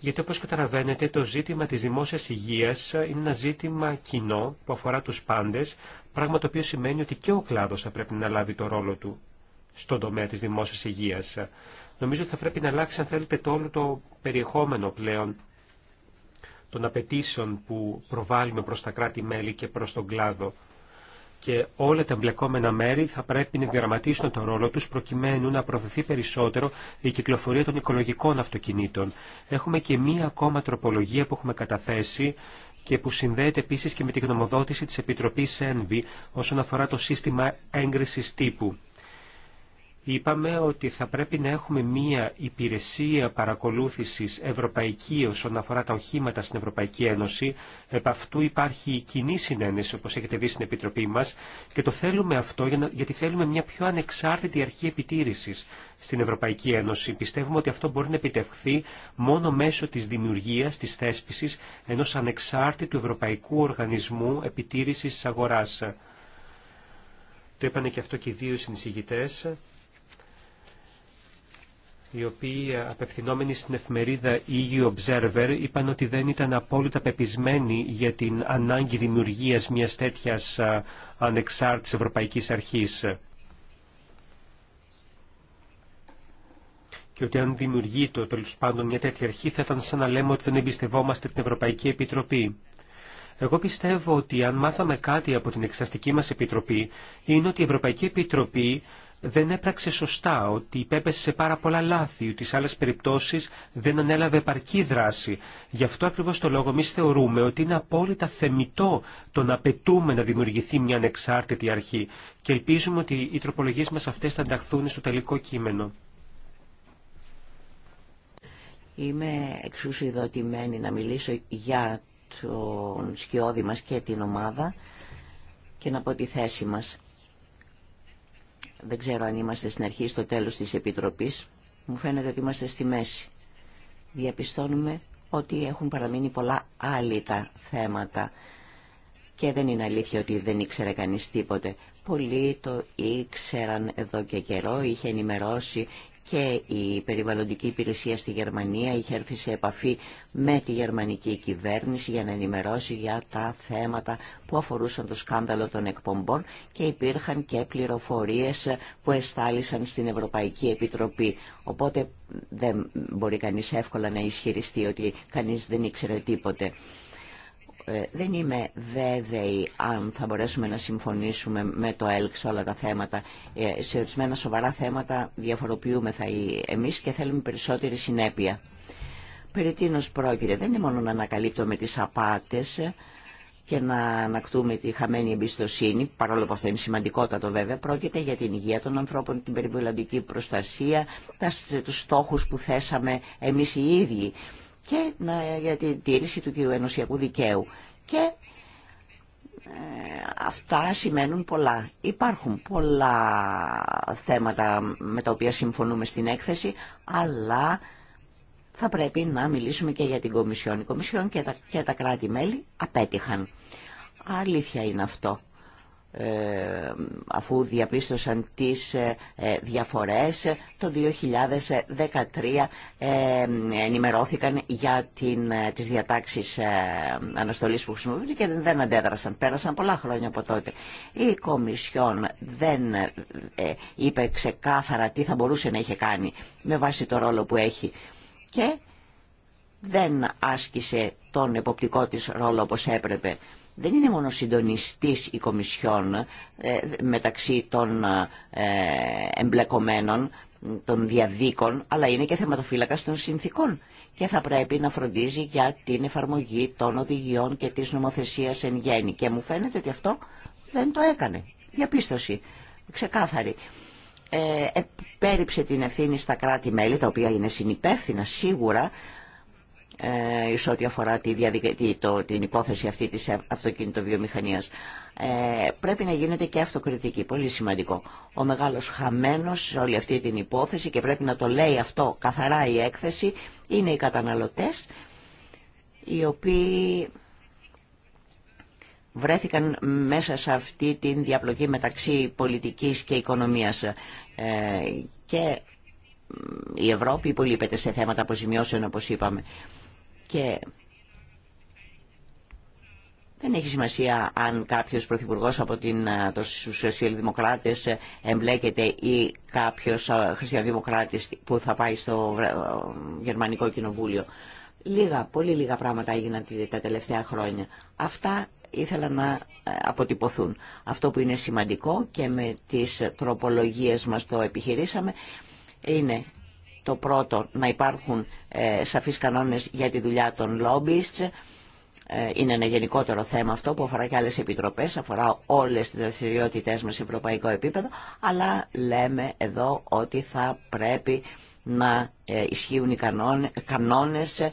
γιατί όπως καταλαβαίνετε το ζήτημα της δημόσιας υγείας είναι ένα ζήτημα κοινό που αφορά τους πάντες, πράγμα το οποίο σημαίνει ότι και ο κλάδος θα πρέπει να λάβει το ρόλο του στον τομέα της δημόσιας υγείας. Νομίζω ότι θα πρέπει να αλλάξει, αν θέλετε, το όλο το περιεχόμενο πλέον των απαιτήσεων που προβάλλουμε προς τα κράτη-μέλη και προς τον κλάδο και όλα τα εμπλεκόμενα μέρη θα πρέπει να διαγραμματίσουν τον ρόλο τους προκειμένου να προωθηθεί περισσότερο η κυκλοφορία των οικολογικών αυτοκινήτων. Έχουμε και μία ακόμα τροπολογία που έχουμε καταθέσει και που συνδέεται επίσης και με την γνωμοδότηση της Επιτροπής ΕΝΒΗ όσον αφορά το σύστημα έγκρισης τύπου είπαμε ότι θα πρέπει να έχουμε μία υπηρεσία παρακολούθησης ευρωπαϊκή όσον αφορά τα οχήματα στην Ευρωπαϊκή Ένωση. Επ' αυτού υπάρχει η κοινή συνένεση, όπως έχετε δει στην Επιτροπή μας, και το θέλουμε αυτό γιατί θέλουμε μια πιο ανεξάρτητη αρχή επιτήρησης στην Ευρωπαϊκή Ένωση. Πιστεύουμε ότι αυτό μπορεί να επιτευχθεί μόνο μέσω της δημιουργίας, της θέσπισης ενός ανεξάρτητου ευρωπαϊκού οργανισμού επιτήρησης αγοράς. Το είπανε και αυτό και οι δύο συνεισηγητές οι οποίοι ε, απευθυνόμενοι στην εφημερίδα EU Observer είπαν ότι δεν ήταν απόλυτα πεπισμένοι για την ανάγκη δημιουργίας μιας τέτοιας ε, ανεξάρτητης ευρωπαϊκής αρχής. Και ότι αν δημιουργείται τέλο πάντων μια τέτοια αρχή θα ήταν σαν να λέμε ότι δεν εμπιστευόμαστε την Ευρωπαϊκή Επιτροπή. Εγώ πιστεύω ότι αν μάθαμε κάτι από την εξαστική μας Επιτροπή είναι ότι η Ευρωπαϊκή Επιτροπή δεν έπραξε σωστά, ότι υπέπεσε σε πάρα πολλά λάθη, ότι σε άλλε περιπτώσει δεν ανέλαβε επαρκή δράση. Γι' αυτό ακριβώ το λόγο εμεί θεωρούμε ότι είναι απόλυτα θεμητό το να πετούμε να δημιουργηθεί μια ανεξάρτητη αρχή και ελπίζουμε ότι οι τροπολογίε μα αυτέ θα ενταχθούν στο τελικό κείμενο. Είμαι εξουσιοδοτημένη να μιλήσω για τον σκιώδη μας και την ομάδα και να πω τη θέση μας. Δεν ξέρω αν είμαστε στην αρχή ή στο τέλος της Επιτροπής. Μου φαίνεται ότι είμαστε στη μέση. Διαπιστώνουμε ότι έχουν παραμείνει πολλά άλυτα θέματα. Και δεν είναι αλήθεια ότι δεν ήξερε κανείς τίποτε. Πολλοί το ήξεραν εδώ και καιρό, είχε ενημερώσει και η περιβαλλοντική υπηρεσία στη Γερμανία είχε έρθει σε επαφή με τη γερμανική κυβέρνηση για να ενημερώσει για τα θέματα που αφορούσαν το σκάνδαλο των εκπομπών και υπήρχαν και πληροφορίες που εστάλησαν στην Ευρωπαϊκή Επιτροπή. Οπότε δεν μπορεί κανείς εύκολα να ισχυριστεί ότι κανείς δεν ήξερε τίποτε. Ε, δεν είμαι βέβαιη αν θα μπορέσουμε να συμφωνήσουμε με το ΕΛΚ σε όλα τα θέματα. Ε, σε ορισμένα σοβαρά θέματα διαφοροποιούμε θα εμείς και θέλουμε περισσότερη συνέπεια. Περί τίνος πρόκειται. Δεν είναι μόνο να ανακαλύπτουμε τις απάτες και να ανακτούμε τη χαμένη εμπιστοσύνη, παρόλο που αυτό είναι σημαντικότατο βέβαια, πρόκειται για την υγεία των ανθρώπων, την περιβολαντική προστασία, τους στόχους που θέσαμε εμείς οι ίδιοι και για την τήρηση του ενωσιακού δικαίου. Και ε, αυτά σημαίνουν πολλά. Υπάρχουν πολλά θέματα με τα οποία συμφωνούμε στην έκθεση, αλλά θα πρέπει να μιλήσουμε και για την Κομισιόν. Η Κομισιόν και και τα κράτη-μέλη απέτυχαν. Αλήθεια είναι αυτό. Ε, αφού διαπίστωσαν τις ε, ε, διαφορές το 2013 ενημερώθηκαν για την, τις διατάξεις αναστολής που χρησιμοποιούνται και δεν αντέδρασαν. Πέρασαν πολλά χρόνια από τότε. Η Κομισιόν δεν είπε ξεκάθαρα τι θα μπορούσε να είχε κάνει με βάση το ρόλο που έχει και δεν άσκησε τον εποπτικό της ρόλο όπως έπρεπε δεν είναι μόνο συντονιστής η Κομισιόν ε, μεταξύ των ε, εμπλεκομένων, των διαδίκων, αλλά είναι και θεματοφύλακας των συνθήκων και θα πρέπει να φροντίζει για την εφαρμογή των οδηγιών και της νομοθεσίας εν γέννη. Και μου φαίνεται ότι αυτό δεν το έκανε. Διαπίστωση. Ξεκάθαρη. Ε, επέριψε την ευθύνη στα κράτη-μέλη, τα οποία είναι συνυπεύθυνα σίγουρα, ε, σε ό,τι αφορά το, την υπόθεση αυτή της αυτοκινητοβιομηχανίας. Ε, πρέπει να γίνεται και αυτοκριτική, πολύ σημαντικό. Ο μεγάλος χαμένος σε όλη αυτή την υπόθεση και πρέπει να το λέει αυτό καθαρά η έκθεση είναι οι καταναλωτές οι οποίοι βρέθηκαν μέσα σε αυτή την διαπλοκή μεταξύ πολιτικής και οικονομίας ε, και η Ευρώπη υπολείπεται σε θέματα αποζημιώσεων όπως είπαμε. Και δεν έχει σημασία αν κάποιος πρωθυπουργός από την, ε, τους σοσιαλδημοκράτες ε, εμπλέκεται ή κάποιος ε, χριστιανδημοκράτης που θα πάει στο Γερμανικό Κοινοβούλιο. Λίγα, πολύ λίγα πράγματα έγιναν τα τελευταία χρόνια. Αυτά ήθελα να αποτυπωθούν. Αυτό που είναι σημαντικό και με τις τροπολογίες μας το επιχειρήσαμε είναι το πρώτο, να υπάρχουν ε, σαφείς κανόνες για τη δουλειά των lobbyists. Ε, είναι ένα γενικότερο θέμα αυτό που αφορά και άλλες επιτροπές, αφορά όλες τις δραστηριότητές μας σε ευρωπαϊκό επίπεδο, αλλά λέμε εδώ ότι θα πρέπει να ε, ισχύουν οι κανόνες ε,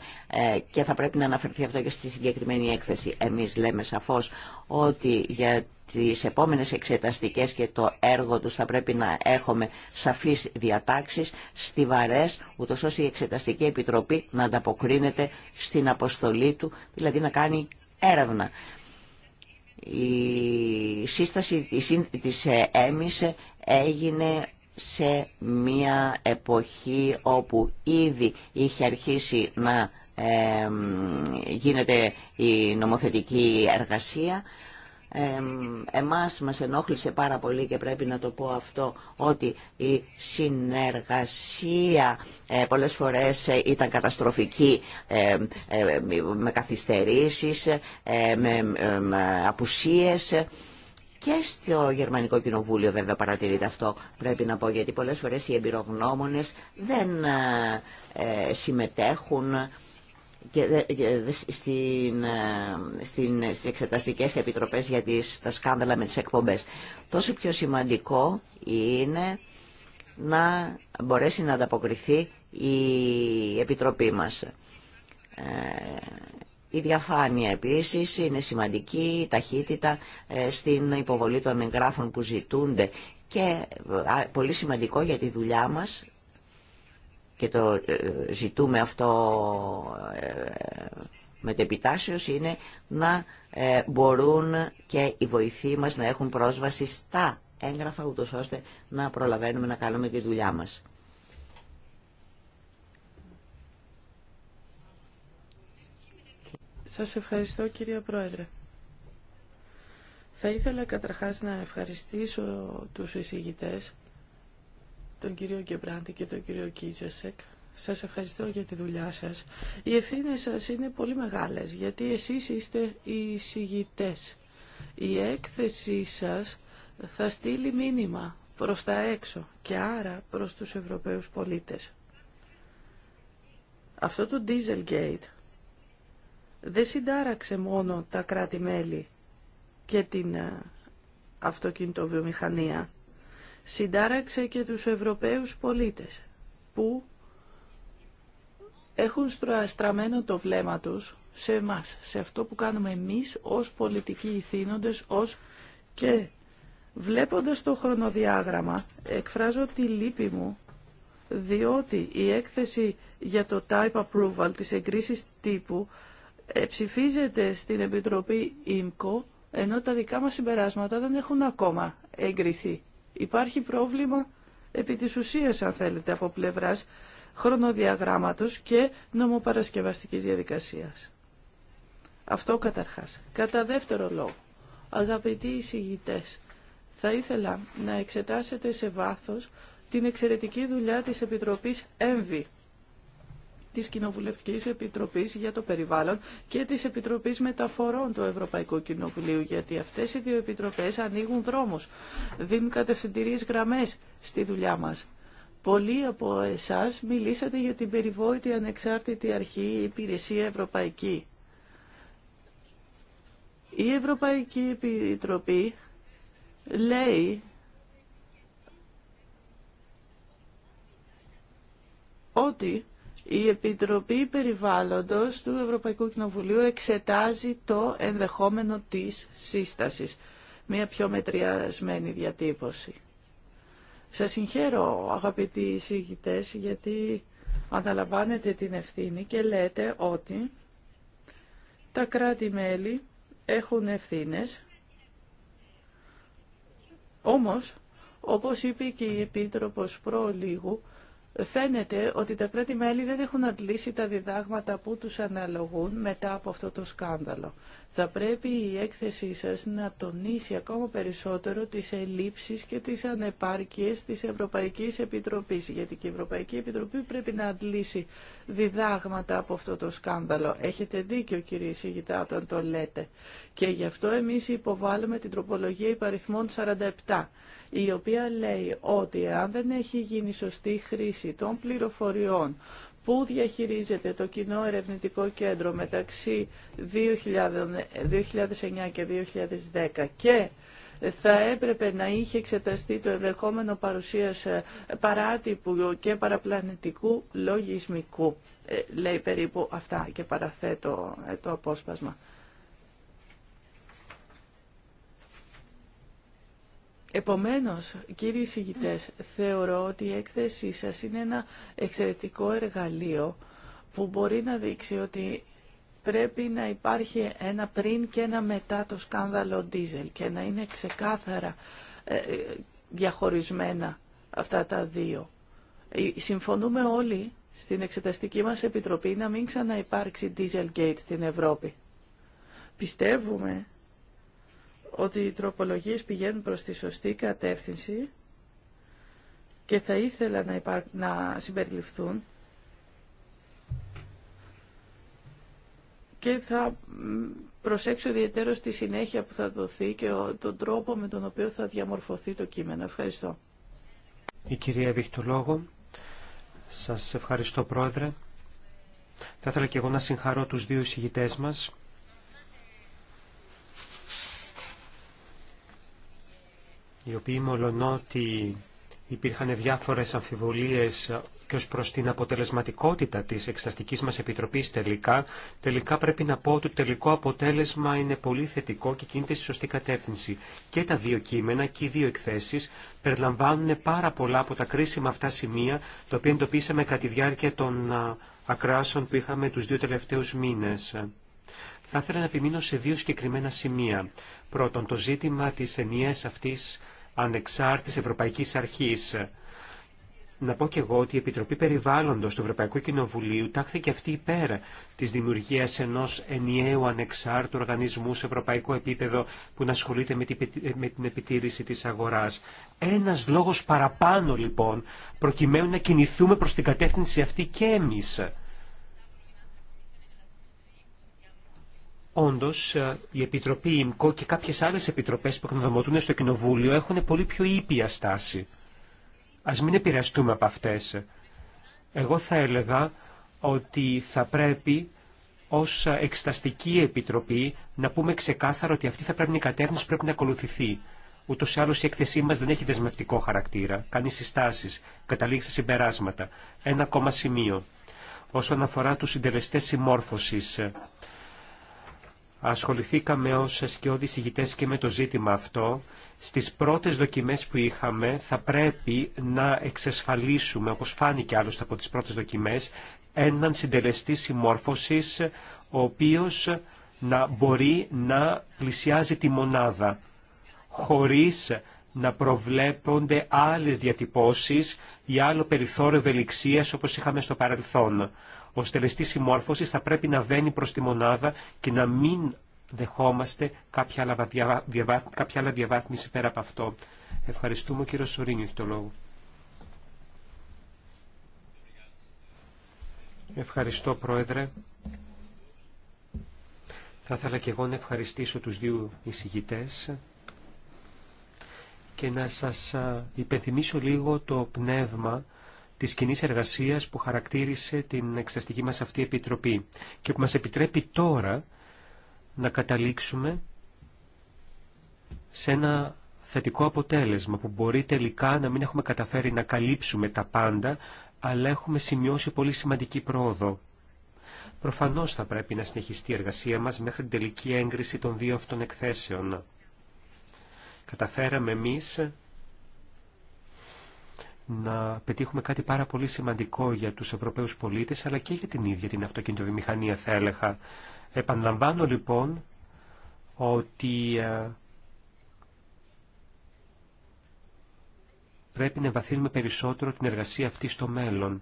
και θα πρέπει να αναφερθεί αυτό και στη συγκεκριμένη έκθεση. Εμείς λέμε σαφώς ότι για τις επόμενες εξεταστικές και το έργο τους θα πρέπει να έχουμε σαφείς διατάξεις, στιβαρές, ούτως ώστε η Εξεταστική Επιτροπή να ανταποκρίνεται στην αποστολή του, δηλαδή να κάνει έρευνα. Η σύσταση της ε, ΕΜΙΣ έγινε σε μια εποχή όπου ήδη είχε αρχίσει να ε, γίνεται η νομοθετική εργασία. Ε, εμάς μας ενόχλησε πάρα πολύ και πρέπει να το πω αυτό ότι η συνεργασία ε, πολλές φορές ε, ήταν καταστροφική ε, ε, με καθυστερήσεις, με, με απουσίες και στο Γερμανικό Κοινοβούλιο βέβαια παρατηρείται αυτό πρέπει να πω γιατί πολλές φορές οι εμπειρογνώμονες δεν ε, ε, συμμετέχουν και στην, ε, στην, στις εξεταστικές επιτροπές για τις, τα σκάνδαλα με τις εκπομπές. Τόσο πιο σημαντικό είναι να μπορέσει να ανταποκριθεί η Επιτροπή μας. Η διαφάνεια επίση είναι σημαντική, η ταχύτητα ε, στην υποβολή των εγγράφων που ζητούνται και ε, πολύ σημαντικό για τη δουλειά μας και το ε, ζητούμε αυτό μετεπιτάσεως είναι να μπορούν και οι βοηθοί μας να έχουν πρόσβαση στα έγγραφα ούτως ώστε να προλαβαίνουμε να κάνουμε τη δουλειά μας. Σας ευχαριστώ κύριε Πρόεδρε. Θα ήθελα καταρχάς να ευχαριστήσω τους εισηγητές, τον κύριο Γκεμπράντη και τον κύριο Κίζεσεκ. Σας ευχαριστώ για τη δουλειά σας. Οι ευθύνες σας είναι πολύ μεγάλες, γιατί εσείς είστε οι εισηγητές. Η έκθεσή σας θα στείλει μήνυμα προς τα έξω και άρα προς τους Ευρωπαίους πολίτες. Αυτό το Dieselgate δεν συντάραξε μόνο τα κράτη-μέλη και την ε, αυτοκινητοβιομηχανία. Συντάραξε και τους Ευρωπαίους πολίτες που έχουν στραμμένο το βλέμμα τους σε εμάς, σε αυτό που κάνουμε εμείς ως πολιτικοί ηθήνοντες, ως και βλέποντας το χρονοδιάγραμμα εκφράζω τη λύπη μου διότι η έκθεση για το Type Approval της εγκρίσης τύπου ε, ψηφίζεται στην Επιτροπή ΙΜΚΟ, ενώ τα δικά μας συμπεράσματα δεν έχουν ακόμα εγκριθεί. Υπάρχει πρόβλημα επί της ουσίας, αν θέλετε, από πλευράς χρονοδιαγράμματος και νομοπαρασκευαστικής διαδικασίας. Αυτό καταρχάς. Κατά δεύτερο λόγο, αγαπητοί εισηγητές, θα ήθελα να εξετάσετε σε βάθος την εξαιρετική δουλειά της Επιτροπής ΕΜΒΗ της Κοινοβουλευτικής Επιτροπής για το Περιβάλλον και της Επιτροπής Μεταφορών του Ευρωπαϊκού Κοινοβουλίου, γιατί αυτές οι δύο επιτροπές ανοίγουν δρόμους, δίνουν κατευθυντηρίες γραμμές στη δουλειά μας. Πολλοί από εσάς μιλήσατε για την περιβόητη ανεξάρτητη αρχή υπηρεσία ευρωπαϊκή. Η Ευρωπαϊκή Επιτροπή λέει ότι η Επιτροπή Περιβάλλοντος του Ευρωπαϊκού Κοινοβουλίου εξετάζει το ενδεχόμενο της σύστασης. Μια πιο μετριασμένη διατύπωση. Σας συγχαίρω αγαπητοί εισηγητές γιατί αναλαμβάνετε την ευθύνη και λέτε ότι τα κράτη-μέλη έχουν ευθύνες, όμως όπως είπε και η Επίτροπος προλίγου, Φαίνεται ότι τα κράτη-μέλη δεν έχουν αντλήσει τα διδάγματα που τους αναλογούν μετά από αυτό το σκάνδαλο. Θα πρέπει η έκθεσή σας να τονίσει ακόμα περισσότερο τις ελλείψεις και τις ανεπάρκειες της Ευρωπαϊκής Επιτροπής, γιατί και η Ευρωπαϊκή Επιτροπή πρέπει να αντλήσει διδάγματα από αυτό το σκάνδαλο. Έχετε δίκιο κύριε Σιγητά όταν το λέτε. Και γι' αυτό εμείς υποβάλλουμε την τροπολογία υπαριθμών 47, η οποία λέει ότι αν δεν έχει γίνει σωστή χρήση των πληροφοριών που διαχειρίζεται το κοινό ερευνητικό κέντρο μεταξύ 2000, 2009 και 2010 και θα έπρεπε να είχε εξεταστεί το ενδεχόμενο παρουσίας ε, παράτυπου και παραπλανητικού λογισμικού. Ε, λέει περίπου αυτά και παραθέτω ε, το απόσπασμα. Επομένως, κύριοι συγητές, θεωρώ ότι η έκθεσή σας είναι ένα εξαιρετικό εργαλείο που μπορεί να δείξει ότι πρέπει να υπάρχει ένα πριν και ένα μετά το σκάνδαλο Ντίζελ και να είναι ξεκάθαρα ε, ε, διαχωρισμένα αυτά τα δύο. Ε, συμφωνούμε όλοι στην Εξεταστική μας Επιτροπή να μην ξαναυπάρξει Dieselgate στην Ευρώπη. Πιστεύουμε ότι οι τροπολογίες πηγαίνουν προς τη σωστή κατεύθυνση και θα ήθελα να, υπά... να συμπεριληφθούν και θα προσέξω ιδιαίτερο στη συνέχεια που θα δοθεί και τον τρόπο με τον οποίο θα διαμορφωθεί το κείμενο. Ευχαριστώ. Η κυρία λόγο. σας ευχαριστώ πρόεδρε. Θα ήθελα και εγώ να συγχαρώ τους δύο εισηγητές μας οι οποίοι μολονότι υπήρχαν διάφορες αμφιβολίες και ως προς την αποτελεσματικότητα της Εξεταστικής μας Επιτροπής τελικά, τελικά πρέπει να πω ότι το τελικό αποτέλεσμα είναι πολύ θετικό και κινείται στη σωστή κατεύθυνση. Και τα δύο κείμενα και οι δύο εκθέσεις περιλαμβάνουν πάρα πολλά από τα κρίσιμα αυτά σημεία, τα οποία εντοπίσαμε κατά τη διάρκεια των ακράσεων που είχαμε τους δύο τελευταίους μήνες. Θα ήθελα να επιμείνω σε δύο συγκεκριμένα σημεία. Πρώτον, το ζήτημα της ενιαίας αυτής ανεξάρτητης Ευρωπαϊκής Αρχής. Να πω και εγώ ότι η Επιτροπή Περιβάλλοντος του Ευρωπαϊκού Κοινοβουλίου τάχθηκε αυτή υπέρ της δημιουργίας ενός ενιαίου ανεξάρτητου οργανισμού σε ευρωπαϊκό επίπεδο που να ασχολείται με την επιτήρηση της αγοράς. Ένας λόγος παραπάνω λοιπόν προκειμένου να κινηθούμε προς την κατεύθυνση αυτή και εμείς. Όντω, ε, η Επιτροπή ΙΜΚΟ και κάποιε άλλε επιτροπέ που εκνοδομοτούν στο Κοινοβούλιο έχουν πολύ πιο ήπια στάση. Α μην επηρεαστούμε από αυτέ. Εγώ θα έλεγα ότι θα πρέπει ως εξεταστική επιτροπή να πούμε ξεκάθαρα ότι αυτή θα πρέπει να είναι η κατεύθυνση που πρέπει να ακολουθηθεί. Ούτω ή άλλω η έκθεσή μα δεν έχει δεσμευτικό χαρακτήρα. Κάνει συστάσει, καταλήγει σε συμπεράσματα. Ένα ακόμα σημείο. Όσον αφορά του συντελεστέ συμμόρφωση, Ασχοληθήκαμε ως ασκιώδη ηγητές και με το ζήτημα αυτό. Στις πρώτες δοκιμές που είχαμε θα πρέπει να εξασφαλίσουμε, όπως φάνηκε άλλωστε από τις πρώτες δοκιμές, έναν συντελεστή συμμόρφωσης ο οποίος να μπορεί να πλησιάζει τη μονάδα χωρίς να προβλέπονται άλλες διατυπώσεις ή άλλο περιθώριο ευελιξίας όπως είχαμε στο παρελθόν ο στελεστής συμμόρφωσης θα πρέπει να βαίνει προς τη μονάδα και να μην δεχόμαστε κάποια άλλα, διαβάθμιση, κάποια άλλα πέρα από αυτό. Ευχαριστούμε. Ο κύριο Σωρίνιο έχει το λόγο. Ευχαριστώ, Πρόεδρε. Θα ήθελα και εγώ να ευχαριστήσω τους δύο εισηγητές και να σας υπενθυμίσω λίγο το πνεύμα της κοινή εργασίας που χαρακτήρισε την εξεταστική μας αυτή επιτροπή και που μας επιτρέπει τώρα να καταλήξουμε σε ένα θετικό αποτέλεσμα που μπορεί τελικά να μην έχουμε καταφέρει να καλύψουμε τα πάντα, αλλά έχουμε σημειώσει πολύ σημαντική πρόοδο. Προφανώς θα πρέπει να συνεχιστεί η εργασία μας μέχρι την τελική έγκριση των δύο αυτών εκθέσεων. Καταφέραμε εμείς να πετύχουμε κάτι πάρα πολύ σημαντικό για τους Ευρωπαίους πολίτες, αλλά και για την ίδια την αυτοκινητοβιομηχανία, θα έλεγα. Επαναλαμβάνω λοιπόν ότι ε, πρέπει να βαθύνουμε περισσότερο την εργασία αυτή στο μέλλον.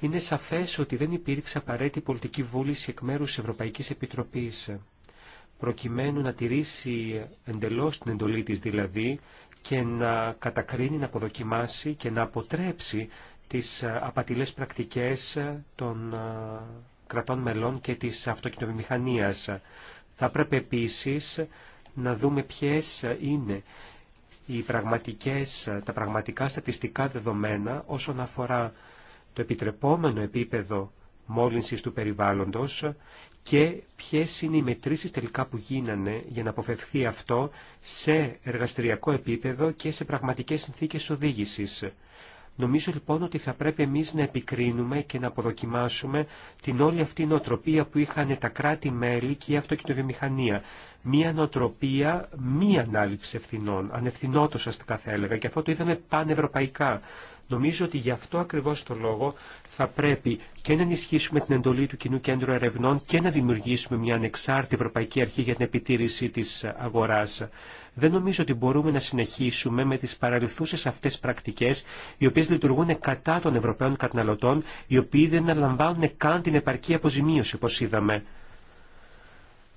Είναι σαφές ότι δεν υπήρξε απαραίτητη πολιτική βούληση εκ μέρους της Ευρωπαϊκής Επιτροπής, προκειμένου να τηρήσει εντελώς την εντολή της δηλαδή και να κατακρίνει, να αποδοκιμάσει και να αποτρέψει τις ε, απατηλές πρακτικές ε, των ε, κρατών μελών και της αυτοκινητοβιομηχανίας. Θα πρέπει επίσης να δούμε ποιες είναι οι πραγματικές, τα πραγματικά στατιστικά δεδομένα όσον αφορά το επιτρεπόμενο επίπεδο μόλυνσης του περιβάλλοντος και ποιες είναι οι μετρήσεις τελικά που γίνανε για να αποφευθεί αυτό σε εργαστηριακό επίπεδο και σε πραγματικές συνθήκες οδήγησης. Νομίζω λοιπόν ότι θα πρέπει εμείς να επικρίνουμε και να αποδοκιμάσουμε την όλη αυτή νοοτροπία που είχαν τα κράτη-μέλη και η αυτοκινητοβιομηχανία. Μία νοοτροπία μη ανάληψη ευθυνών, ανευθυνότος θα έλεγα, και αυτό το είδαμε πανευρωπαϊκά. Νομίζω ότι γι' αυτό ακριβώς το λόγο θα πρέπει και να ενισχύσουμε την εντολή του Κοινού Κέντρου Ερευνών και να δημιουργήσουμε μια ανεξάρτητη Ευρωπαϊκή Αρχή για την επιτήρηση της αγοράς. Δεν νομίζω ότι μπορούμε να συνεχίσουμε με τις παραλυθούσες αυτές πρακτικές, οι οποίες λειτουργούν κατά των Ευρωπαίων καταναλωτών, οι οποίοι δεν αναλαμβάνουν καν την επαρκή αποζημίωση, όπως είδαμε.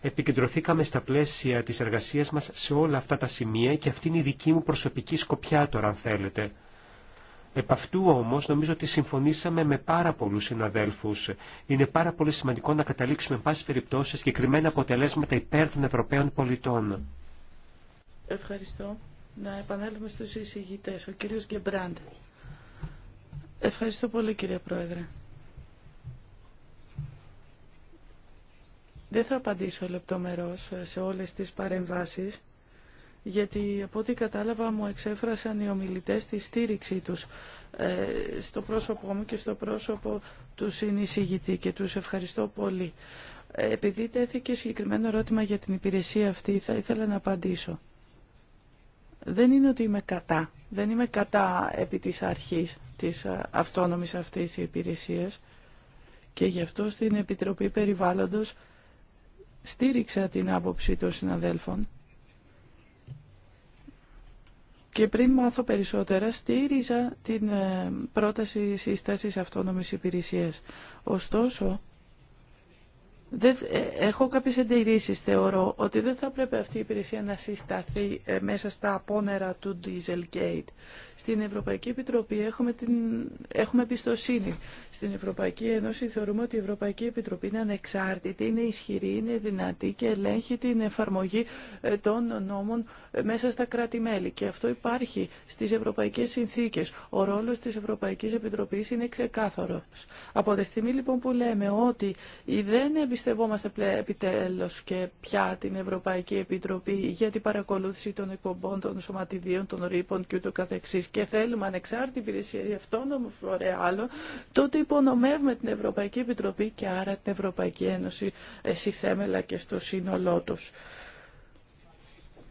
Επικεντρωθήκαμε στα πλαίσια της εργασίας μας σε όλα αυτά τα σημεία και αυτή είναι η δική μου προσωπική σκοπιά τώρα, αν θέλετε. Επ' αυτού όμως νομίζω ότι συμφωνήσαμε με πάρα πολλούς συναδέλφους. Είναι πάρα πολύ σημαντικό να καταλήξουμε εν πάση περιπτώσει σε συγκεκριμένα αποτελέσματα υπέρ των Ευρωπαίων πολιτών. Ευχαριστώ. Να επανέλθουμε στους εισηγητές. Ο κύριος Γκεμπράντ. Ευχαριστώ πολύ κύριε Πρόεδρε. Δεν θα απαντήσω λεπτομερώς σε όλες τις παρεμβάσεις γιατί από ό,τι κατάλαβα μου εξέφρασαν οι ομιλητές τη στήριξή τους ε, στο πρόσωπό μου και στο πρόσωπο του συνεισηγητή και τους ευχαριστώ πολύ. Ε, επειδή τέθηκε συγκεκριμένο ερώτημα για την υπηρεσία αυτή, θα ήθελα να απαντήσω. Δεν είναι ότι είμαι κατά. Δεν είμαι κατά επί της αρχής της ε, αυτόνομης αυτής υπηρεσίας και γι' αυτό στην Επιτροπή Περιβάλλοντος στήριξα την άποψη των συναδέλφων και πριν μάθω περισσότερα, στήριζα την ε, πρόταση σύστασης αυτόνομης υπηρεσίας. Ωστόσο, δεν, ε, έχω κάποιες εντηρήσεις, θεωρώ, ότι δεν θα πρέπει αυτή η υπηρεσία να συσταθεί ε, μέσα στα απόνερα του Dieselgate. Στην Ευρωπαϊκή Επιτροπή έχουμε, την, έχουμε εμπιστοσύνη. Στην Ευρωπαϊκή Ένωση θεωρούμε ότι η Ευρωπαϊκή Επιτροπή είναι ανεξάρτητη, είναι ισχυρή, είναι δυνατή και ελέγχει την εφαρμογή ε, των νόμων μέσα στα κράτη-μέλη. Και αυτό υπάρχει στις ευρωπαϊκές συνθήκες. Ο ρόλος της Ευρωπαϊκής Επιτροπής είναι ξεκάθαρος. Από τη στιγμή λοιπόν που λέμε ότι η δεν εμπιστευόμαστε επιτέλους και πια την Ευρωπαϊκή Επιτροπή για την παρακολούθηση των εκπομπών των σωματιδίων, των ρήπων και ούτω καθεξής και θέλουμε ανεξάρτητη υπηρεσία ή αυτόνομο φορέα άλλο, τότε υπονομεύουμε την Ευρωπαϊκή Επιτροπή και άρα την Ευρωπαϊκή Ένωση εσύ θέμελα και στο σύνολό τους.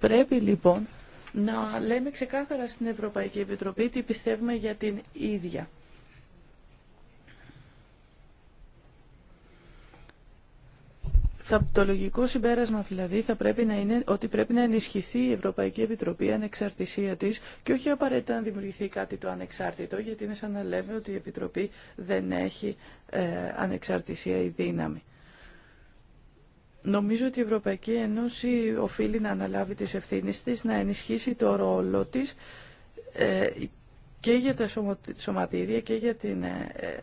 Πρέπει λοιπόν να λέμε ξεκάθαρα στην Ευρωπαϊκή Επιτροπή τι πιστεύουμε για την ίδια. Θα, το λογικό συμπέρασμα δηλαδή θα πρέπει να είναι ότι πρέπει να ενισχυθεί η Ευρωπαϊκή Επιτροπή ανεξαρτησία της και όχι απαραίτητα να δημιουργηθεί κάτι το ανεξάρτητο γιατί είναι σαν να λέμε ότι η Επιτροπή δεν έχει ε, ανεξαρτησία ή δύναμη. Νομίζω ότι η Ευρωπαϊκή Ένωση οφείλει να αναλάβει τις ευθύνες της, να ενισχύσει το ρόλο της ε, και για τα σωματίδια και για την, ε, ε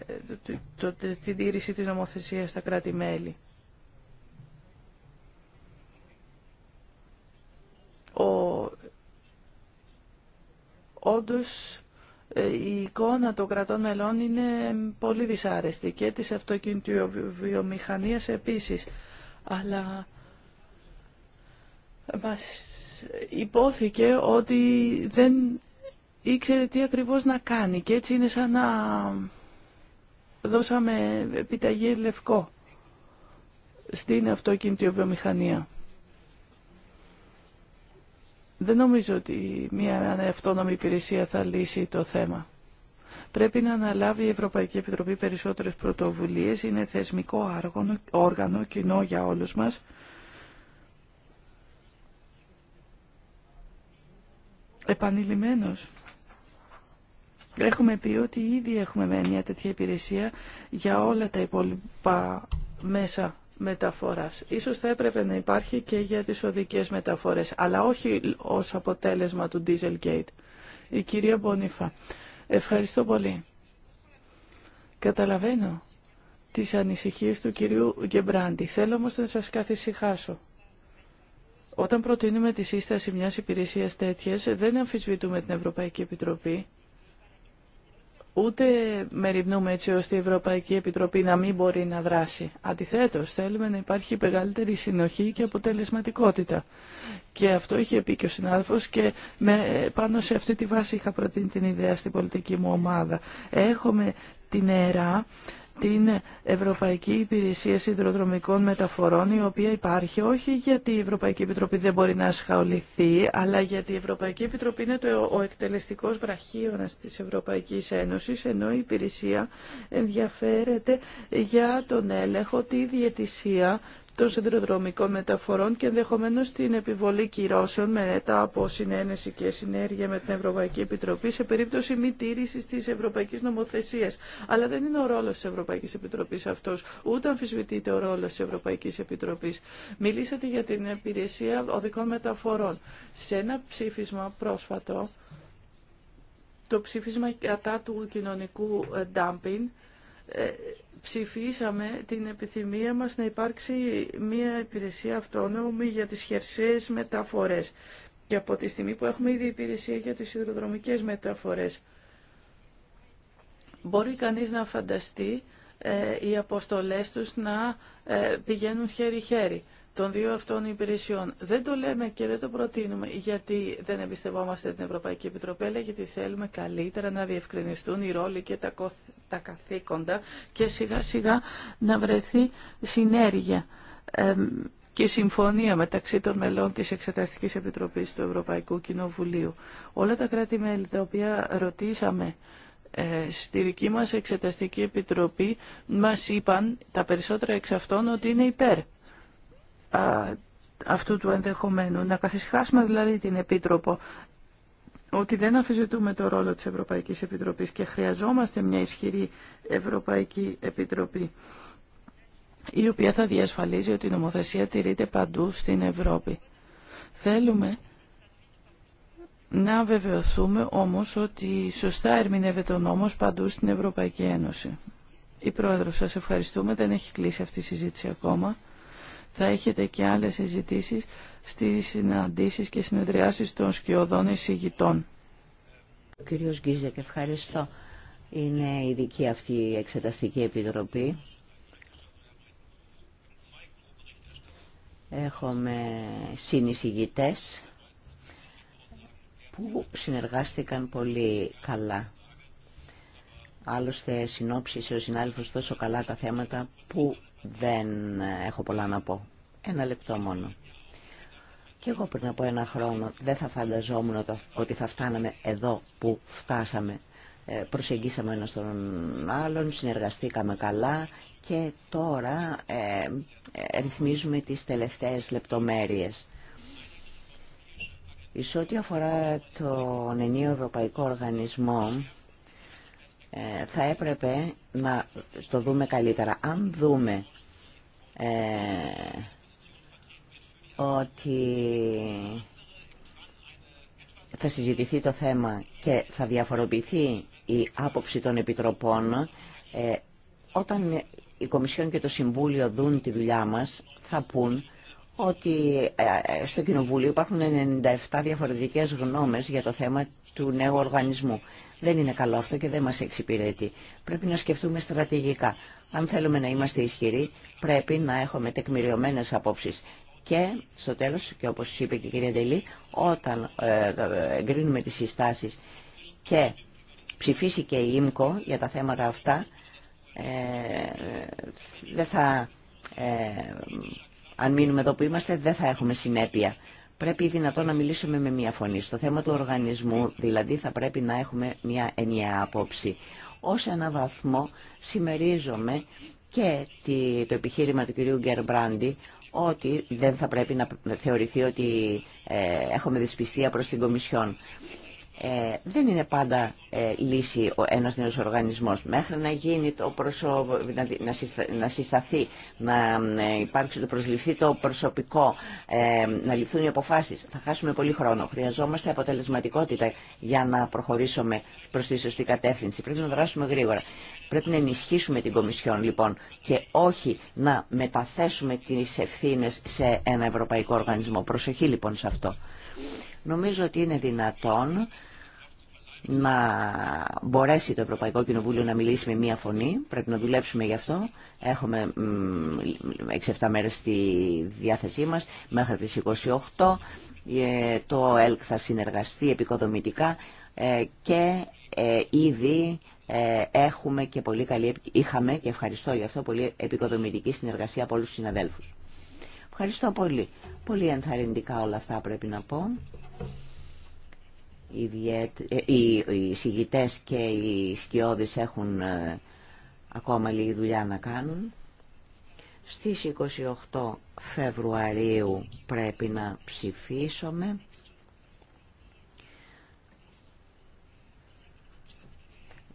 το, το, την τήρηση της νομοθεσίας στα κράτη-μέλη. Ο... Όντως ε, η εικόνα των κρατών μελών είναι πολύ δυσάρεστη και της αυτοκινητοβιομηχανίας επίσης. Αλλά μας υπόθηκε ότι δεν ήξερε τι ακριβώς να κάνει και έτσι είναι σαν να δώσαμε επιταγή λευκό στην αυτοκινητοβιομηχανία. Δεν νομίζω ότι μια αυτόνομη υπηρεσία θα λύσει το θέμα. Πρέπει να αναλάβει η Ευρωπαϊκή Επιτροπή περισσότερες πρωτοβουλίες. Είναι θεσμικό όργανο, κοινό για όλους μας. Επανειλημμένος. Έχουμε πει ότι ήδη έχουμε μια τέτοια υπηρεσία για όλα τα υπόλοιπα μέσα μεταφοράς. Ίσως θα έπρεπε να υπάρχει και για τις οδικές μεταφορές, αλλά όχι ως αποτέλεσμα του Dieselgate. Η κυρία Μπονίφα, ευχαριστώ πολύ. Καταλαβαίνω τις ανησυχίες του κυρίου Γκεμπράντη. Θέλω όμως να σας καθησυχάσω. Όταν προτείνουμε τη σύσταση μιας υπηρεσίας τέτοιες, δεν αμφισβητούμε την Ευρωπαϊκή Επιτροπή ούτε μεριμνούμε έτσι ώστε η Ευρωπαϊκή Επιτροπή να μην μπορεί να δράσει. Αντιθέτως, θέλουμε να υπάρχει μεγαλύτερη συνοχή και αποτελεσματικότητα. Και αυτό είχε πει και ο συνάδελφος και με, πάνω σε αυτή τη βάση είχα προτείνει την ιδέα στην πολιτική μου ομάδα. Έχουμε την ΕΡΑ την Ευρωπαϊκή Υπηρεσία Σιδηροδρομικών Μεταφορών, η οποία υπάρχει όχι γιατί η Ευρωπαϊκή Επιτροπή δεν μπορεί να ασχοληθεί, αλλά γιατί η Ευρωπαϊκή Επιτροπή είναι το, ο εκτελεστικός βραχίωνας της Ευρωπαϊκής Ένωσης, ενώ η υπηρεσία ενδιαφέρεται για τον έλεγχο, τη διαιτησία των σιδηροδρομικών μεταφορών και ενδεχομένω την επιβολή κυρώσεων μετά από συνένεση και συνέργεια με την Ευρωπαϊκή Επιτροπή σε περίπτωση μη τήρηση τη Ευρωπαϊκή Νομοθεσία. Αλλά δεν είναι ο ρόλο τη Ευρωπαϊκή Επιτροπή αυτό, ούτε αμφισβητείται ο ρόλο τη Ευρωπαϊκή Επιτροπή. Μιλήσατε για την υπηρεσία οδικών μεταφορών. Σε ένα ψήφισμα πρόσφατο, το ψήφισμα κατά του κοινωνικού ντάμπινγκ, ε, ψηφίσαμε την επιθυμία μας να υπάρξει μια υπηρεσία αυτόνομη για τις χερσαίες μεταφορές. Και από τη στιγμή που έχουμε ήδη υπηρεσία για τις υδροδρομικές μεταφορές, μπορεί κανείς να φανταστεί ε, οι αποστολές τους να ε, πηγαίνουν χέρι-χέρι των δύο αυτών υπηρεσιών. Δεν το λέμε και δεν το προτείνουμε γιατί δεν εμπιστευόμαστε την Ευρωπαϊκή Επιτροπή, αλλά γιατί θέλουμε καλύτερα να διευκρινιστούν οι ρόλοι και τα καθήκοντα και σιγά σιγά να βρεθεί συνέργεια και συμφωνία μεταξύ των μελών της Εξεταστικής Επιτροπής του Ευρωπαϊκού Κοινοβουλίου. Όλα τα κράτη-μέλη τα οποία ρωτήσαμε ε, στη δική μας Εξεταστική Επιτροπή μας είπαν τα περισσότερα εξ αυτών ότι είναι υπέρ αυτού του ενδεχομένου. Να καθισχάσουμε δηλαδή την Επίτροπο ότι δεν αφιζητούμε το ρόλο της Ευρωπαϊκής Επιτροπής και χρειαζόμαστε μια ισχυρή Ευρωπαϊκή Επιτροπή η οποία θα διασφαλίζει ότι η νομοθεσία τηρείται παντού στην Ευρώπη. Θέλουμε να βεβαιωθούμε όμως ότι σωστά ερμηνεύεται ο νόμος παντού στην Ευρωπαϊκή Ένωση. Η Πρόεδρος, σας ευχαριστούμε. Δεν έχει κλείσει αυτή η συζήτηση ακόμα θα έχετε και άλλες συζητήσεις στις συναντήσεις και συνεδριάσεις των σκιωδών εισηγητών. Ο κύριος Γκίζεκ, ευχαριστώ. Είναι ειδική αυτή η Εξεταστική Επιτροπή. Έχουμε συνεισηγητές που συνεργάστηκαν πολύ καλά. Άλλωστε συνόψησε ο συνάδελφος τόσο καλά τα θέματα που δεν ε, έχω πολλά να πω. Ένα λεπτό μόνο. Και εγώ πριν από ένα χρόνο δεν θα φανταζόμουν ότι θα φτάναμε εδώ που φτάσαμε. Ε, προσεγγίσαμε ένα τον άλλον, συνεργαστήκαμε καλά και τώρα ε, ε, ρυθμίζουμε τις τελευταίες λεπτομέρειες. Εις ό,τι αφορά τον ενίο ευρωπαϊκό οργανισμό, ε, θα έπρεπε να το δούμε καλύτερα. Αν δούμε ε, ότι θα συζητηθεί το θέμα και θα διαφοροποιηθεί η άποψη των επιτροπών, ε, όταν η Κομισιόν και το Συμβούλιο δουν τη δουλειά μας, θα πούν ότι στο Κοινοβούλιο υπάρχουν 97 διαφορετικές γνώμες για το θέμα του νέου οργανισμού. Δεν είναι καλό αυτό και δεν μας εξυπηρετεί. Πρέπει να σκεφτούμε στρατηγικά. Αν θέλουμε να είμαστε ισχυροί, πρέπει να έχουμε τεκμηριωμένες απόψεις. Και στο τέλος, και όπως είπε και η κυρία Ντελή, όταν ε, εγκρίνουμε τις συστάσεις και ψηφίσει και η ΙΜΚΟ για τα θέματα αυτά, ε, δεν θα, ε, αν μείνουμε εδώ που είμαστε, δεν θα έχουμε συνέπεια πρέπει δυνατόν να μιλήσουμε με μία φωνή. Στο θέμα του οργανισμού, δηλαδή, θα πρέπει να έχουμε μία ενιαία άποψη. Ω ένα βαθμό συμμερίζομαι και το επιχείρημα του κυρίου Γκερμπράντι ότι δεν θα πρέπει να θεωρηθεί ότι ε, έχουμε δυσπιστία προς την Κομισιόν. Ε, δεν είναι πάντα ε, λύση ο ένας νέος οργανισμός. Μέχρι να γίνει το να, να, συσταθεί, να ε, υπάρξει, να προσληφθεί το προσωπικό, ε, να ληφθούν οι αποφάσεις, θα χάσουμε πολύ χρόνο. Χρειαζόμαστε αποτελεσματικότητα για να προχωρήσουμε προς τη σωστή κατεύθυνση. Πρέπει να δράσουμε γρήγορα. Πρέπει να ενισχύσουμε την Κομισιόν λοιπόν και όχι να μεταθέσουμε τις ευθύνες σε ένα ευρωπαϊκό οργανισμό. Προσοχή λοιπόν σε αυτό. Νομίζω ότι είναι δυνατόν να μπορέσει το Ευρωπαϊκό Κοινοβούλιο να μιλήσει με μία φωνή. Πρέπει να δουλέψουμε γι' αυτό. Έχουμε 6-7 μέρες στη διάθεσή μας μέχρι τις 28. Ε, το ΕΛΚ θα συνεργαστεί επικοδομητικά ε, και ε, ήδη έχουμε και πολύ καλή, είχαμε και ευχαριστώ γι' αυτό πολύ επικοδομητική συνεργασία από όλους τους συναδέλφους. Ευχαριστώ πολύ. Πολύ ενθαρρυντικά όλα αυτά πρέπει να πω. Ε, οι συγητές και οι σκιώδεις έχουν ε, ακόμα λίγη δουλειά να κάνουν. Στις 28 Φεβρουαρίου πρέπει να ψηφίσουμε.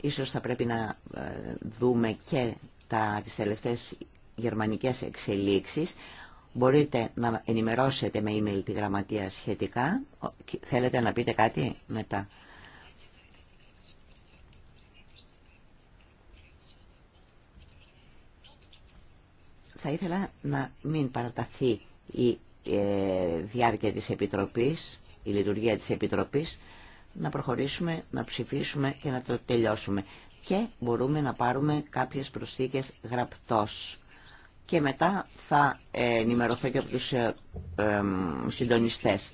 Ίσως θα πρέπει να ε, δούμε και τα, τις τελευταίες γερμανικές εξελίξεις, Μπορείτε να ενημερώσετε με email τη γραμματεία σχετικά. Θέλετε να πείτε κάτι μετά. Θα ήθελα να μην παραταθεί η ε, διάρκεια της Επιτροπής, η λειτουργία της Επιτροπής, να προχωρήσουμε, να ψηφίσουμε και να το τελειώσουμε. Και μπορούμε να πάρουμε κάποιες προσθήκες γραπτός και μετά θα ενημερωθώ και από τους ε, συντονιστές.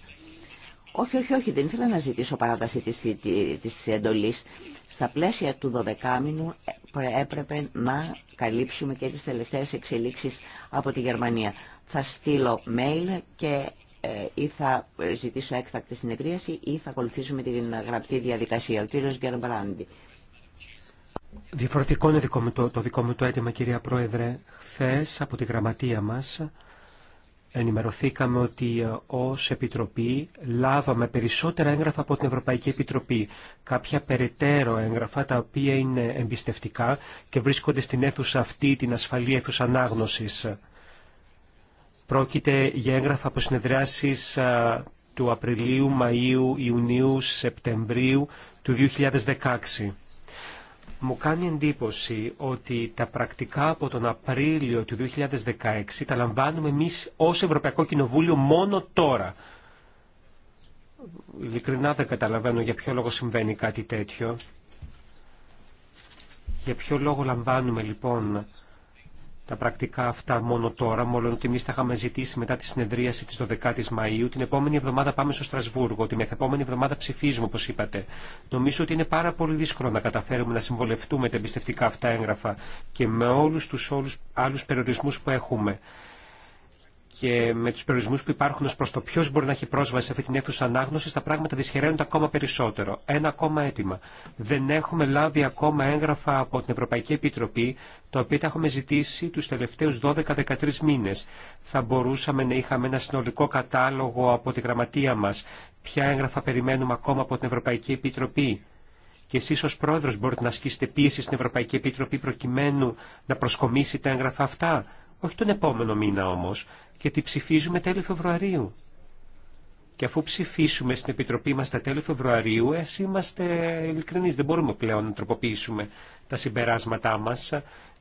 Όχι, όχι, όχι, δεν ήθελα να ζητήσω παράταση της, της εντολής. Στα πλαίσια του 12 μήνου ε, έπρεπε να καλύψουμε και τις τελευταίες εξελίξεις από τη Γερμανία. Θα στείλω mail και ε, ή θα ζητήσω έκτακτη συνεδρίαση ή θα ακολουθήσουμε την γραπτή διαδικασία. Ο κύριος Γκερμπράντι. Διαφορετικό είναι το δικό μου το αίτημα, κυρία Πρόεδρε. Χθε από τη γραμματεία μας ενημερωθήκαμε ότι ε, ως Επιτροπή λάβαμε περισσότερα έγγραφα από την Ευρωπαϊκή Επιτροπή. Κάποια περαιτέρω έγγραφα τα οποία είναι εμπιστευτικά και βρίσκονται στην αίθουσα αυτή, την ασφαλή αίθουσα ανάγνωσης. Πρόκειται για έγγραφα από συνεδριάσεις ε, του Απριλίου, Μαΐου, Ιουνίου, Σεπτεμβρίου του 2016. Μου κάνει εντύπωση ότι τα πρακτικά από τον Απρίλιο του 2016 τα λαμβάνουμε εμεί ω Ευρωπαϊκό Κοινοβούλιο μόνο τώρα. Ειλικρινά δεν καταλαβαίνω για ποιο λόγο συμβαίνει κάτι τέτοιο. Για ποιο λόγο λαμβάνουμε λοιπόν τα πρακτικά αυτά μόνο τώρα, μόνο ότι εμεί τα είχαμε ζητήσει μετά τη συνεδρίαση τη 12η Μαου. Την επόμενη εβδομάδα πάμε στο Στρασβούργο, την επόμενη εβδομάδα ψηφίζουμε, όπω είπατε. Νομίζω ότι είναι πάρα πολύ δύσκολο να καταφέρουμε να συμβολευτούμε τα εμπιστευτικά αυτά έγγραφα και με όλου του άλλου περιορισμού που έχουμε και με του περιορισμού που υπάρχουν ω προ το ποιο μπορεί να έχει πρόσβαση σε αυτή την αίθουσα ανάγνωση... τα πράγματα δυσχεραίνονται ακόμα περισσότερο. Ένα ακόμα αίτημα. Δεν έχουμε λάβει ακόμα έγγραφα από την Ευρωπαϊκή Επιτροπή, τα οποία τα έχουμε ζητήσει του τελευταιου 12 12-13 μήνε. Θα μπορούσαμε να είχαμε ένα συνολικό κατάλογο από τη γραμματεία μα Ποια έγγραφα περιμένουμε ακόμα από την Ευρωπαϊκή Επιτροπή. Και εσεί ω πρόεδρο μπορείτε να ασκήσετε πίεση στην Ευρωπαϊκή Επιτροπή προκειμένου να προσκομίσει τα έγγραφα αυτά. Όχι τον επόμενο μήνα όμω γιατί ψηφίζουμε τέλη Φεβρουαρίου. Και αφού ψηφίσουμε στην Επιτροπή μας τα τέλη Φεβρουαρίου, ας είμαστε ειλικρινείς, δεν μπορούμε πλέον να τροποποιήσουμε τα συμπεράσματά μας,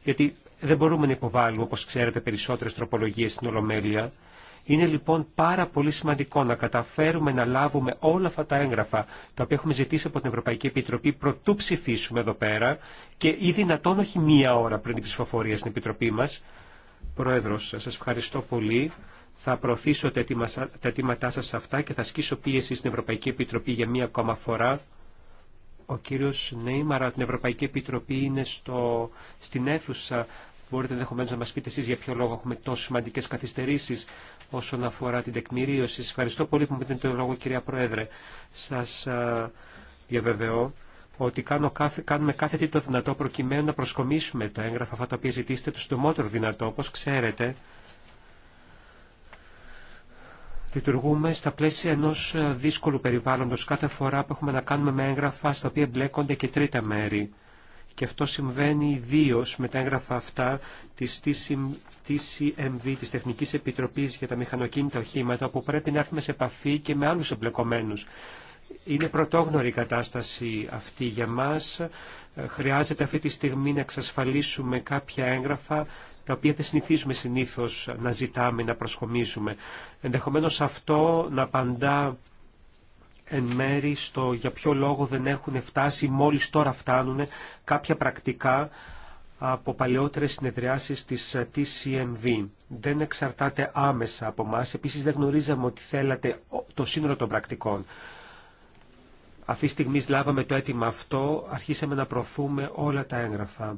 γιατί δεν μπορούμε να υποβάλουμε, όπως ξέρετε, περισσότερες τροπολογίες στην Ολομέλεια. Είναι λοιπόν πάρα πολύ σημαντικό να καταφέρουμε να λάβουμε όλα αυτά τα έγγραφα τα οποία έχουμε ζητήσει από την Ευρωπαϊκή Επιτροπή προτού ψηφίσουμε εδώ πέρα και ή δυνατόν όχι μία ώρα πριν την ψηφοφορία στην Επιτροπή μας Πρόεδρος, σας ευχαριστώ πολύ. Θα προωθήσω τα αιτήματά σας αυτά και θα σκίσω πίεση στην Ευρωπαϊκή Επιτροπή για μία ακόμα φορά. Ο κύριος Νέιμαρα την Ευρωπαϊκή Επιτροπή είναι στο, στην αίθουσα. Μπορείτε ενδεχομένω να μας πείτε εσείς για ποιο λόγο έχουμε τόσο σημαντικές καθυστερήσεις όσον αφορά την τεκμηρίωση. Σας ευχαριστώ πολύ που μου δίνετε το λόγο κυρία Πρόεδρε. Σας διαβεβαιώ ότι κάνω κάθε, κάνουμε κάθε τι το δυνατό προκειμένου να προσκομίσουμε τα έγγραφα αυτά τα οποία ζητήσετε το συντομότερο δυνατό. Όπως ξέρετε, λειτουργούμε στα πλαίσια ενός ε, δύσκολου περιβάλλοντος κάθε φορά που έχουμε να κάνουμε με έγγραφα στα οποία μπλέκονται και τρίτα μέρη. Και αυτό συμβαίνει ιδίω με τα έγγραφα αυτά της TCMV, της Τεχνικής Επιτροπής για τα Μηχανοκίνητα Οχήματα, που πρέπει να έρθουμε σε επαφή και με άλλους εμπλεκομένους. Είναι πρωτόγνωρη η κατάσταση αυτή για μας. Ε, χρειάζεται αυτή τη στιγμή να εξασφαλίσουμε κάποια έγγραφα τα οποία δεν συνηθίζουμε συνήθως να ζητάμε, να προσχομίζουμε. Ενδεχομένως αυτό να απαντά εν μέρη στο για ποιο λόγο δεν έχουν φτάσει, μόλις τώρα φτάνουν κάποια πρακτικά από παλαιότερες συνεδριάσεις της ε, TCMV. Δεν εξαρτάται άμεσα από εμά. Επίσης δεν γνωρίζαμε ότι θέλατε το σύνολο των πρακτικών. Αυτή τη στιγμή λάβαμε το αίτημα αυτό, αρχίσαμε να προωθούμε όλα τα έγγραφα.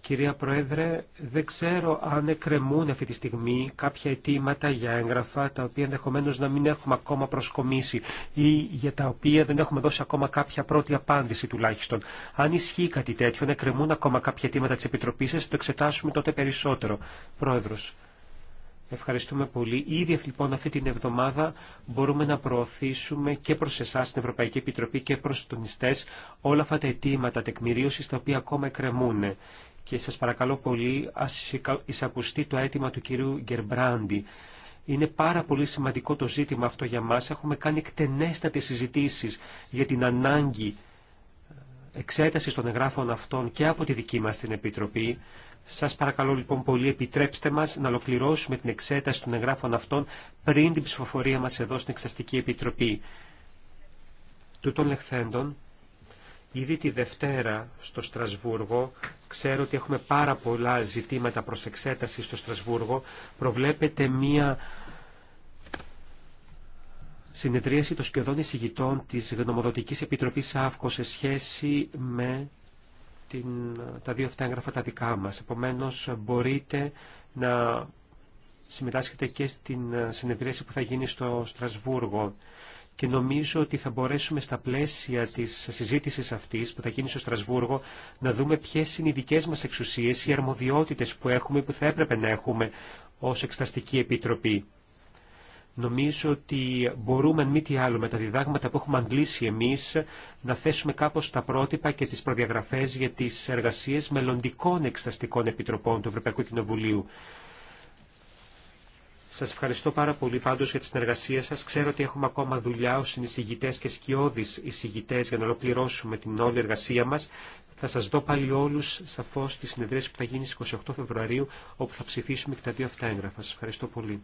Κυρία Πρόεδρε, δεν ξέρω αν εκκρεμούν αυτή τη στιγμή κάποια αιτήματα για έγγραφα τα οποία ενδεχομένω να μην έχουμε ακόμα προσκομίσει ή για τα οποία δεν έχουμε δώσει ακόμα κάποια πρώτη απάντηση τουλάχιστον. Αν ισχύει κάτι τέτοιο, αν εκκρεμούν ακόμα κάποια αιτήματα τη Επιτροπή σα, το εξετάσουμε τότε περισσότερο. Πρόεδρος. Ευχαριστούμε πολύ. Ήδη λοιπόν αυτή την εβδομάδα μπορούμε να προωθήσουμε και προς εσάς στην Ευρωπαϊκή Επιτροπή και προς τους νηστές όλα αυτά τα αιτήματα τεκμηρίωσης τα οποία ακόμα εκκρεμούν. Και σας παρακαλώ πολύ ας εισακουστεί το αίτημα του κυρίου Γκερμπράντη. Είναι πάρα πολύ σημαντικό το ζήτημα αυτό για μας. Έχουμε κάνει εκτενέστατες συζητήσεις για την ανάγκη εξέτασης των εγγράφων αυτών και από τη δική μας την Επιτροπή. Σας παρακαλώ λοιπόν πολύ επιτρέψτε μας να ολοκληρώσουμε την εξέταση των εγγράφων αυτών πριν την ψηφοφορία μας εδώ στην Εξαστική Επιτροπή. Του των λεχθέντων, ήδη τη Δευτέρα στο Στρασβούργο, ξέρω ότι έχουμε πάρα πολλά ζητήματα προς εξέταση στο Στρασβούργο, προβλέπεται μία συνεδρίαση των σχεδόν εισηγητών της Γνωμοδοτικής Επιτροπής ΑΦΚΟ σε σχέση με την, τα δύο αυτά έγγραφα τα δικά μας. Επομένως, μπορείτε να συμμετάσχετε και στην συνεδρίαση που θα γίνει στο Στρασβούργο. Και νομίζω ότι θα μπορέσουμε στα πλαίσια της συζήτησης αυτής που θα γίνει στο Στρασβούργο να δούμε ποιες είναι οι δικές μας εξουσίες, οι αρμοδιότητες που έχουμε, που θα έπρεπε να έχουμε ως Εξεταστική Επιτροπή. Νομίζω ότι μπορούμε, αν μη τι άλλο, με τα διδάγματα που έχουμε αντλήσει εμείς, να θέσουμε κάπως τα πρότυπα και τις προδιαγραφές για τις εργασίες μελλοντικών εξεταστικών επιτροπών του Ευρωπαϊκού Κοινοβουλίου. Σας ευχαριστώ πάρα πολύ πάντως για τη συνεργασία σας. Ξέρω ότι έχουμε ακόμα δουλειά ως συνεισηγητές και σκιώδεις εισηγητές για να ολοκληρώσουμε την όλη εργασία μας. Θα σας δω πάλι όλους σαφώς τη συνεδρίαση που θα γίνει στις 28 Φεβρουαρίου, όπου θα ψηφίσουμε και τα δύο αυτά έγγραφα. Σας ευχαριστώ πολύ.